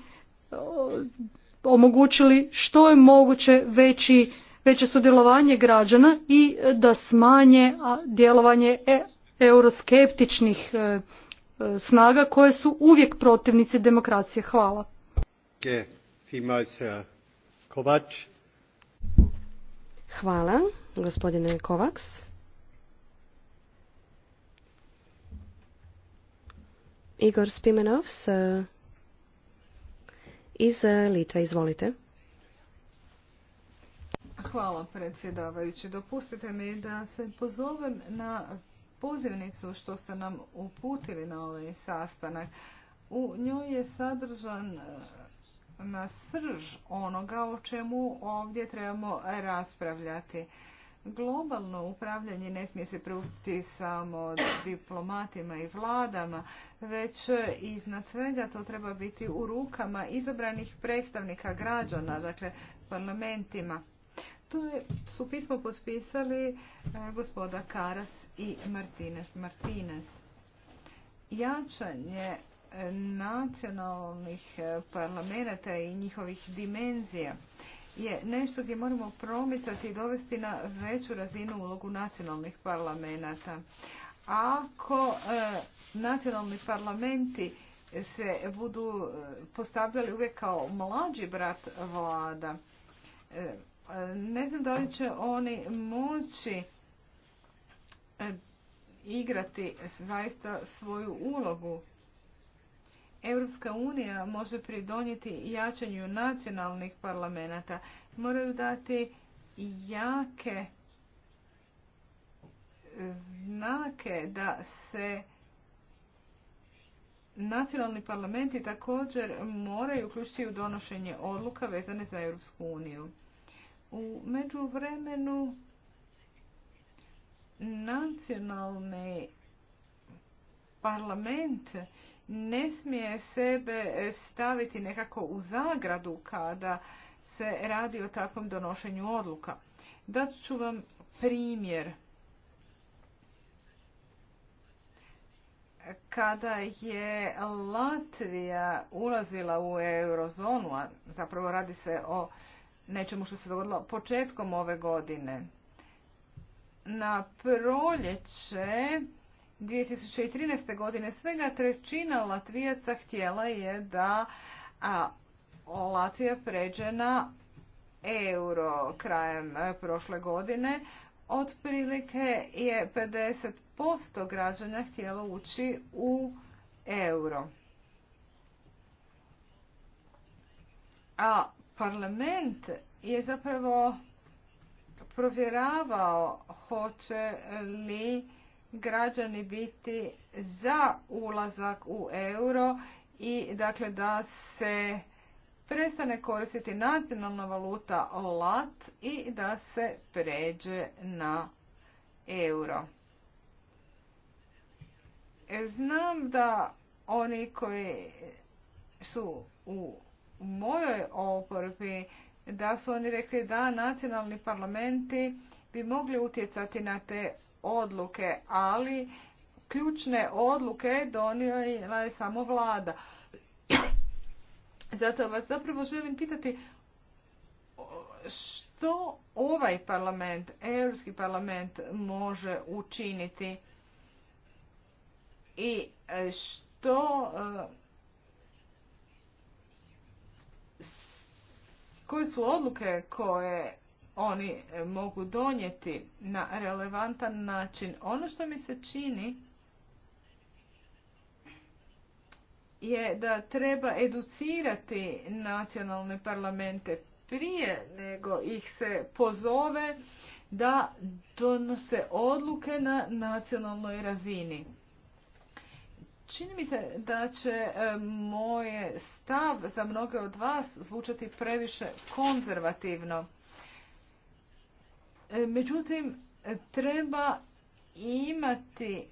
omogućili što je moguće veći, veće sudjelovanje građana i da smanje djelovanje e, euroskeptičnih snaga koje su uvijek protivnici demokracije. Hvala. Hvala, gospodine Kovaks. Igor Spimenovs eh, iz eh, Litve, izvolite. Hvala predsjedavajući. Dopustite mi da se pozovem na pozivnicu što ste nam uputili na ovaj sastanak. U njoj je sadržan eh, na srž onoga o čemu ovdje trebamo raspravljati. Globalno upravljanje ne smije se preustiti samo diplomatima i vladama, već iznad svega to treba biti u rukama izabranih predstavnika građana, dakle parlamentima. To su pismo potpisali e, gospoda Karas i Martinez. Martinez. Jačanje nacionalnih e, parlamenta i njihovih dimenzija je nešto gdje moramo promicati i dovesti na veću razinu ulogu nacionalnih parlamenta. Ako e, nacionalni parlamenti se budu e, postavljali uvijek kao mlađi brat vlada, ne znam da li će oni moći igrati zaista svoju ulogu Europska unija može pridonijeti jačanju nacionalnih parlamenta. Moraju dati jake znake da se nacionalni parlamenti također moraju uključiti u donošenje odluka vezane za Europsku uniju. U međuvremenu nacionalni parlament ne smije sebe staviti nekako u zagradu kada se radi o takvom donošenju odluka. Dat ću vam primjer. Kada je Latvija ulazila u eurozonu, a zapravo radi se o nečemu što se dogodilo početkom ove godine, na proljeće 2013. godine svega trećina Latvijaca htjela je da a, Latvija pređe na euro krajem e, prošle godine. Otprilike je 50% građana htjelo ući u euro. A parlament je zapravo provjeravao hoće li građani biti za ulazak u euro i dakle da se prestane koristiti nacionalna valuta lat i da se pređe na euro. Znam da oni koji su u mojoj oporbi da su oni rekli da nacionalni parlamenti bi mogli utjecati na te odluke, ali ključne odluke donijela je samo vlada. (clears throat) Zato vas zapravo želim pitati što ovaj parlament, Europski parlament može učiniti i e, što e, koje su odluke koje oni e, mogu donijeti na relevantan način. Ono što mi se čini je da treba educirati nacionalne parlamente prije nego ih se pozove da donose odluke na nacionalnoj razini. Čini mi se da će e, moje stav za mnoge od vas zvučati previše konzervativno. E, međutim, treba imati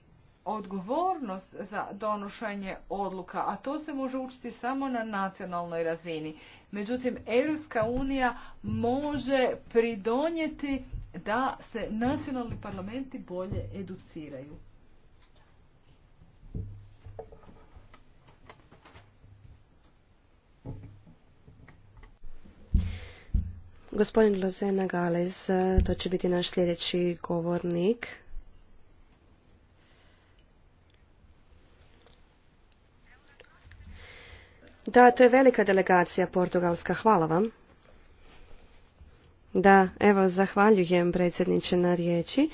odgovornost za donošenje odluka, a to se može učiti samo na nacionalnoj razini. Međutim, Europska unija može pridonijeti da se nacionalni parlamenti bolje educiraju. Gospodin Lozena Gales, e, to će biti naš sljedeći govornik. Da, to je velika delegacija Portugalska, hvala vam. Da, evo, zahvaljujem predsjedniče na riječi.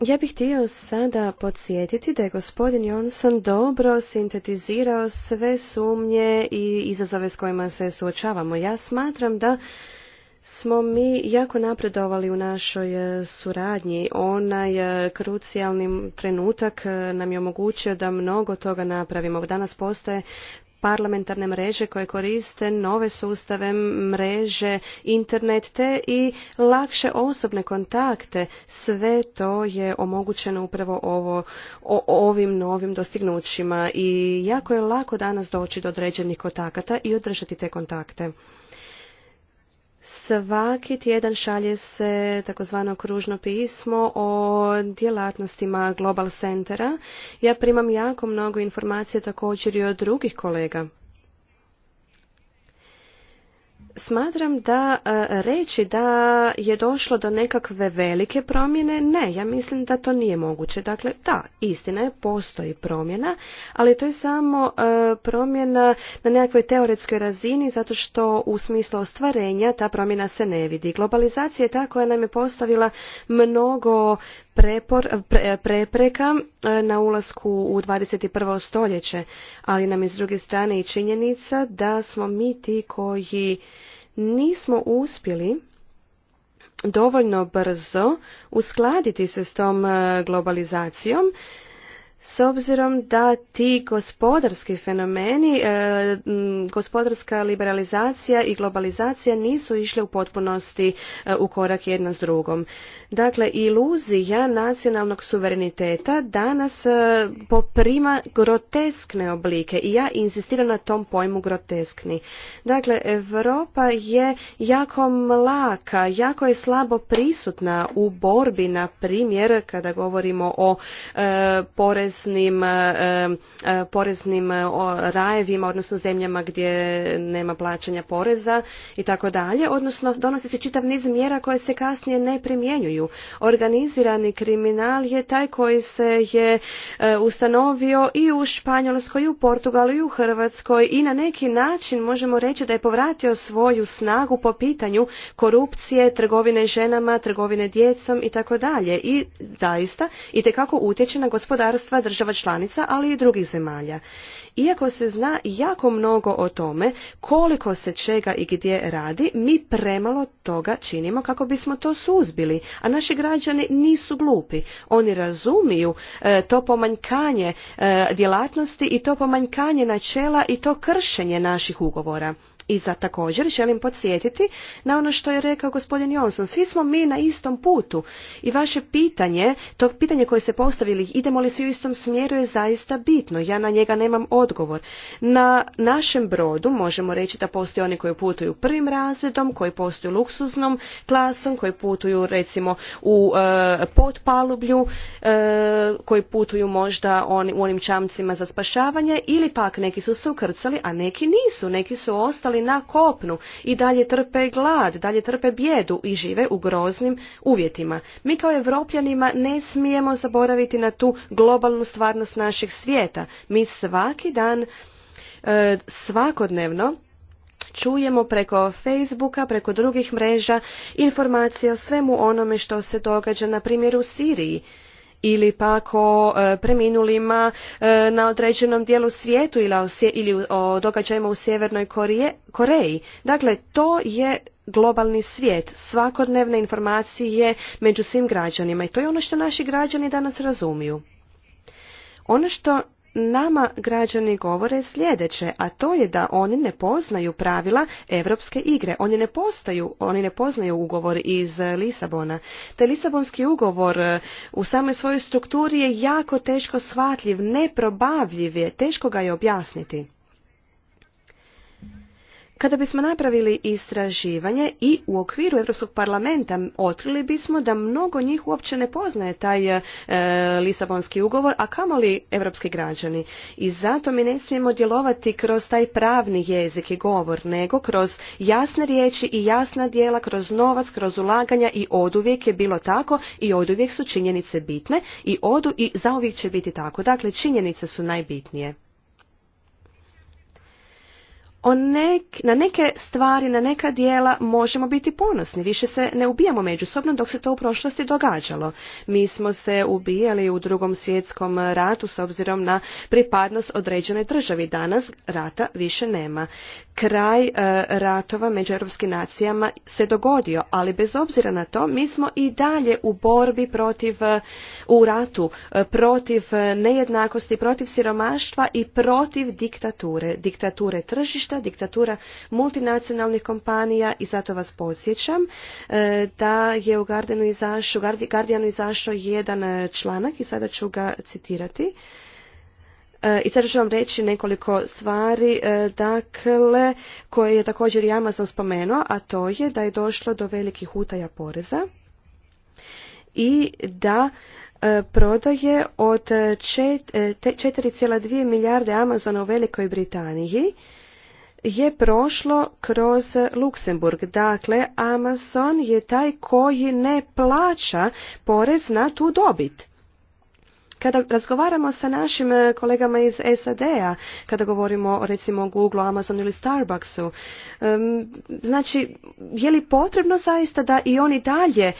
Ja bih htio sada podsjetiti da je gospodin Johnson dobro sintetizirao sve sumnje i izazove s kojima se suočavamo. Ja smatram da smo mi jako napredovali u našoj e, suradnji. Onaj e, krucijalni trenutak e, nam je omogućio da mnogo toga napravimo. Danas postoje parlamentarne mreže koje koriste nove sustave mreže, internet te i lakše osobne kontakte. Sve to je omogućeno upravo ovo, ovim novim dostignućima i jako je lako danas doći do određenih kontakata i održati te kontakte. Svaki tjedan šalje se takozvano kružno pismo o djelatnostima Global Centera. Ja primam jako mnogo informacija također i od drugih kolega. Smatram da e, reći da je došlo do nekakve velike promjene, ne, ja mislim da to nije moguće. Dakle, da, istina je, postoji promjena, ali to je samo e, promjena na nekakvoj teoretskoj razini, zato što u smislu ostvarenja ta promjena se ne vidi. Globalizacija je ta koja nam je postavila mnogo prepreka e, na ulasku u 21. stoljeće, ali nam je s druge strane i činjenica da smo mi ti koji nismo uspjeli dovoljno brzo uskladiti se s tom e, globalizacijom s obzirom da ti gospodarski fenomeni, e, gospodarska liberalizacija i globalizacija nisu išle u potpunosti e, u korak jedna s drugom. Dakle, iluzija nacionalnog suvereniteta danas e, poprima groteskne oblike i ja insistiram na tom pojmu groteskni. Dakle, Europa je jako mlaka, jako je slabo prisutna u borbi, na primjer, kada govorimo o porez poreznim, e, e, poreznim e, rajevima, odnosno zemljama gdje nema plaćanja poreza i tako dalje, odnosno donosi se čitav niz mjera koje se kasnije ne primjenjuju. Organizirani kriminal je taj koji se je ustanovio i u Španjolskoj, i u Portugalu, i u Hrvatskoj i na neki način možemo reći da je povratio svoju snagu po pitanju korupcije, trgovine ženama, trgovine djecom i tako dalje i zaista i utječe na gospodarstvo iskustva država članica, ali i drugih zemalja. Iako se zna jako mnogo o tome koliko se čega i gdje radi, mi premalo toga činimo kako bismo to suzbili, a naši građani nisu glupi. Oni razumiju e, to pomanjkanje e, djelatnosti i to pomanjkanje načela i to kršenje naših ugovora. I za također želim podsjetiti na ono što je rekao gospodin Johnson. Svi smo mi na istom putu i vaše pitanje, to pitanje koje ste postavili, idemo li svi u istom smjeru je zaista bitno. Ja na njega nemam odgovor. Na našem brodu možemo reći da postoje oni koji putuju prvim razredom, koji putuju luksuznom klasom, koji putuju recimo u e, potpalublju, e, koji putuju možda u onim čamcima za spašavanje ili pak neki su se ukrcali, a neki nisu, neki su ostali ostali na kopnu i dalje trpe glad, dalje trpe bijedu i žive u groznim uvjetima. Mi kao evropljanima ne smijemo zaboraviti na tu globalnu stvarnost naših svijeta. Mi svaki dan, e, svakodnevno, čujemo preko Facebooka, preko drugih mreža informacije o svemu onome što se događa na primjer u Siriji ili pak o e, preminulima e, na određenom dijelu svijetu ili o događajima u Sjevernoj Koreji. Dakle, to je globalni svijet, svakodnevne informacije među svim građanima i to je ono što naši građani danas razumiju. Ono što nama građani govore sljedeće, a to je da oni ne poznaju pravila europske igre. Oni ne, postaju, oni ne poznaju ugovor iz Lisabona. Te Lisabonski ugovor e, u samoj svojoj strukturi je jako teško shvatljiv, neprobavljiv je, teško ga je objasniti. Kada bismo napravili istraživanje i u okviru Europskog parlamenta otkrili bismo da mnogo njih uopće ne poznaje taj e, Lisabonski ugovor, a kamoli europski građani. I zato mi ne smijemo djelovati kroz taj pravni jezik i govor, nego kroz jasne riječi i jasna djela, kroz novac, kroz ulaganja i oduvijek je bilo tako i oduvijek su činjenice bitne i odu i zauvijek će biti tako. Dakle, činjenice su najbitnije nek, na neke stvari, na neka dijela možemo biti ponosni. Više se ne ubijamo međusobno dok se to u prošlosti događalo. Mi smo se ubijali u drugom svjetskom ratu s obzirom na pripadnost određenoj državi. Danas rata više nema. Kraj e, ratova među europskim nacijama se dogodio, ali bez obzira na to mi smo i dalje u borbi protiv, e, u ratu, e, protiv nejednakosti, protiv siromaštva i protiv diktature. Diktature tržišta tržišta, diktatura multinacionalnih kompanija i zato vas podsjećam e, da je u Guardianu izašao, Guardianu izašao jedan e, članak i sada ću ga citirati. E, I sad ću vam reći nekoliko stvari, dakle, koje je također i Amazon spomenuo, a to je da je došlo do velikih utaja poreza i da prodaje od 4,2 milijarde Amazona u Velikoj Britaniji je prošlo kroz Luksemburg. Dakle, Amazon je taj koji ne plaća porez na tu dobit. Kada razgovaramo sa našim e, kolegama iz SAD-a, kada govorimo recimo o Google, Amazon ili Starbucksu, znači je li potrebno zaista da i oni dalje e,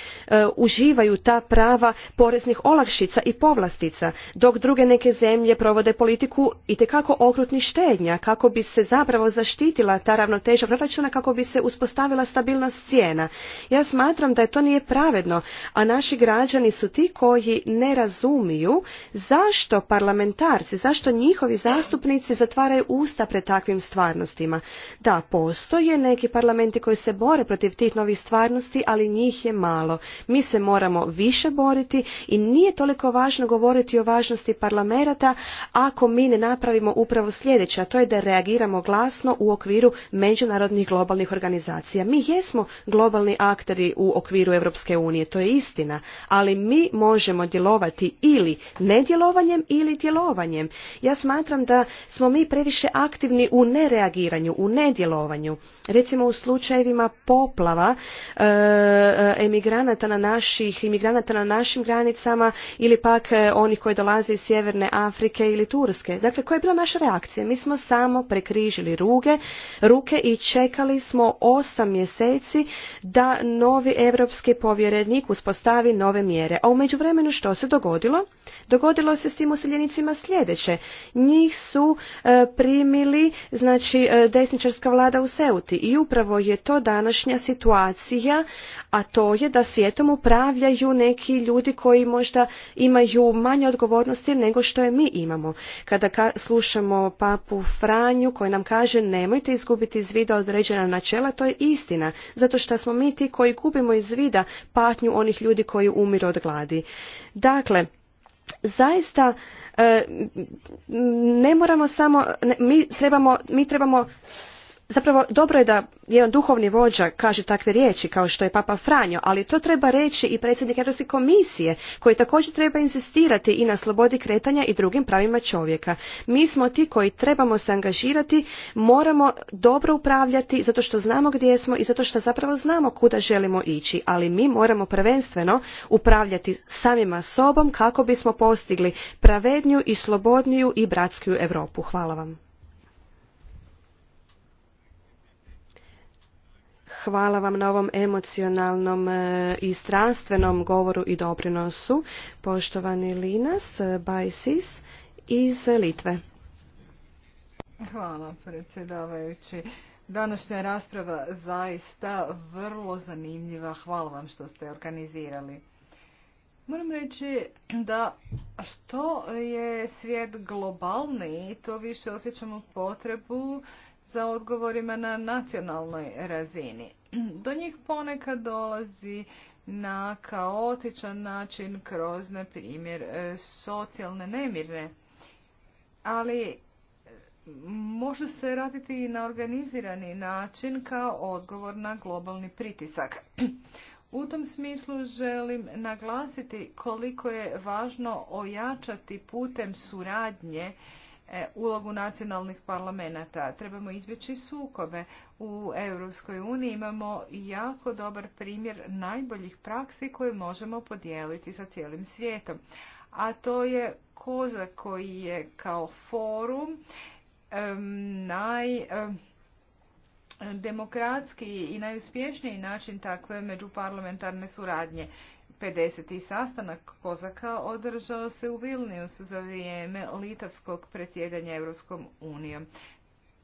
uživaju ta prava poreznih olakšica i povlastica, dok druge neke zemlje provode politiku i itekako okrutnih štednja, kako bi se zapravo zaštitila ta ravnoteža proračuna, kako bi se uspostavila stabilnost cijena. Ja smatram da je to nije pravedno, a naši građani su ti koji ne razumiju zašto parlamentarci, zašto njihovi zastupnici zatvaraju usta pred takvim stvarnostima? Da, postoje neki parlamenti koji se bore protiv tih novih stvarnosti, ali njih je malo. Mi se moramo više boriti i nije toliko važno govoriti o važnosti parlamenta ako mi ne napravimo upravo sljedeće, a to je da reagiramo glasno u okviru međunarodnih globalnih organizacija. Mi jesmo globalni akteri u okviru Europske unije, to je istina, ali mi možemo djelovati ili nedjelovanjem ili djelovanjem. Ja smatram da smo mi previše aktivni u nereagiranju, u nedjelovanju. Recimo u slučajevima poplava e, e, emigranata na naših, imigranata na našim granicama ili pak e, onih koji dolaze iz Sjeverne Afrike ili Turske. Dakle, koja je bila naša reakcija? Mi smo samo prekrižili ruge, ruke i čekali smo osam mjeseci da novi europski povjerenik uspostavi nove mjere. A u međuvremenu što se dogodilo? Dogodilo se s tim useljenicima sljedeće. Njih su e, primili znači e, desničarska vlada u Seuti i upravo je to današnja situacija, a to je da svijetom upravljaju neki ljudi koji možda imaju manje odgovornosti nego što je mi imamo. Kada slušamo papu Franju koji nam kaže nemojte izgubiti iz vida određena načela, to je istina, zato što smo mi ti koji gubimo iz vida patnju onih ljudi koji umiru od gladi. Dakle, zaista e, ne moramo samo, mi trebamo, mi trebamo Zapravo, dobro je da jedan duhovni vođa kaže takve riječi kao što je Papa Franjo, ali to treba reći i predsjednik Europske komisije koji također treba insistirati i na slobodi kretanja i drugim pravima čovjeka. Mi smo ti koji trebamo se angažirati, moramo dobro upravljati zato što znamo gdje smo i zato što zapravo znamo kuda želimo ići, ali mi moramo prvenstveno upravljati samima sobom kako bismo postigli pravedniju i slobodniju i bratskiju Europu. Hvala vam. Hvala vam na ovom emocionalnom e, i stranstvenom govoru i doprinosu. Poštovani Linas Bajsis iz Litve. Hvala predsjedavajući. Današnja rasprava zaista vrlo zanimljiva. Hvala vam što ste organizirali. Moram reći da što je svijet globalni, to više osjećamo potrebu sa odgovorima na nacionalnoj razini. Do njih ponekad dolazi na kaotičan način kroz, na primjer, e, socijalne nemirne. Ali e, može se raditi i na organizirani način kao odgovor na globalni pritisak. U tom smislu želim naglasiti koliko je važno ojačati putem suradnje E, ulogu nacionalnih parlamenta. Trebamo izbjeći sukobe. U Europskoj uniji imamo jako dobar primjer najboljih praksi koje možemo podijeliti sa cijelim svijetom. A to je koza koji je kao forum um, demokratski i najuspješniji način takve međuparlamentarne suradnje. 50. sastanak Kozaka održao se u Vilniusu za vrijeme litavskog predsjedanja Europskom unijom.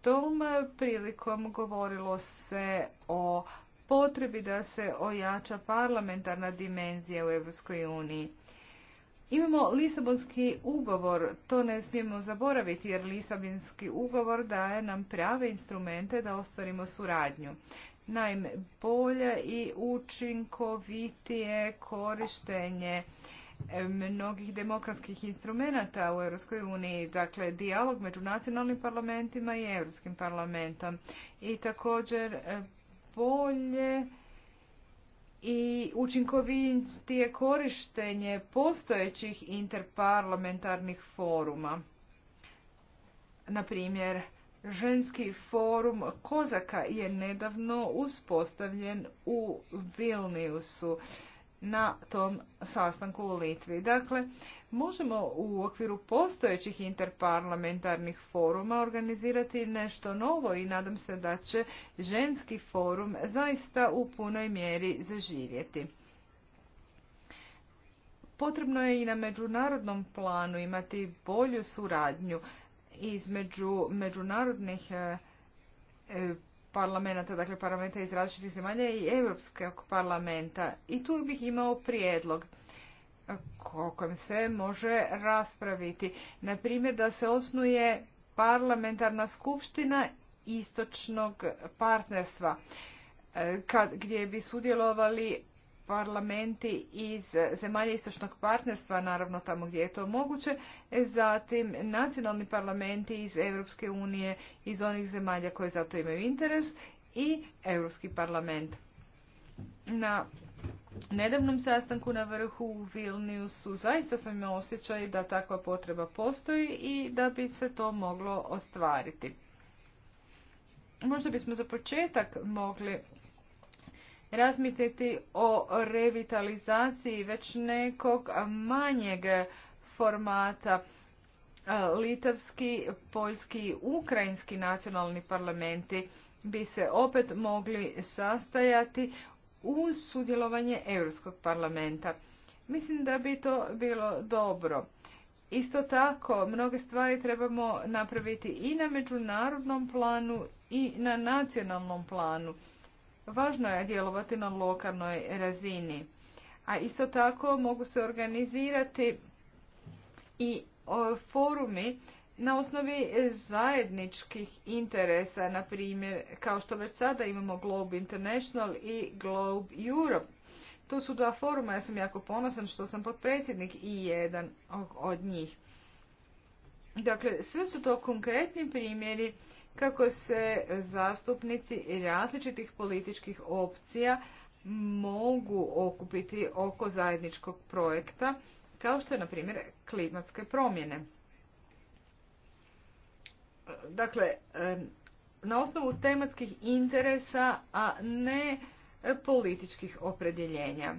Tom prilikom govorilo se o potrebi da se ojača parlamentarna dimenzija u Europskoj uniji. Imamo Lisabonski ugovor, to ne smijemo zaboraviti jer Lisabonski ugovor daje nam prave instrumente da ostvarimo suradnju. Naime, bolje i učinkovitije korištenje e, mnogih demokratskih instrumenata u Europskoj uniji, dakle dijalog među nacionalnim parlamentima i Europskim parlamentom i također e, bolje i učinkovitije korištenje postojećih interparlamentarnih foruma. Na primjer, Ženski forum Kozaka je nedavno uspostavljen u Vilniusu na tom sastanku u Litvi. Dakle, možemo u okviru postojećih interparlamentarnih foruma organizirati nešto novo i nadam se da će ženski forum zaista u punoj mjeri zaživjeti. Potrebno je i na međunarodnom planu imati bolju suradnju između međunarodnih e, e, parlamenta, dakle parlamenta iz različitih zemalja i Europskog parlamenta. I tu bih imao prijedlog e, o kojem se može raspraviti. Na da se osnuje parlamentarna skupština istočnog partnerstva gdje bi sudjelovali parlamenti iz zemalja istočnog partnerstva, naravno tamo gdje je to moguće, zatim nacionalni parlamenti iz Europske unije, iz onih zemalja koje zato imaju interes i Europski parlament. Na nedavnom sastanku na vrhu u Vilniusu zaista sam imao osjećaj da takva potreba postoji i da bi se to moglo ostvariti. Možda bismo za početak mogli razmisliti o revitalizaciji već nekog manjeg formata. Litavski, poljski i ukrajinski nacionalni parlamenti bi se opet mogli sastajati uz sudjelovanje Europskog parlamenta. Mislim da bi to bilo dobro. Isto tako, mnoge stvari trebamo napraviti i na međunarodnom planu i na nacionalnom planu. Važno je djelovati na lokalnoj razini. A isto tako mogu se organizirati i forumi na osnovi zajedničkih interesa, na primjer, kao što već sada imamo Globe International i Globe Europe. To su dva foruma, ja sam jako ponosan što sam potpredsjednik i jedan od njih. Dakle, sve su to konkretni primjeri kako se zastupnici različitih političkih opcija mogu okupiti oko zajedničkog projekta, kao što je, na primjer, klimatske promjene. Dakle, na osnovu tematskih interesa, a ne političkih opredjeljenja.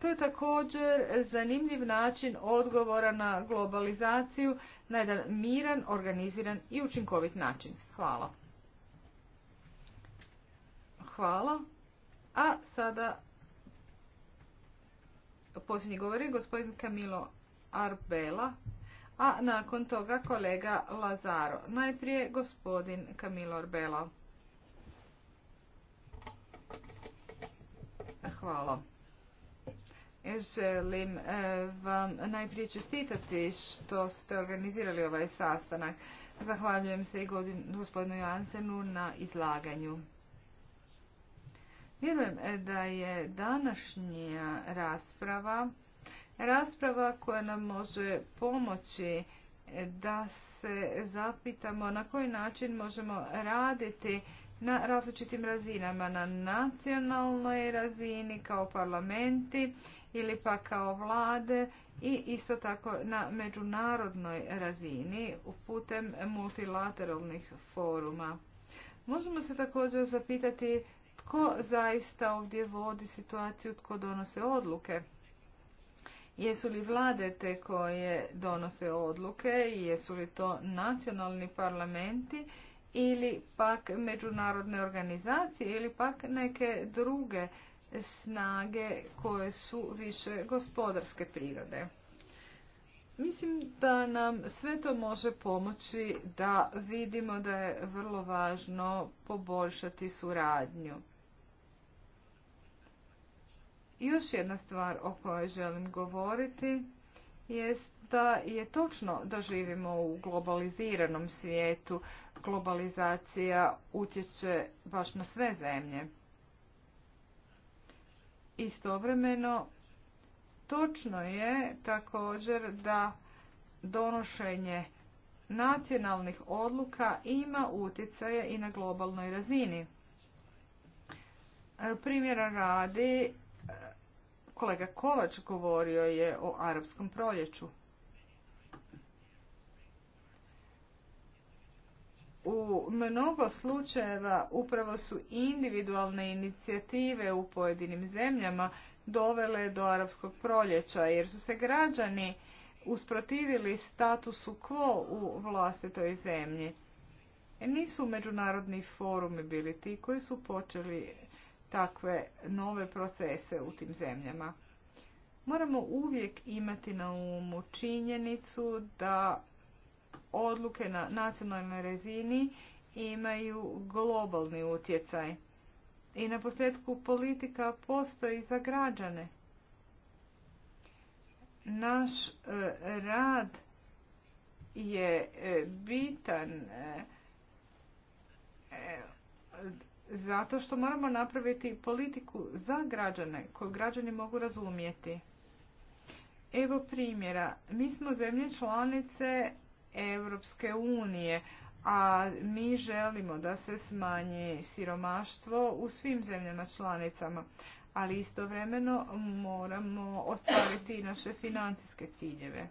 To je također zanimljiv način odgovora na globalizaciju na jedan miran, organiziran i učinkovit način. Hvala. Hvala. A sada posljednji govori gospodin Camilo Arbela, a nakon toga kolega Lazaro. Najprije gospodin Camilo Arbela. Hvala. Želim e, vam najprije čestitati što ste organizirali ovaj sastanak. Zahvaljujem se i gospodinu Jansenu na izlaganju. Vjerujem e, da je današnja rasprava rasprava koja nam može pomoći e, da se zapitamo na koji način možemo raditi na različitim razinama, na nacionalnoj razini kao parlamenti ili pa kao vlade i isto tako na međunarodnoj razini putem multilateralnih foruma. Možemo se također zapitati tko zaista ovdje vodi situaciju, tko donose odluke. Jesu li vlade te koje donose odluke, jesu li to nacionalni parlamenti ili pak međunarodne organizacije ili pak neke druge snage koje su više gospodarske prirode. Mislim da nam sve to može pomoći da vidimo da je vrlo važno poboljšati suradnju. Još jedna stvar o kojoj želim govoriti jest da je točno da živimo u globaliziranom svijetu globalizacija utječe baš na sve zemlje. Istovremeno, točno je također da donošenje nacionalnih odluka ima utjecaje i na globalnoj razini. E, primjera radi, e, kolega Kovač govorio je o arapskom proljeću. u mnogo slučajeva upravo su individualne inicijative u pojedinim zemljama dovele do arapskog proljeća jer su se građani usprotivili statusu quo u vlastitoj zemlji. E, nisu međunarodni forumi bili ti koji su počeli takve nove procese u tim zemljama. Moramo uvijek imati na umu činjenicu da odluke na nacionalnoj razini imaju globalni utjecaj. I na posljedku politika postoji za građane. Naš e, rad je e, bitan e, zato što moramo napraviti politiku za građane koju građani mogu razumjeti. Evo primjera. Mi smo zemlje članice Europske unije, a mi želimo da se smanji siromaštvo u svim zemljama članicama, ali istovremeno moramo ostvariti naše financijske ciljeve.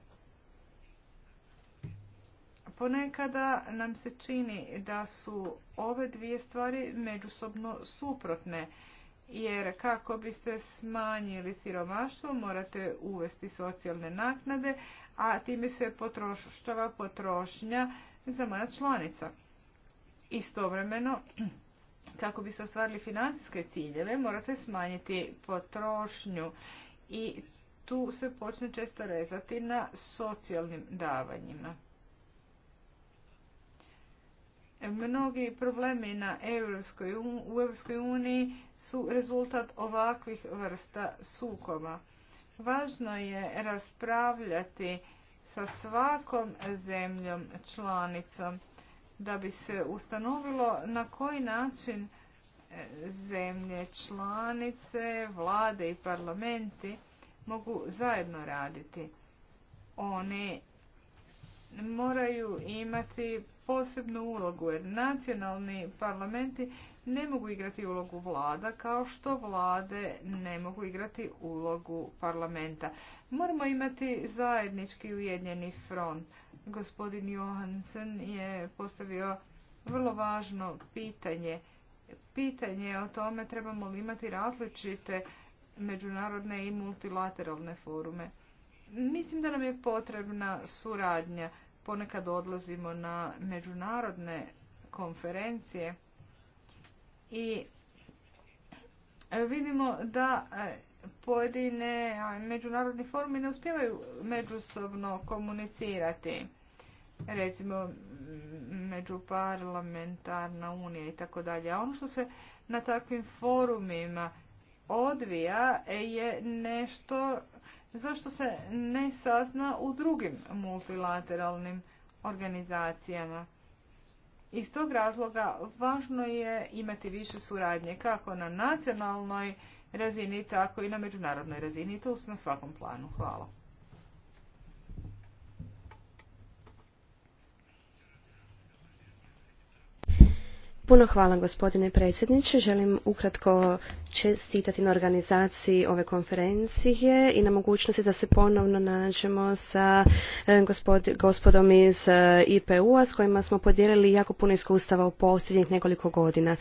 Ponekada nam se čini da su ove dvije stvari međusobno suprotne, jer kako biste smanjili siromaštvo morate uvesti socijalne naknade, a time se potrošava potrošnja zemalja članica. Istovremeno, kako bi se ostvarili financijske ciljeve, morate smanjiti potrošnju i tu se počne često rezati na socijalnim davanjima. Mnogi problemi u Europskoj uniji su rezultat ovakvih vrsta sukoba. Važno je raspravljati sa svakom zemljom članicom da bi se ustanovilo na koji način e, zemlje članice, vlade i parlamenti mogu zajedno raditi. Oni moraju imati posebnu ulogu jer nacionalni parlamenti ne mogu igrati ulogu vlada kao što vlade ne mogu igrati ulogu parlamenta. Moramo imati zajednički ujedinjeni front. Gospodin Johansen je postavio vrlo važno pitanje. Pitanje o tome trebamo li imati različite međunarodne i multilateralne forume. Mislim da nam je potrebna suradnja. Ponekad odlazimo na međunarodne konferencije i e, vidimo da e, pojedine međunarodni forumi ne uspjevaju međusobno komunicirati. Recimo međuparlamentarna unija i tako dalje. A ono što se na takvim forumima odvija e, je nešto zašto se ne sazna u drugim multilateralnim organizacijama. Iz tog razloga važno je imati više suradnje kako na nacionalnoj razini, tako i na međunarodnoj razini to to na svakom planu. Hvala. Puno hvala gospodine predsjedniče. Želim ukratko čestitati na organizaciji ove konferencije i na mogućnosti da se ponovno nađemo sa e, gospodom iz e, IPU-a s kojima smo podijelili jako puno iskustava u posljednjih nekoliko godina.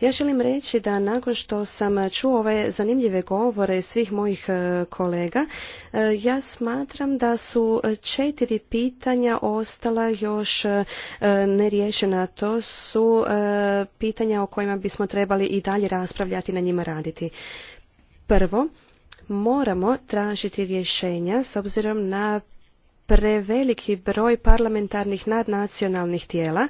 Ja želim reći da nakon što sam čuo ove zanimljive govore svih mojih e, kolega, ja smatram da su četiri pitanja ostala još neriješena. To su pitanja o kojima bismo trebali i dalje raspravljati i na njima raditi. Prvo, moramo tražiti rješenja s obzirom na preveliki broj parlamentarnih nadnacionalnih tijela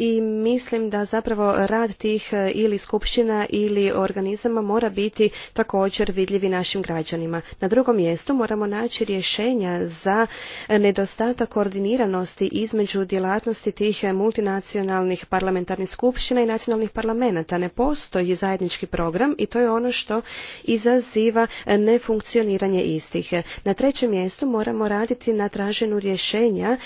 i mislim da zapravo rad tih e, ili skupština ili organizama mora biti također vidljivi našim građanima. Na drugom mjestu moramo naći rješenja za e, nedostatak koordiniranosti između djelatnosti tih e, multinacionalnih parlamentarnih skupština i nacionalnih parlamenta. Ne postoji zajednički program i to je ono što izaziva nefunkcioniranje istih. Na trećem mjestu moramo raditi na traženju rješenja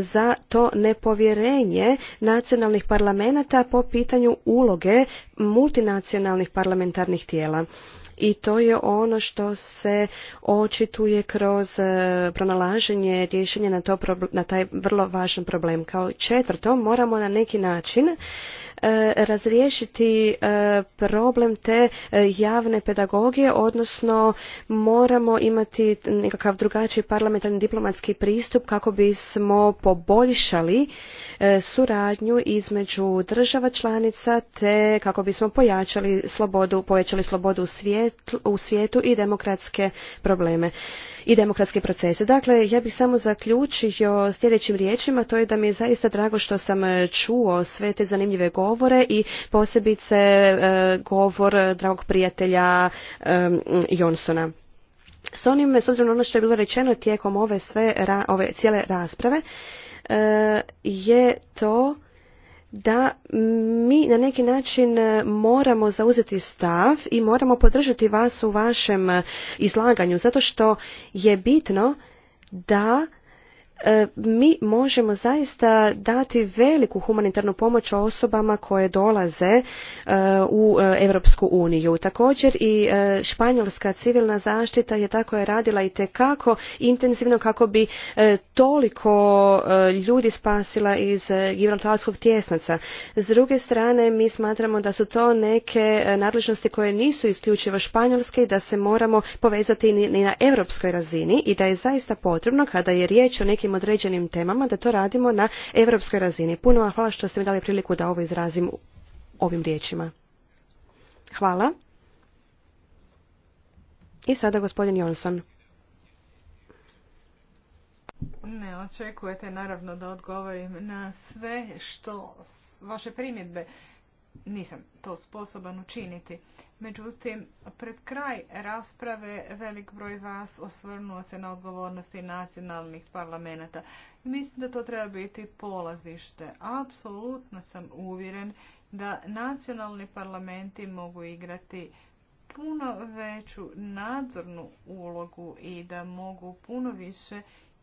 za to nepovjerenje nacionalnih nacionalnih parlamenata po pitanju uloge multinacionalnih parlamentarnih tijela i to je ono što se očituje kroz e, pronalaženje rješenja na, to, na taj vrlo važan problem. Kao četvrto, moramo na neki način e, razriješiti e, problem te javne pedagogije, odnosno moramo imati nekakav drugačiji parlamentarni diplomatski pristup kako bismo poboljšali E, suradnju između država članica te kako bismo pojačali slobodu, povećali slobodu u, svijetu i demokratske probleme i demokratske procese. Dakle, ja bih samo zaključio sljedećim riječima, to je da mi je zaista drago što sam čuo sve te zanimljive govore i posebice e, govor dragog prijatelja e, Jonsona. S onim, s obzirom na ono što je bilo rečeno tijekom ove, sve, ove cijele rasprave, E, je to da mi na neki način e, moramo zauzeti stav i moramo podržati vas u vašem e, izlaganju zato što je bitno da E, mi možemo zaista dati veliku humanitarnu pomoć osobama koje dolaze e, u Europsku uniju. Također i e, španjolska civilna zaštita je tako je radila i tekako intenzivno kako bi toliko ljudi spasila iz Gibraltarskog tjesnaca. S druge strane mi smatramo da su to neke nadležnosti koje nisu isključivo španjolske i da se moramo povezati i na europskoj razini i da je zaista potrebno kada je riječ o nekim nekim određenim temama, da to radimo na europskoj razini. Puno vam hvala što ste mi dali priliku da ovo izrazim ovim riječima. Hvala. I sada gospodin Jonsson. Ne očekujete naravno da odgovorim na sve što vaše primjedbe nisam to sposoban učiniti. Međutim, pred kraj rasprave velik broj vas osvrnuo se na odgovornosti nacionalnih parlamenta. Mislim da to treba biti polazište. Apsolutno sam uvjeren da nacionalni parlamenti mogu igrati puno veću nadzornu ulogu i da mogu puno više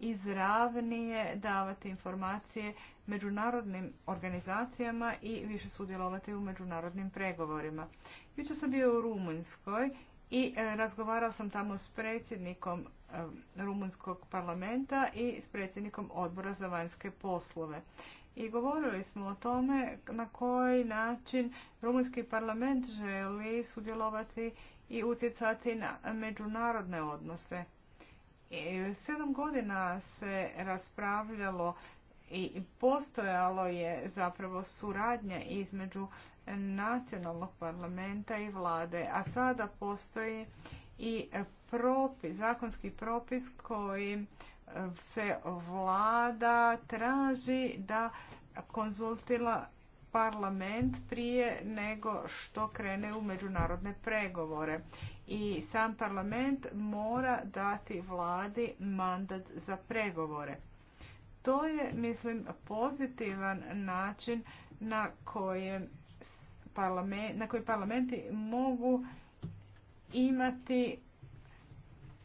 izravnije davati informacije međunarodnim organizacijama i više sudjelovati u međunarodnim pregovorima. Jučer sam bio u Rumunjskoj i e, razgovarao sam tamo s predsjednikom e, Rumunjskog parlamenta i s predsjednikom odbora za vanjske poslove. I govorili smo o tome na koji način Rumunjski parlament želi sudjelovati i utjecati na međunarodne odnose. E, sedam godina se raspravljalo i postojalo je zapravo suradnja između nacionalnog parlamenta i vlade, a sada postoji i propis, zakonski propis koji se vlada traži da konzultira parlament prije nego što krene u međunarodne pregovore. I sam parlament mora dati vladi mandat za pregovore. To je, mislim, pozitivan način na kojem parlament, na koji parlamenti mogu imati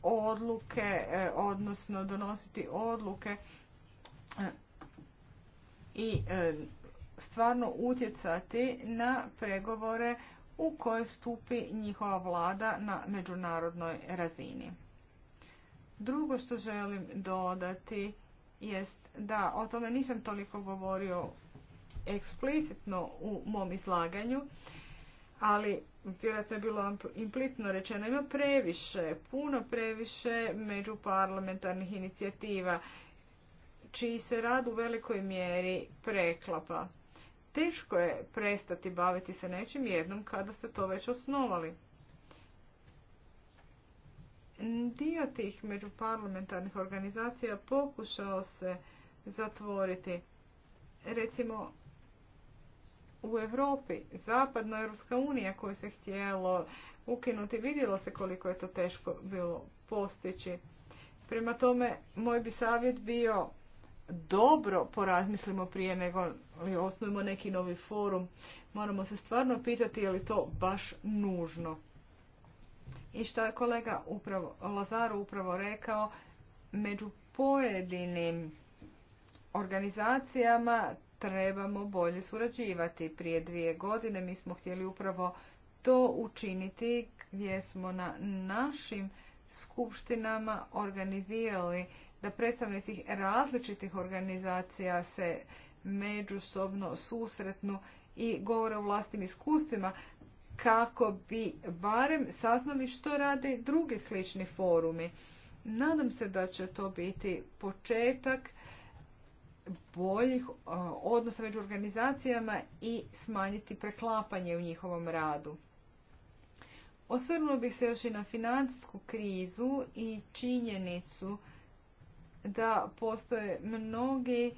odluke, e, odnosno donositi odluke e, i e, stvarno utjecati na pregovore u koje stupi njihova vlada na međunarodnoj razini. Drugo što želim dodati jest da o tome nisam toliko govorio eksplicitno u mom izlaganju, ali vjerojatno je bilo implitno rečeno, ima previše, puno previše međuparlamentarnih inicijativa, čiji se rad u velikoj mjeri preklapa. Teško je prestati baviti se nečim jednom kada ste to već osnovali. Dio tih međuparlamentarnih organizacija pokušao se zatvoriti. Recimo, u Europi, zapadno Europska unija koju se htjelo ukinuti, vidjelo se koliko je to teško bilo postići. Prema tome, moj bi savjet bio dobro porazmislimo prije nego li osnovimo neki novi forum. Moramo se stvarno pitati je li to baš nužno. I što je kolega upravo, Lazaru upravo rekao, među pojedinim organizacijama trebamo bolje surađivati. Prije dvije godine mi smo htjeli upravo to učiniti gdje smo na našim skupštinama organizirali da predstavnici različitih organizacija se međusobno susretnu i govore o vlastnim iskustvima kako bi barem saznali što rade drugi slični forumi. Nadam se da će to biti početak boljih odnosa među organizacijama i smanjiti preklapanje u njihovom radu. Osvrnuo bih se još i na financijsku krizu i činjenicu da postoje mnogi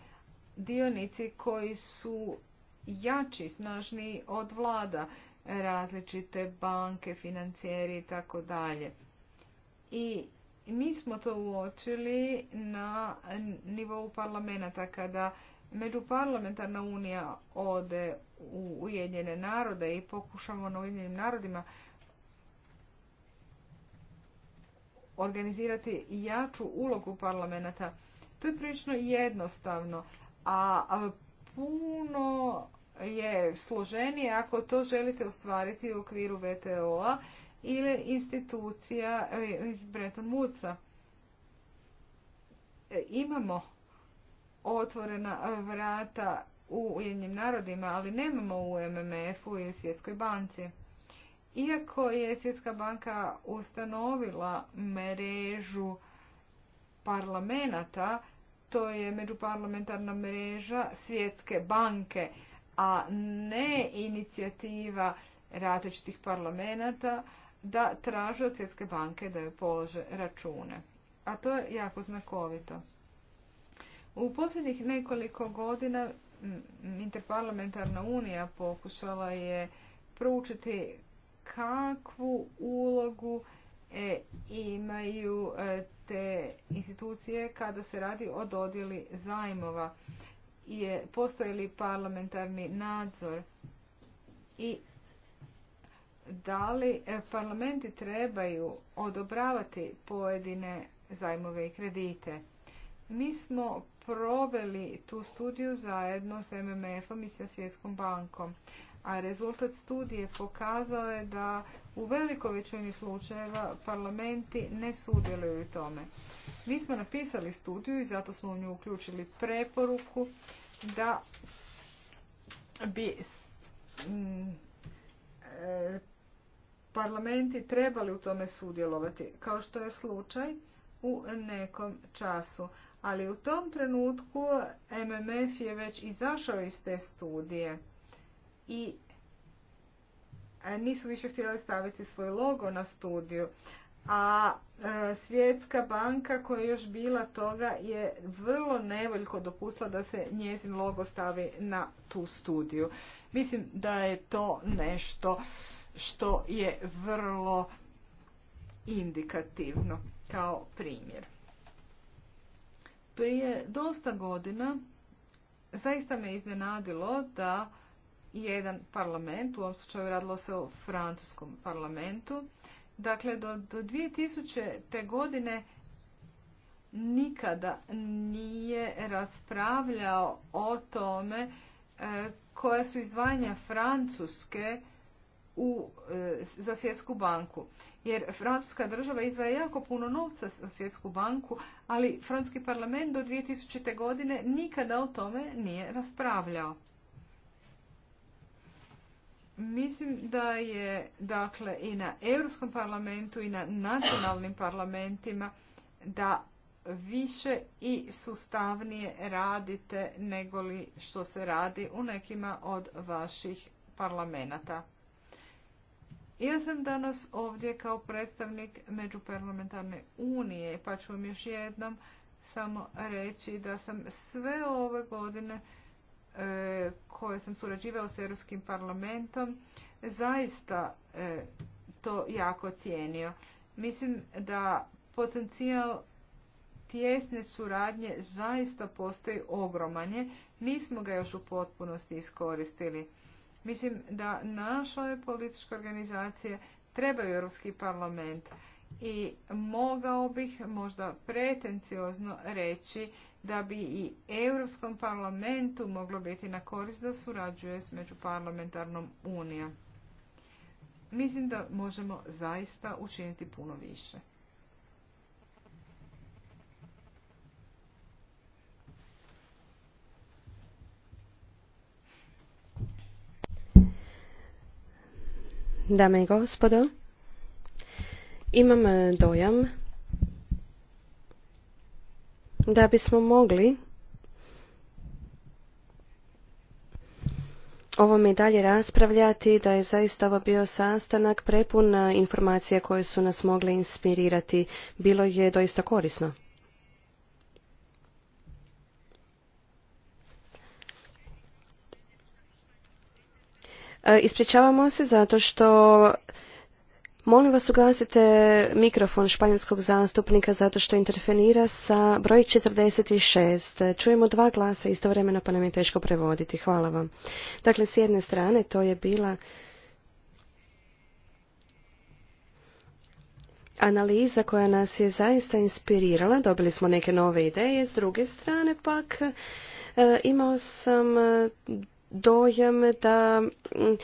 dionici koji su jači, snažni od vlada, različite banke, financijeri i tako dalje. I mi smo to uočili na nivou parlamenta kada Međuparlamentarna unija ode u Ujedinjene narode i pokušamo na Ujedinjenim narodima organizirati jaču ulogu parlamenta. To je prilično jednostavno, a puno je složenije ako to želite ostvariti u okviru VTO-a ili institucija e, iz Bretton Woodsa. E, imamo otvorena vrata u Ujednjim narodima, ali nemamo u MMF-u i Svjetskoj banci. Iako je Svjetska banka ustanovila mrežu parlamenta, to je međuparlamentarna mreža Svjetske banke, a ne inicijativa različitih parlamenta da traže od Svjetske banke da joj polože račune. A to je jako znakovito. U posljednjih nekoliko godina Interparlamentarna unija pokušala je proučiti kakvu ulogu e, imaju e, te institucije kada se radi o dodjeli zajmova. postoji li parlamentarni nadzor i da li e, parlamenti trebaju odobravati pojedine zajmove i kredite. Mi smo proveli tu studiju zajedno s MMF-om i sa Svjetskom bankom a rezultat studije pokazao je da u velikoj većini slučajeva parlamenti ne sudjeluju u tome. Mi smo napisali studiju i zato smo u nju uključili preporuku da bi mm, e, parlamenti trebali u tome sudjelovati, kao što je slučaj u nekom času. Ali u tom trenutku MMF je već izašao iz te studije i e, nisu više htjeli staviti svoj logo na studiju. A e, Svjetska banka koja je još bila toga je vrlo nevoljko dopustila da se njezin logo stavi na tu studiju. Mislim da je to nešto što je vrlo indikativno kao primjer. Prije dosta godina zaista me iznenadilo da jedan parlament, u ovom slučaju radilo se o francuskom parlamentu. Dakle, do, do 2000. godine nikada nije raspravljao o tome e, koja su izdvajanja Francuske u, e, za svjetsku banku. Jer Francuska država izdvaja jako puno novca za svjetsku banku, ali Francuski parlament do 2000. godine nikada o tome nije raspravljao. Mislim da je dakle i na Europskom parlamentu i na nacionalnim parlamentima da više i sustavnije radite nego li što se radi u nekima od vaših parlamenta. Ja sam danas ovdje kao predstavnik Međuparlamentarne unije, pa ću vam još jednom samo reći da sam sve ove godine E, koje sam surađivao s Europskim parlamentom zaista e, to jako cijenio. Mislim da potencijal tjesne suradnje zaista postoji ogromanje. Nismo ga još u potpunosti iskoristili. Mislim da naše političke organizacije trebaju Europski parlament i mogao bih možda pretenciozno reći da bi i Europskom parlamentu moglo biti na korist da surađuje s Međuparlamentarnom unijom. Mislim da možemo zaista učiniti puno više. Dame i gospodo, imam e, dojam da bismo mogli ovo i dalje raspravljati, da je zaista ovo bio sastanak prepun e, informacija koje su nas mogle inspirirati. Bilo je doista korisno. E, ispričavamo se zato što Molim vas ugasite mikrofon španjolskog zastupnika zato što interfenira sa broj 46. Čujemo dva glasa istovremeno pa nam je teško prevoditi. Hvala vam. Dakle, s jedne strane to je bila analiza koja nas je zaista inspirirala. Dobili smo neke nove ideje. S druge strane pak e, imao sam dojam da mm,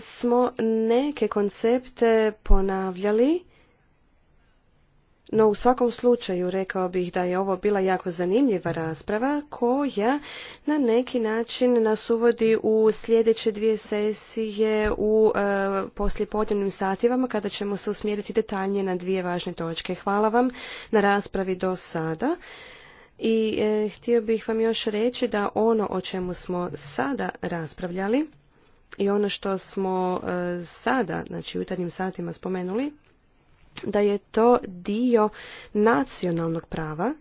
smo neke koncepte ponavljali, no u svakom slučaju rekao bih da je ovo bila jako zanimljiva rasprava koja na neki način nas uvodi u sljedeće dvije sesije u e, poslijepodnevnim sativama kada ćemo se usmjeriti detaljnije na dvije važne točke. Hvala vam na raspravi do sada. I e, htio bih vam još reći da ono o čemu smo sada raspravljali i ono što smo e, sada, znači u jutarnjim satima spomenuli, da je to dio nacionalnog prava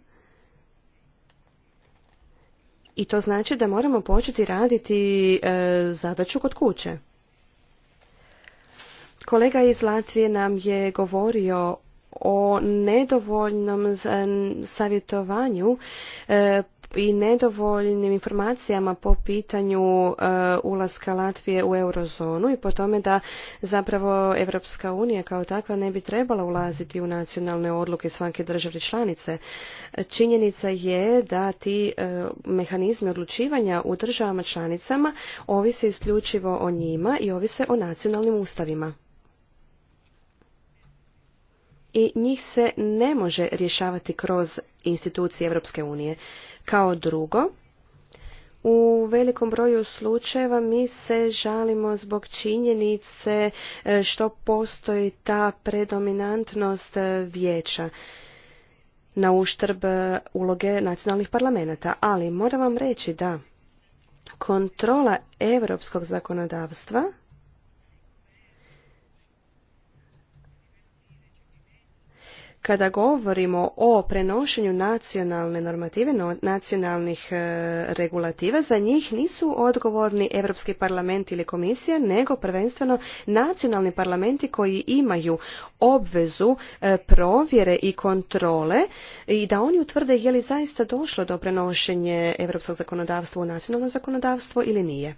i to znači da moramo početi raditi e, zadaću kod kuće. Kolega iz Latvije nam je govorio o nedovoljnom savjetovanju e, i nedovoljnim informacijama po pitanju e, ulaska Latvije u eurozonu i po tome da zapravo Europska unija kao takva ne bi trebala ulaziti u nacionalne odluke svake države članice. Činjenica je da ti e, mehanizmi odlučivanja u državama članicama ovise isključivo o njima i ovise o nacionalnim ustavima i njih se ne može rješavati kroz institucije Europske unije. Kao drugo, u velikom broju slučajeva mi se žalimo zbog činjenice e, što postoji ta predominantnost vijeća na uštrb uloge nacionalnih parlamenta, ali moram vam reći da kontrola europskog zakonodavstva Kada govorimo o prenošenju nacionalne normative, nacionalnih e, regulativa, za njih nisu odgovorni Europski parlament ili komisija, nego prvenstveno nacionalni parlamenti koji imaju obvezu e, provjere i kontrole i da oni utvrde je li zaista došlo do prenošenje europskog zakonodavstva u nacionalno zakonodavstvo ili nije.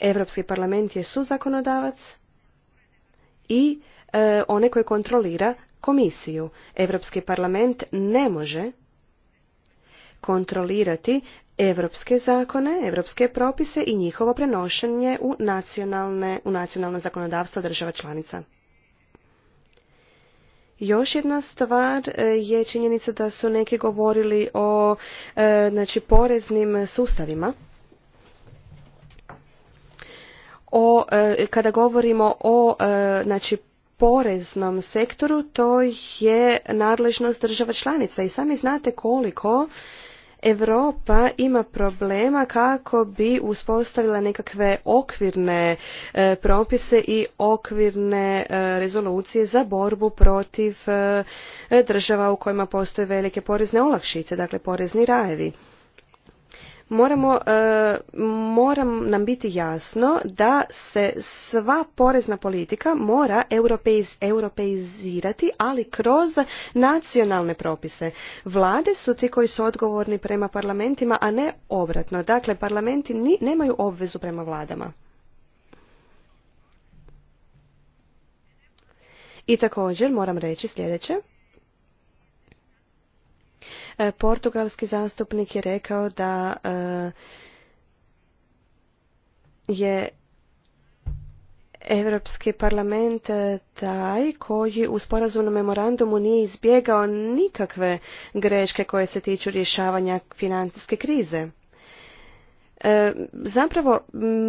Europski parlament je suzakonodavac, i e, one koje kontrolira komisiju. Europski parlament ne može kontrolirati europske zakone, europske propise i njihovo prenošenje u, u nacionalno zakonodavstvo država članica. Još jedna stvar e, je činjenica da su neki govorili o e, znači, poreznim sustavima o, e, kada govorimo o e, znači, poreznom sektoru, to je nadležnost država članica i sami znate koliko Europa ima problema kako bi uspostavila nekakve okvirne e, propise i okvirne rezolucije za borbu protiv država u kojima postoje velike porezne olakšice, dakle porezni rajevi moramo, e, moram nam biti jasno da se sva porezna politika mora europeizirati, ali kroz nacionalne propise. Vlade su ti koji su odgovorni prema parlamentima, a ne obratno. Dakle, parlamenti ni, nemaju obvezu prema vladama. I također moram reći sljedeće. E, portugalski zastupnik je rekao da e, je Europski parlament e, taj koji u sporazumnom memorandumu nije izbjegao nikakve greške koje se tiču rješavanja financijske krize. zapravo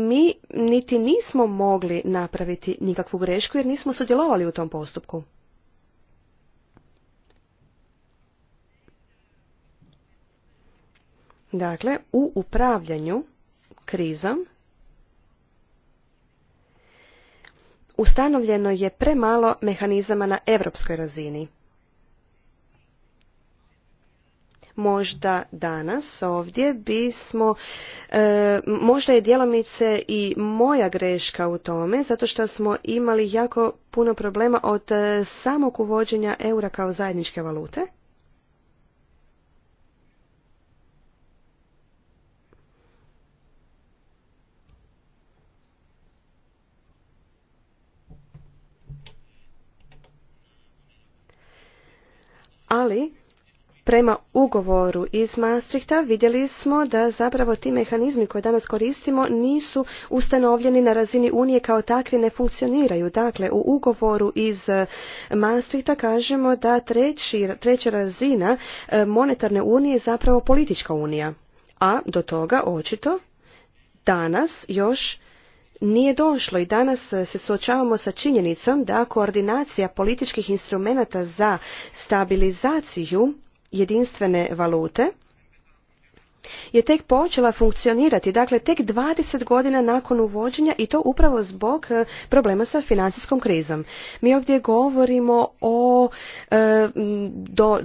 mi niti nismo mogli napraviti nikakvu grešku jer nismo sudjelovali u tom postupku. Dakle, u upravljanju krizom ustanovljeno je premalo mehanizama na europskoj razini. možda danas ovdje bismo e, možda je djelomice i moja greška u tome zato što smo imali jako puno problema od e, samog uvođenja eura kao zajedničke valute ali prema ugovoru iz Maastrichta vidjeli smo da zapravo ti mehanizmi koje danas koristimo nisu ustanovljeni na razini Unije kao takvi ne funkcioniraju. Dakle, u ugovoru iz eh, Maastrichta kažemo da treći, treća razina eh, monetarne unije je zapravo politička unija. A do toga očito danas još nije došlo i danas e, se suočavamo sa činjenicom da koordinacija političkih instrumenata za stabilizaciju jedinstvene valute je tek počela funkcionirati, dakle tek 20 godina nakon uvođenja i to upravo zbog e, problema sa financijskom krizom. Mi ovdje govorimo o e, do,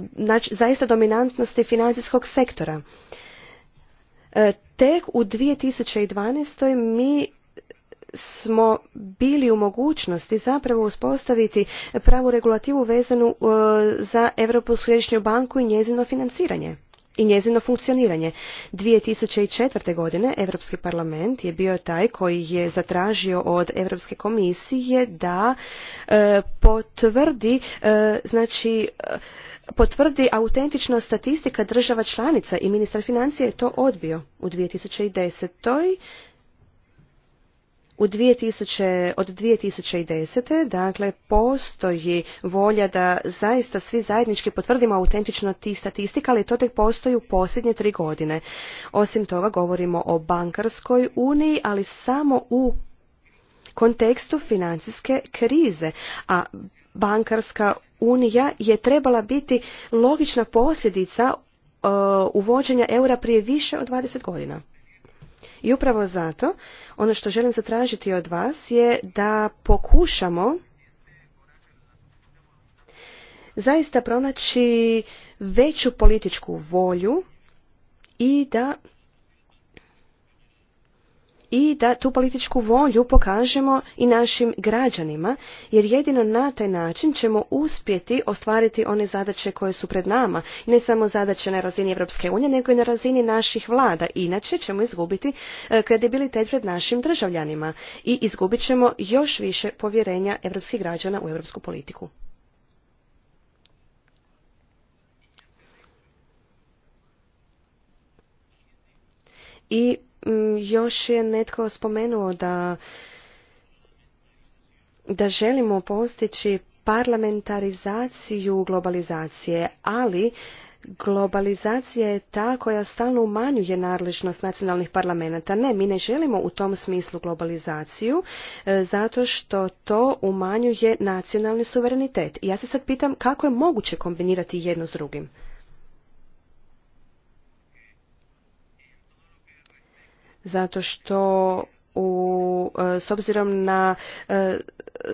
zaista dominantnosti financijskog sektora. tek u 2012. mi smo bili u mogućnosti zapravo uspostaviti pravu regulativu vezanu e, za Europsku središnju banku i njezino financiranje i njezino funkcioniranje. 2004. godine Europski parlament je bio taj koji je zatražio od Europske komisije da e, potvrdi e, znači potvrdi autentičnost statistika država članica i ministar financija je to odbio u 2010 u 2000, od 2010. dakle postoji volja da zaista svi zajednički potvrdimo autentično ti statistika, ali to tek postoji u posljednje tri godine. Osim toga govorimo o bankarskoj uniji, ali samo u kontekstu financijske krize, a bankarska unija je trebala biti logična posljedica e, uvođenja eura prije više od 20 godina. I upravo zato ono što želim zatražiti od vas je da pokušamo zaista pronaći veću političku volju i da i da tu političku volju pokažemo i našim građanima, jer jedino na taj način ćemo uspjeti ostvariti one zadaće koje su pred nama, ne samo zadaće na razini Europske unije, nego i na razini naših vlada. Inače ćemo izgubiti e, kredibilitet pred našim državljanima i izgubit ćemo još više povjerenja europskih građana u europsku politiku. I Mm, još je netko spomenuo da da želimo postići parlamentarizaciju globalizacije, ali globalizacija je ta koja stalno umanjuje nadležnost nacionalnih parlamenta. Ne, mi ne želimo u tom smislu globalizaciju e, zato što to umanjuje nacionalni suverenitet. ja se sad pitam kako je moguće kombinirati jedno s drugim. zato što u, e, s obzirom na e,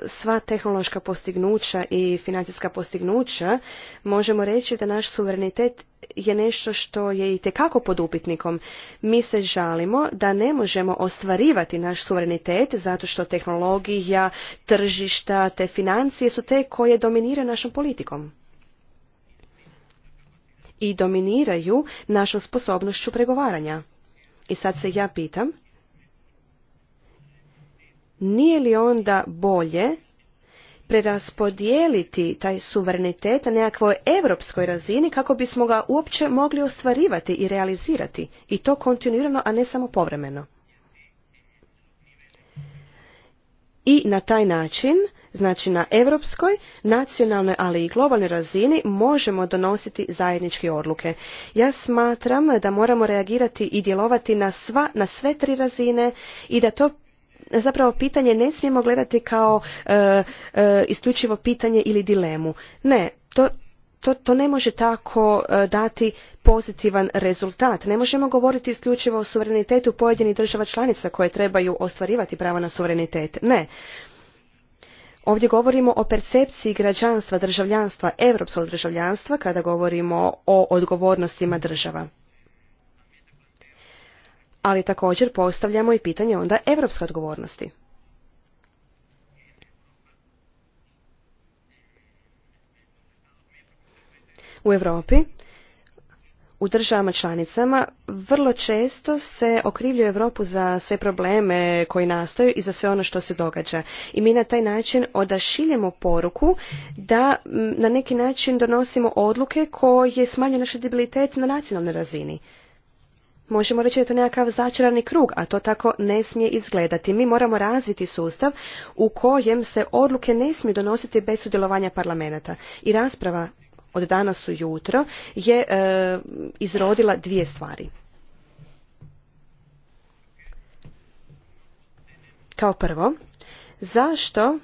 sva tehnološka postignuća i financijska postignuća, možemo reći da naš suverenitet je nešto što je i tekako pod upitnikom. Mi se žalimo da ne možemo ostvarivati naš suverenitet zato što tehnologija, tržišta te financije su te koje dominiraju našom politikom i dominiraju našom sposobnošću pregovaranja. I sad se ja pitam, nije li onda bolje preraspodijeliti taj suverenitet na nekakvoj europskoj razini kako bismo ga uopće mogli ostvarivati i realizirati i to kontinuirano, a ne samo povremeno. I na taj način Znači na europskoj, nacionalnoj, ali i globalnoj razini možemo donositi zajedničke odluke. Ja smatram da moramo reagirati i djelovati na, sva, na sve tri razine i da to zapravo pitanje ne smijemo gledati kao e, e, isključivo pitanje ili dilemu. Ne, to, to, to ne može tako e, dati pozitivan rezultat. Ne možemo govoriti isključivo o suverenitetu pojedinih država članica koje trebaju ostvarivati pravo na suverenitet. Ne. Ovdje govorimo o percepciji građanstva, državljanstva, europskog državljanstva kada govorimo o odgovornostima država. Ali također postavljamo i pitanje onda europske odgovornosti. U Europi u državama članicama vrlo često se okrivljuje Europu za sve probleme koji nastaju i za sve ono što se događa. I mi na taj način odašiljemo poruku da na neki način donosimo odluke koje smanjuju naš debilitet na nacionalnoj razini. Možemo reći da je to nekakav začarani krug, a to tako ne smije izgledati. Mi moramo razviti sustav u kojem se odluke ne smiju donositi bez sudjelovanja parlamenta. I rasprava od danas ujutro je e, izrodila dvije stvari. Kao prvo, zašto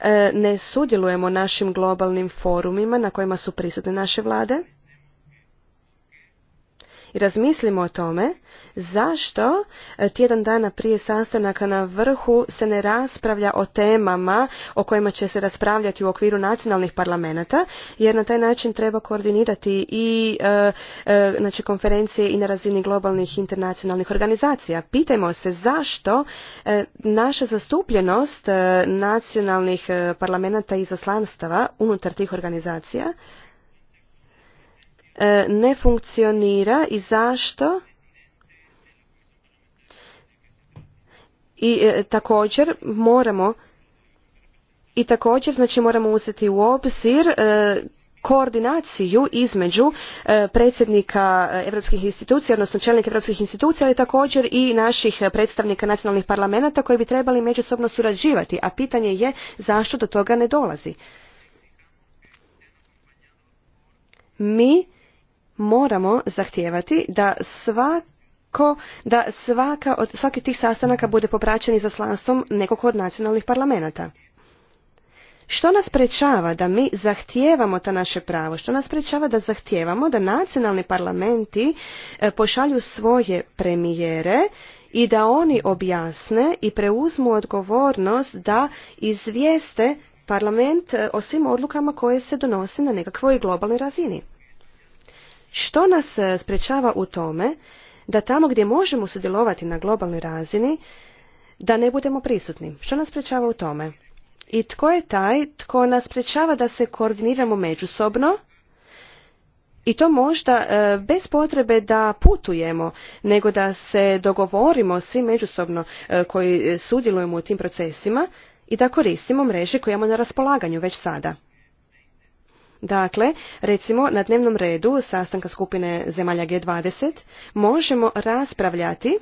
e, ne sudjelujemo našim globalnim forumima na kojima su prisutne naše vlade? razmislimo o tome zašto e, tjedan dana prije sastanaka na vrhu se ne raspravlja o temama o kojima će se raspravljati u okviru nacionalnih parlamenata jer na taj način treba koordinirati i e, e, znači konferencije i na razini globalnih internacionalnih organizacija. Pitajmo se zašto naša zastupljenost nacionalnih parlamenata i zaslanstava unutar tih organizacija E, ne funkcionira i zašto i e, također moramo i također znači moramo uzeti u obzir e, koordinaciju između predsjednika europskih institucija odnosno čelnika europskih institucija ali također i naših predstavnika nacionalnih parlamenata koji bi trebali međusobno surađivati a pitanje je zašto do toga ne dolazi mi moramo zahtijevati da svako, da svaka od, svaki od tih sastanaka bude popraćen izaslanstvom nekog od nacionalnih parlamenata. Što nas prečava da mi zahtijevamo ta naše pravo? Što nas prečava da zahtijevamo da nacionalni parlamenti e, pošalju svoje premijere i da oni objasne i preuzmu odgovornost da izvijeste parlament e, o svim odlukama koje se donose na nekakvoj globalnoj razini? Što nas e, sprečava u tome da tamo gdje možemo sudjelovati na globalnoj razini, da ne budemo prisutni? Što nas sprečava u tome? I tko je taj tko nas sprečava da se koordiniramo međusobno i to možda e, bez potrebe da putujemo, nego da se dogovorimo svi međusobno e, koji sudjelujemo u tim procesima i da koristimo mreže koje imamo na raspolaganju već sada. Dakle, recimo na dnevnom redu sastanka skupine zemalja G20 možemo raspravljati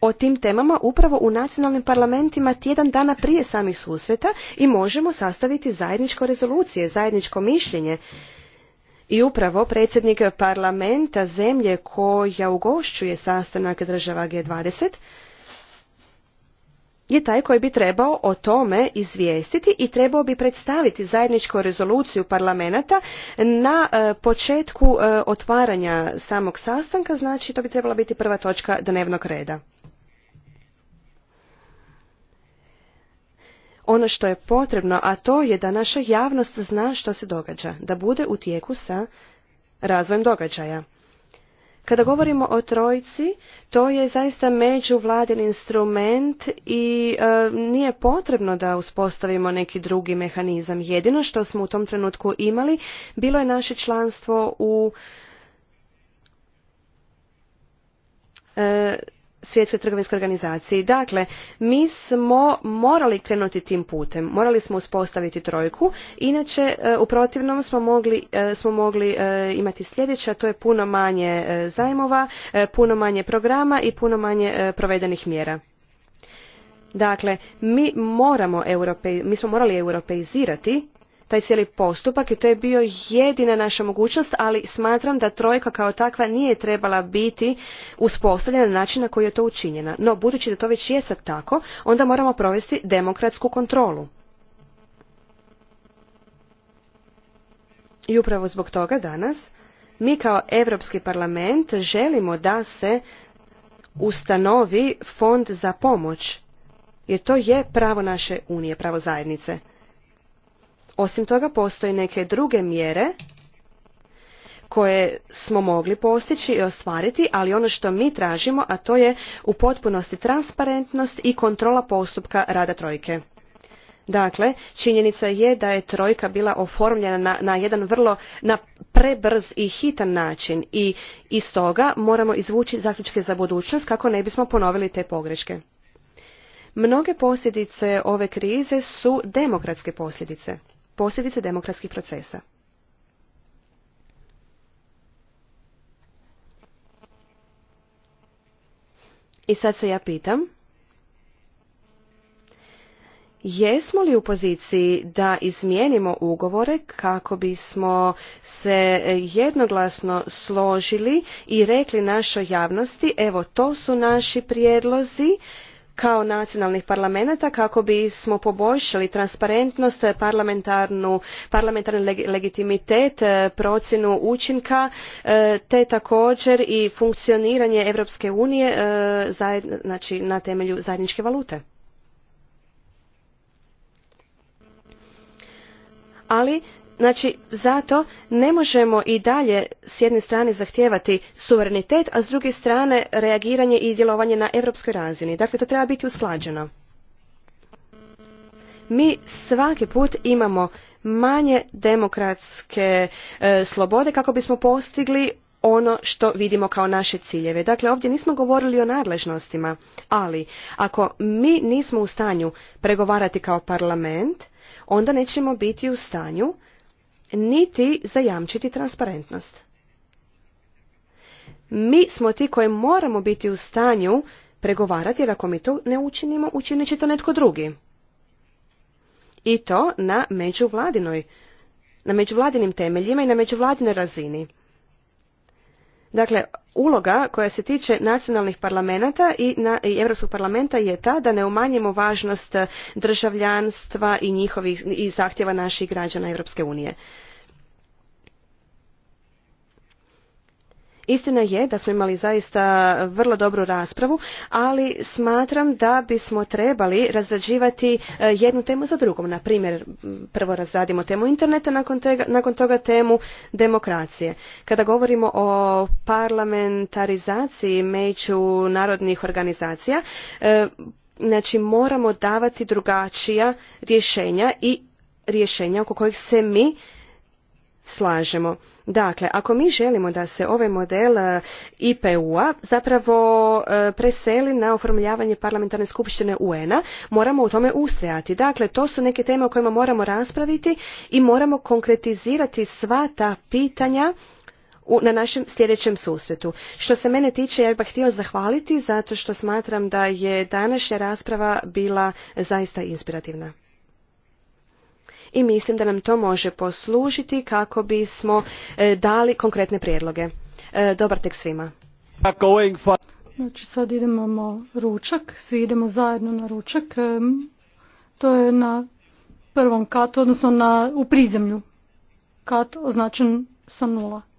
o tim temama upravo u nacionalnim parlamentima tjedan dana prije samih susreta i možemo sastaviti zajedničko rezolucije, zajedničko mišljenje. I upravo predsjednik parlamenta zemlje koja ugošćuje sastanak država G20 je taj koji bi trebao o tome izvijestiti i trebao bi predstaviti zajedničku rezoluciju parlamenta na e, početku e, otvaranja samog sastanka, znači to bi trebala biti prva točka dnevnog reda. Ono što je potrebno, a to je da naša javnost zna što se događa, da bude u tijeku sa razvojem događaja. Kada govorimo o trojci, to je zaista međuvladin instrument i e, nije potrebno da uspostavimo neki drugi mehanizam. Jedino što smo u tom trenutku imali bilo je naše članstvo u e, svjetskoj trgovinskoj organizaciji. Dakle, mi smo morali krenuti tim putem, morali smo uspostaviti trojku, inače e, u protivnom smo mogli, e, smo mogli e, imati sljedeće, a to je puno manje zajmova, puno manje programa i puno manje provedenih mjera. Dakle, mi moramo, mi smo morali europeizirati taj cijeli postupak i to je bio jedina naša mogućnost, ali smatram da trojka kao takva nije trebala biti uspostavljena na način na koji je to učinjena. No, budući da to već je sad tako, onda moramo provesti demokratsku kontrolu. I upravo zbog toga danas mi kao Europski parlament želimo da se ustanovi fond za pomoć, jer to je pravo naše unije, pravo zajednice. Osim toga postoje neke druge mjere koje smo mogli postići i ostvariti, ali ono što mi tražimo, a to je u potpunosti transparentnost i kontrola postupka rada trojke. Dakle, činjenica je da je trojka bila oformljena na, na jedan vrlo na prebrz i hitan način i iz toga moramo izvući zaključke za budućnost kako ne bismo ponovili te pogreške. Mnoge posljedice ove krize su demokratske posljedice posljedice demokratskih procesa. I sad se ja pitam, jesmo li u poziciji da izmijenimo ugovore kako bismo se jednoglasno složili i rekli našoj javnosti evo to su naši prijedlozi kao nacionalnih parlamenata kako bismo poboljšali transparentnost parlamentarnu, parlamentarni legitimitet e, procjenu učinka e, te također i funkcioniranje europske unije e, znači na temelju zajedničke valute ali Znači, zato ne možemo i dalje s jedne strane zahtijevati suverenitet, a s druge strane reagiranje i djelovanje na europskoj razini. Dakle, to treba biti usklađeno. Mi svaki put imamo manje demokratske e, slobode kako bismo postigli ono što vidimo kao naše ciljeve. Dakle, ovdje nismo govorili o nadležnostima, ali ako mi nismo u stanju pregovarati kao parlament, onda nećemo biti u stanju niti zajamčiti transparentnost. Mi smo ti koji moramo biti u stanju pregovarati, jer ako mi to ne učinimo, učinit će to netko drugi. I to na međuvladinoj, na međuvladinim temeljima i na međuvladinoj razini. Dakle, uloga koja se tiče nacionalnih parlamenta i, na, i Europskog parlamenta je ta da ne umanjimo važnost državljanstva i njihovih i zahtjeva naših građana Europske unije. Istina je da smo imali zaista vrlo dobru raspravu, ali smatram da bismo trebali razrađivati e, jednu temu za drugom. Na primjer, prvo razradimo temu interneta, nakon, nakon toga temu demokracije. Kada govorimo o parlamentarizaciji među narodnih organizacija, e, znači moramo davati drugačija rješenja i rješenja oko kojih se mi slažemo. Dakle, ako mi želimo da se ovaj model eh, IPU-a zapravo eh, preseli na oformljavanje parlamentarne skupštine UN-a, moramo u tome ustrajati. Dakle, to su neke teme o kojima moramo raspraviti i moramo konkretizirati sva ta pitanja na našem sljedećem susretu. Što se mene tiče, ja bih htio zahvaliti zato što smatram da je današnja rasprava bila zaista inspirativna i mislim da nam to može poslužiti kako bismo e, dali konkretne prijedloge. E, dobar tek svima. Znači sad idemo ručak, svi idemo zajedno na ručak. E, to je na prvom katu, odnosno na, u prizemlju. Kat označen sa nula.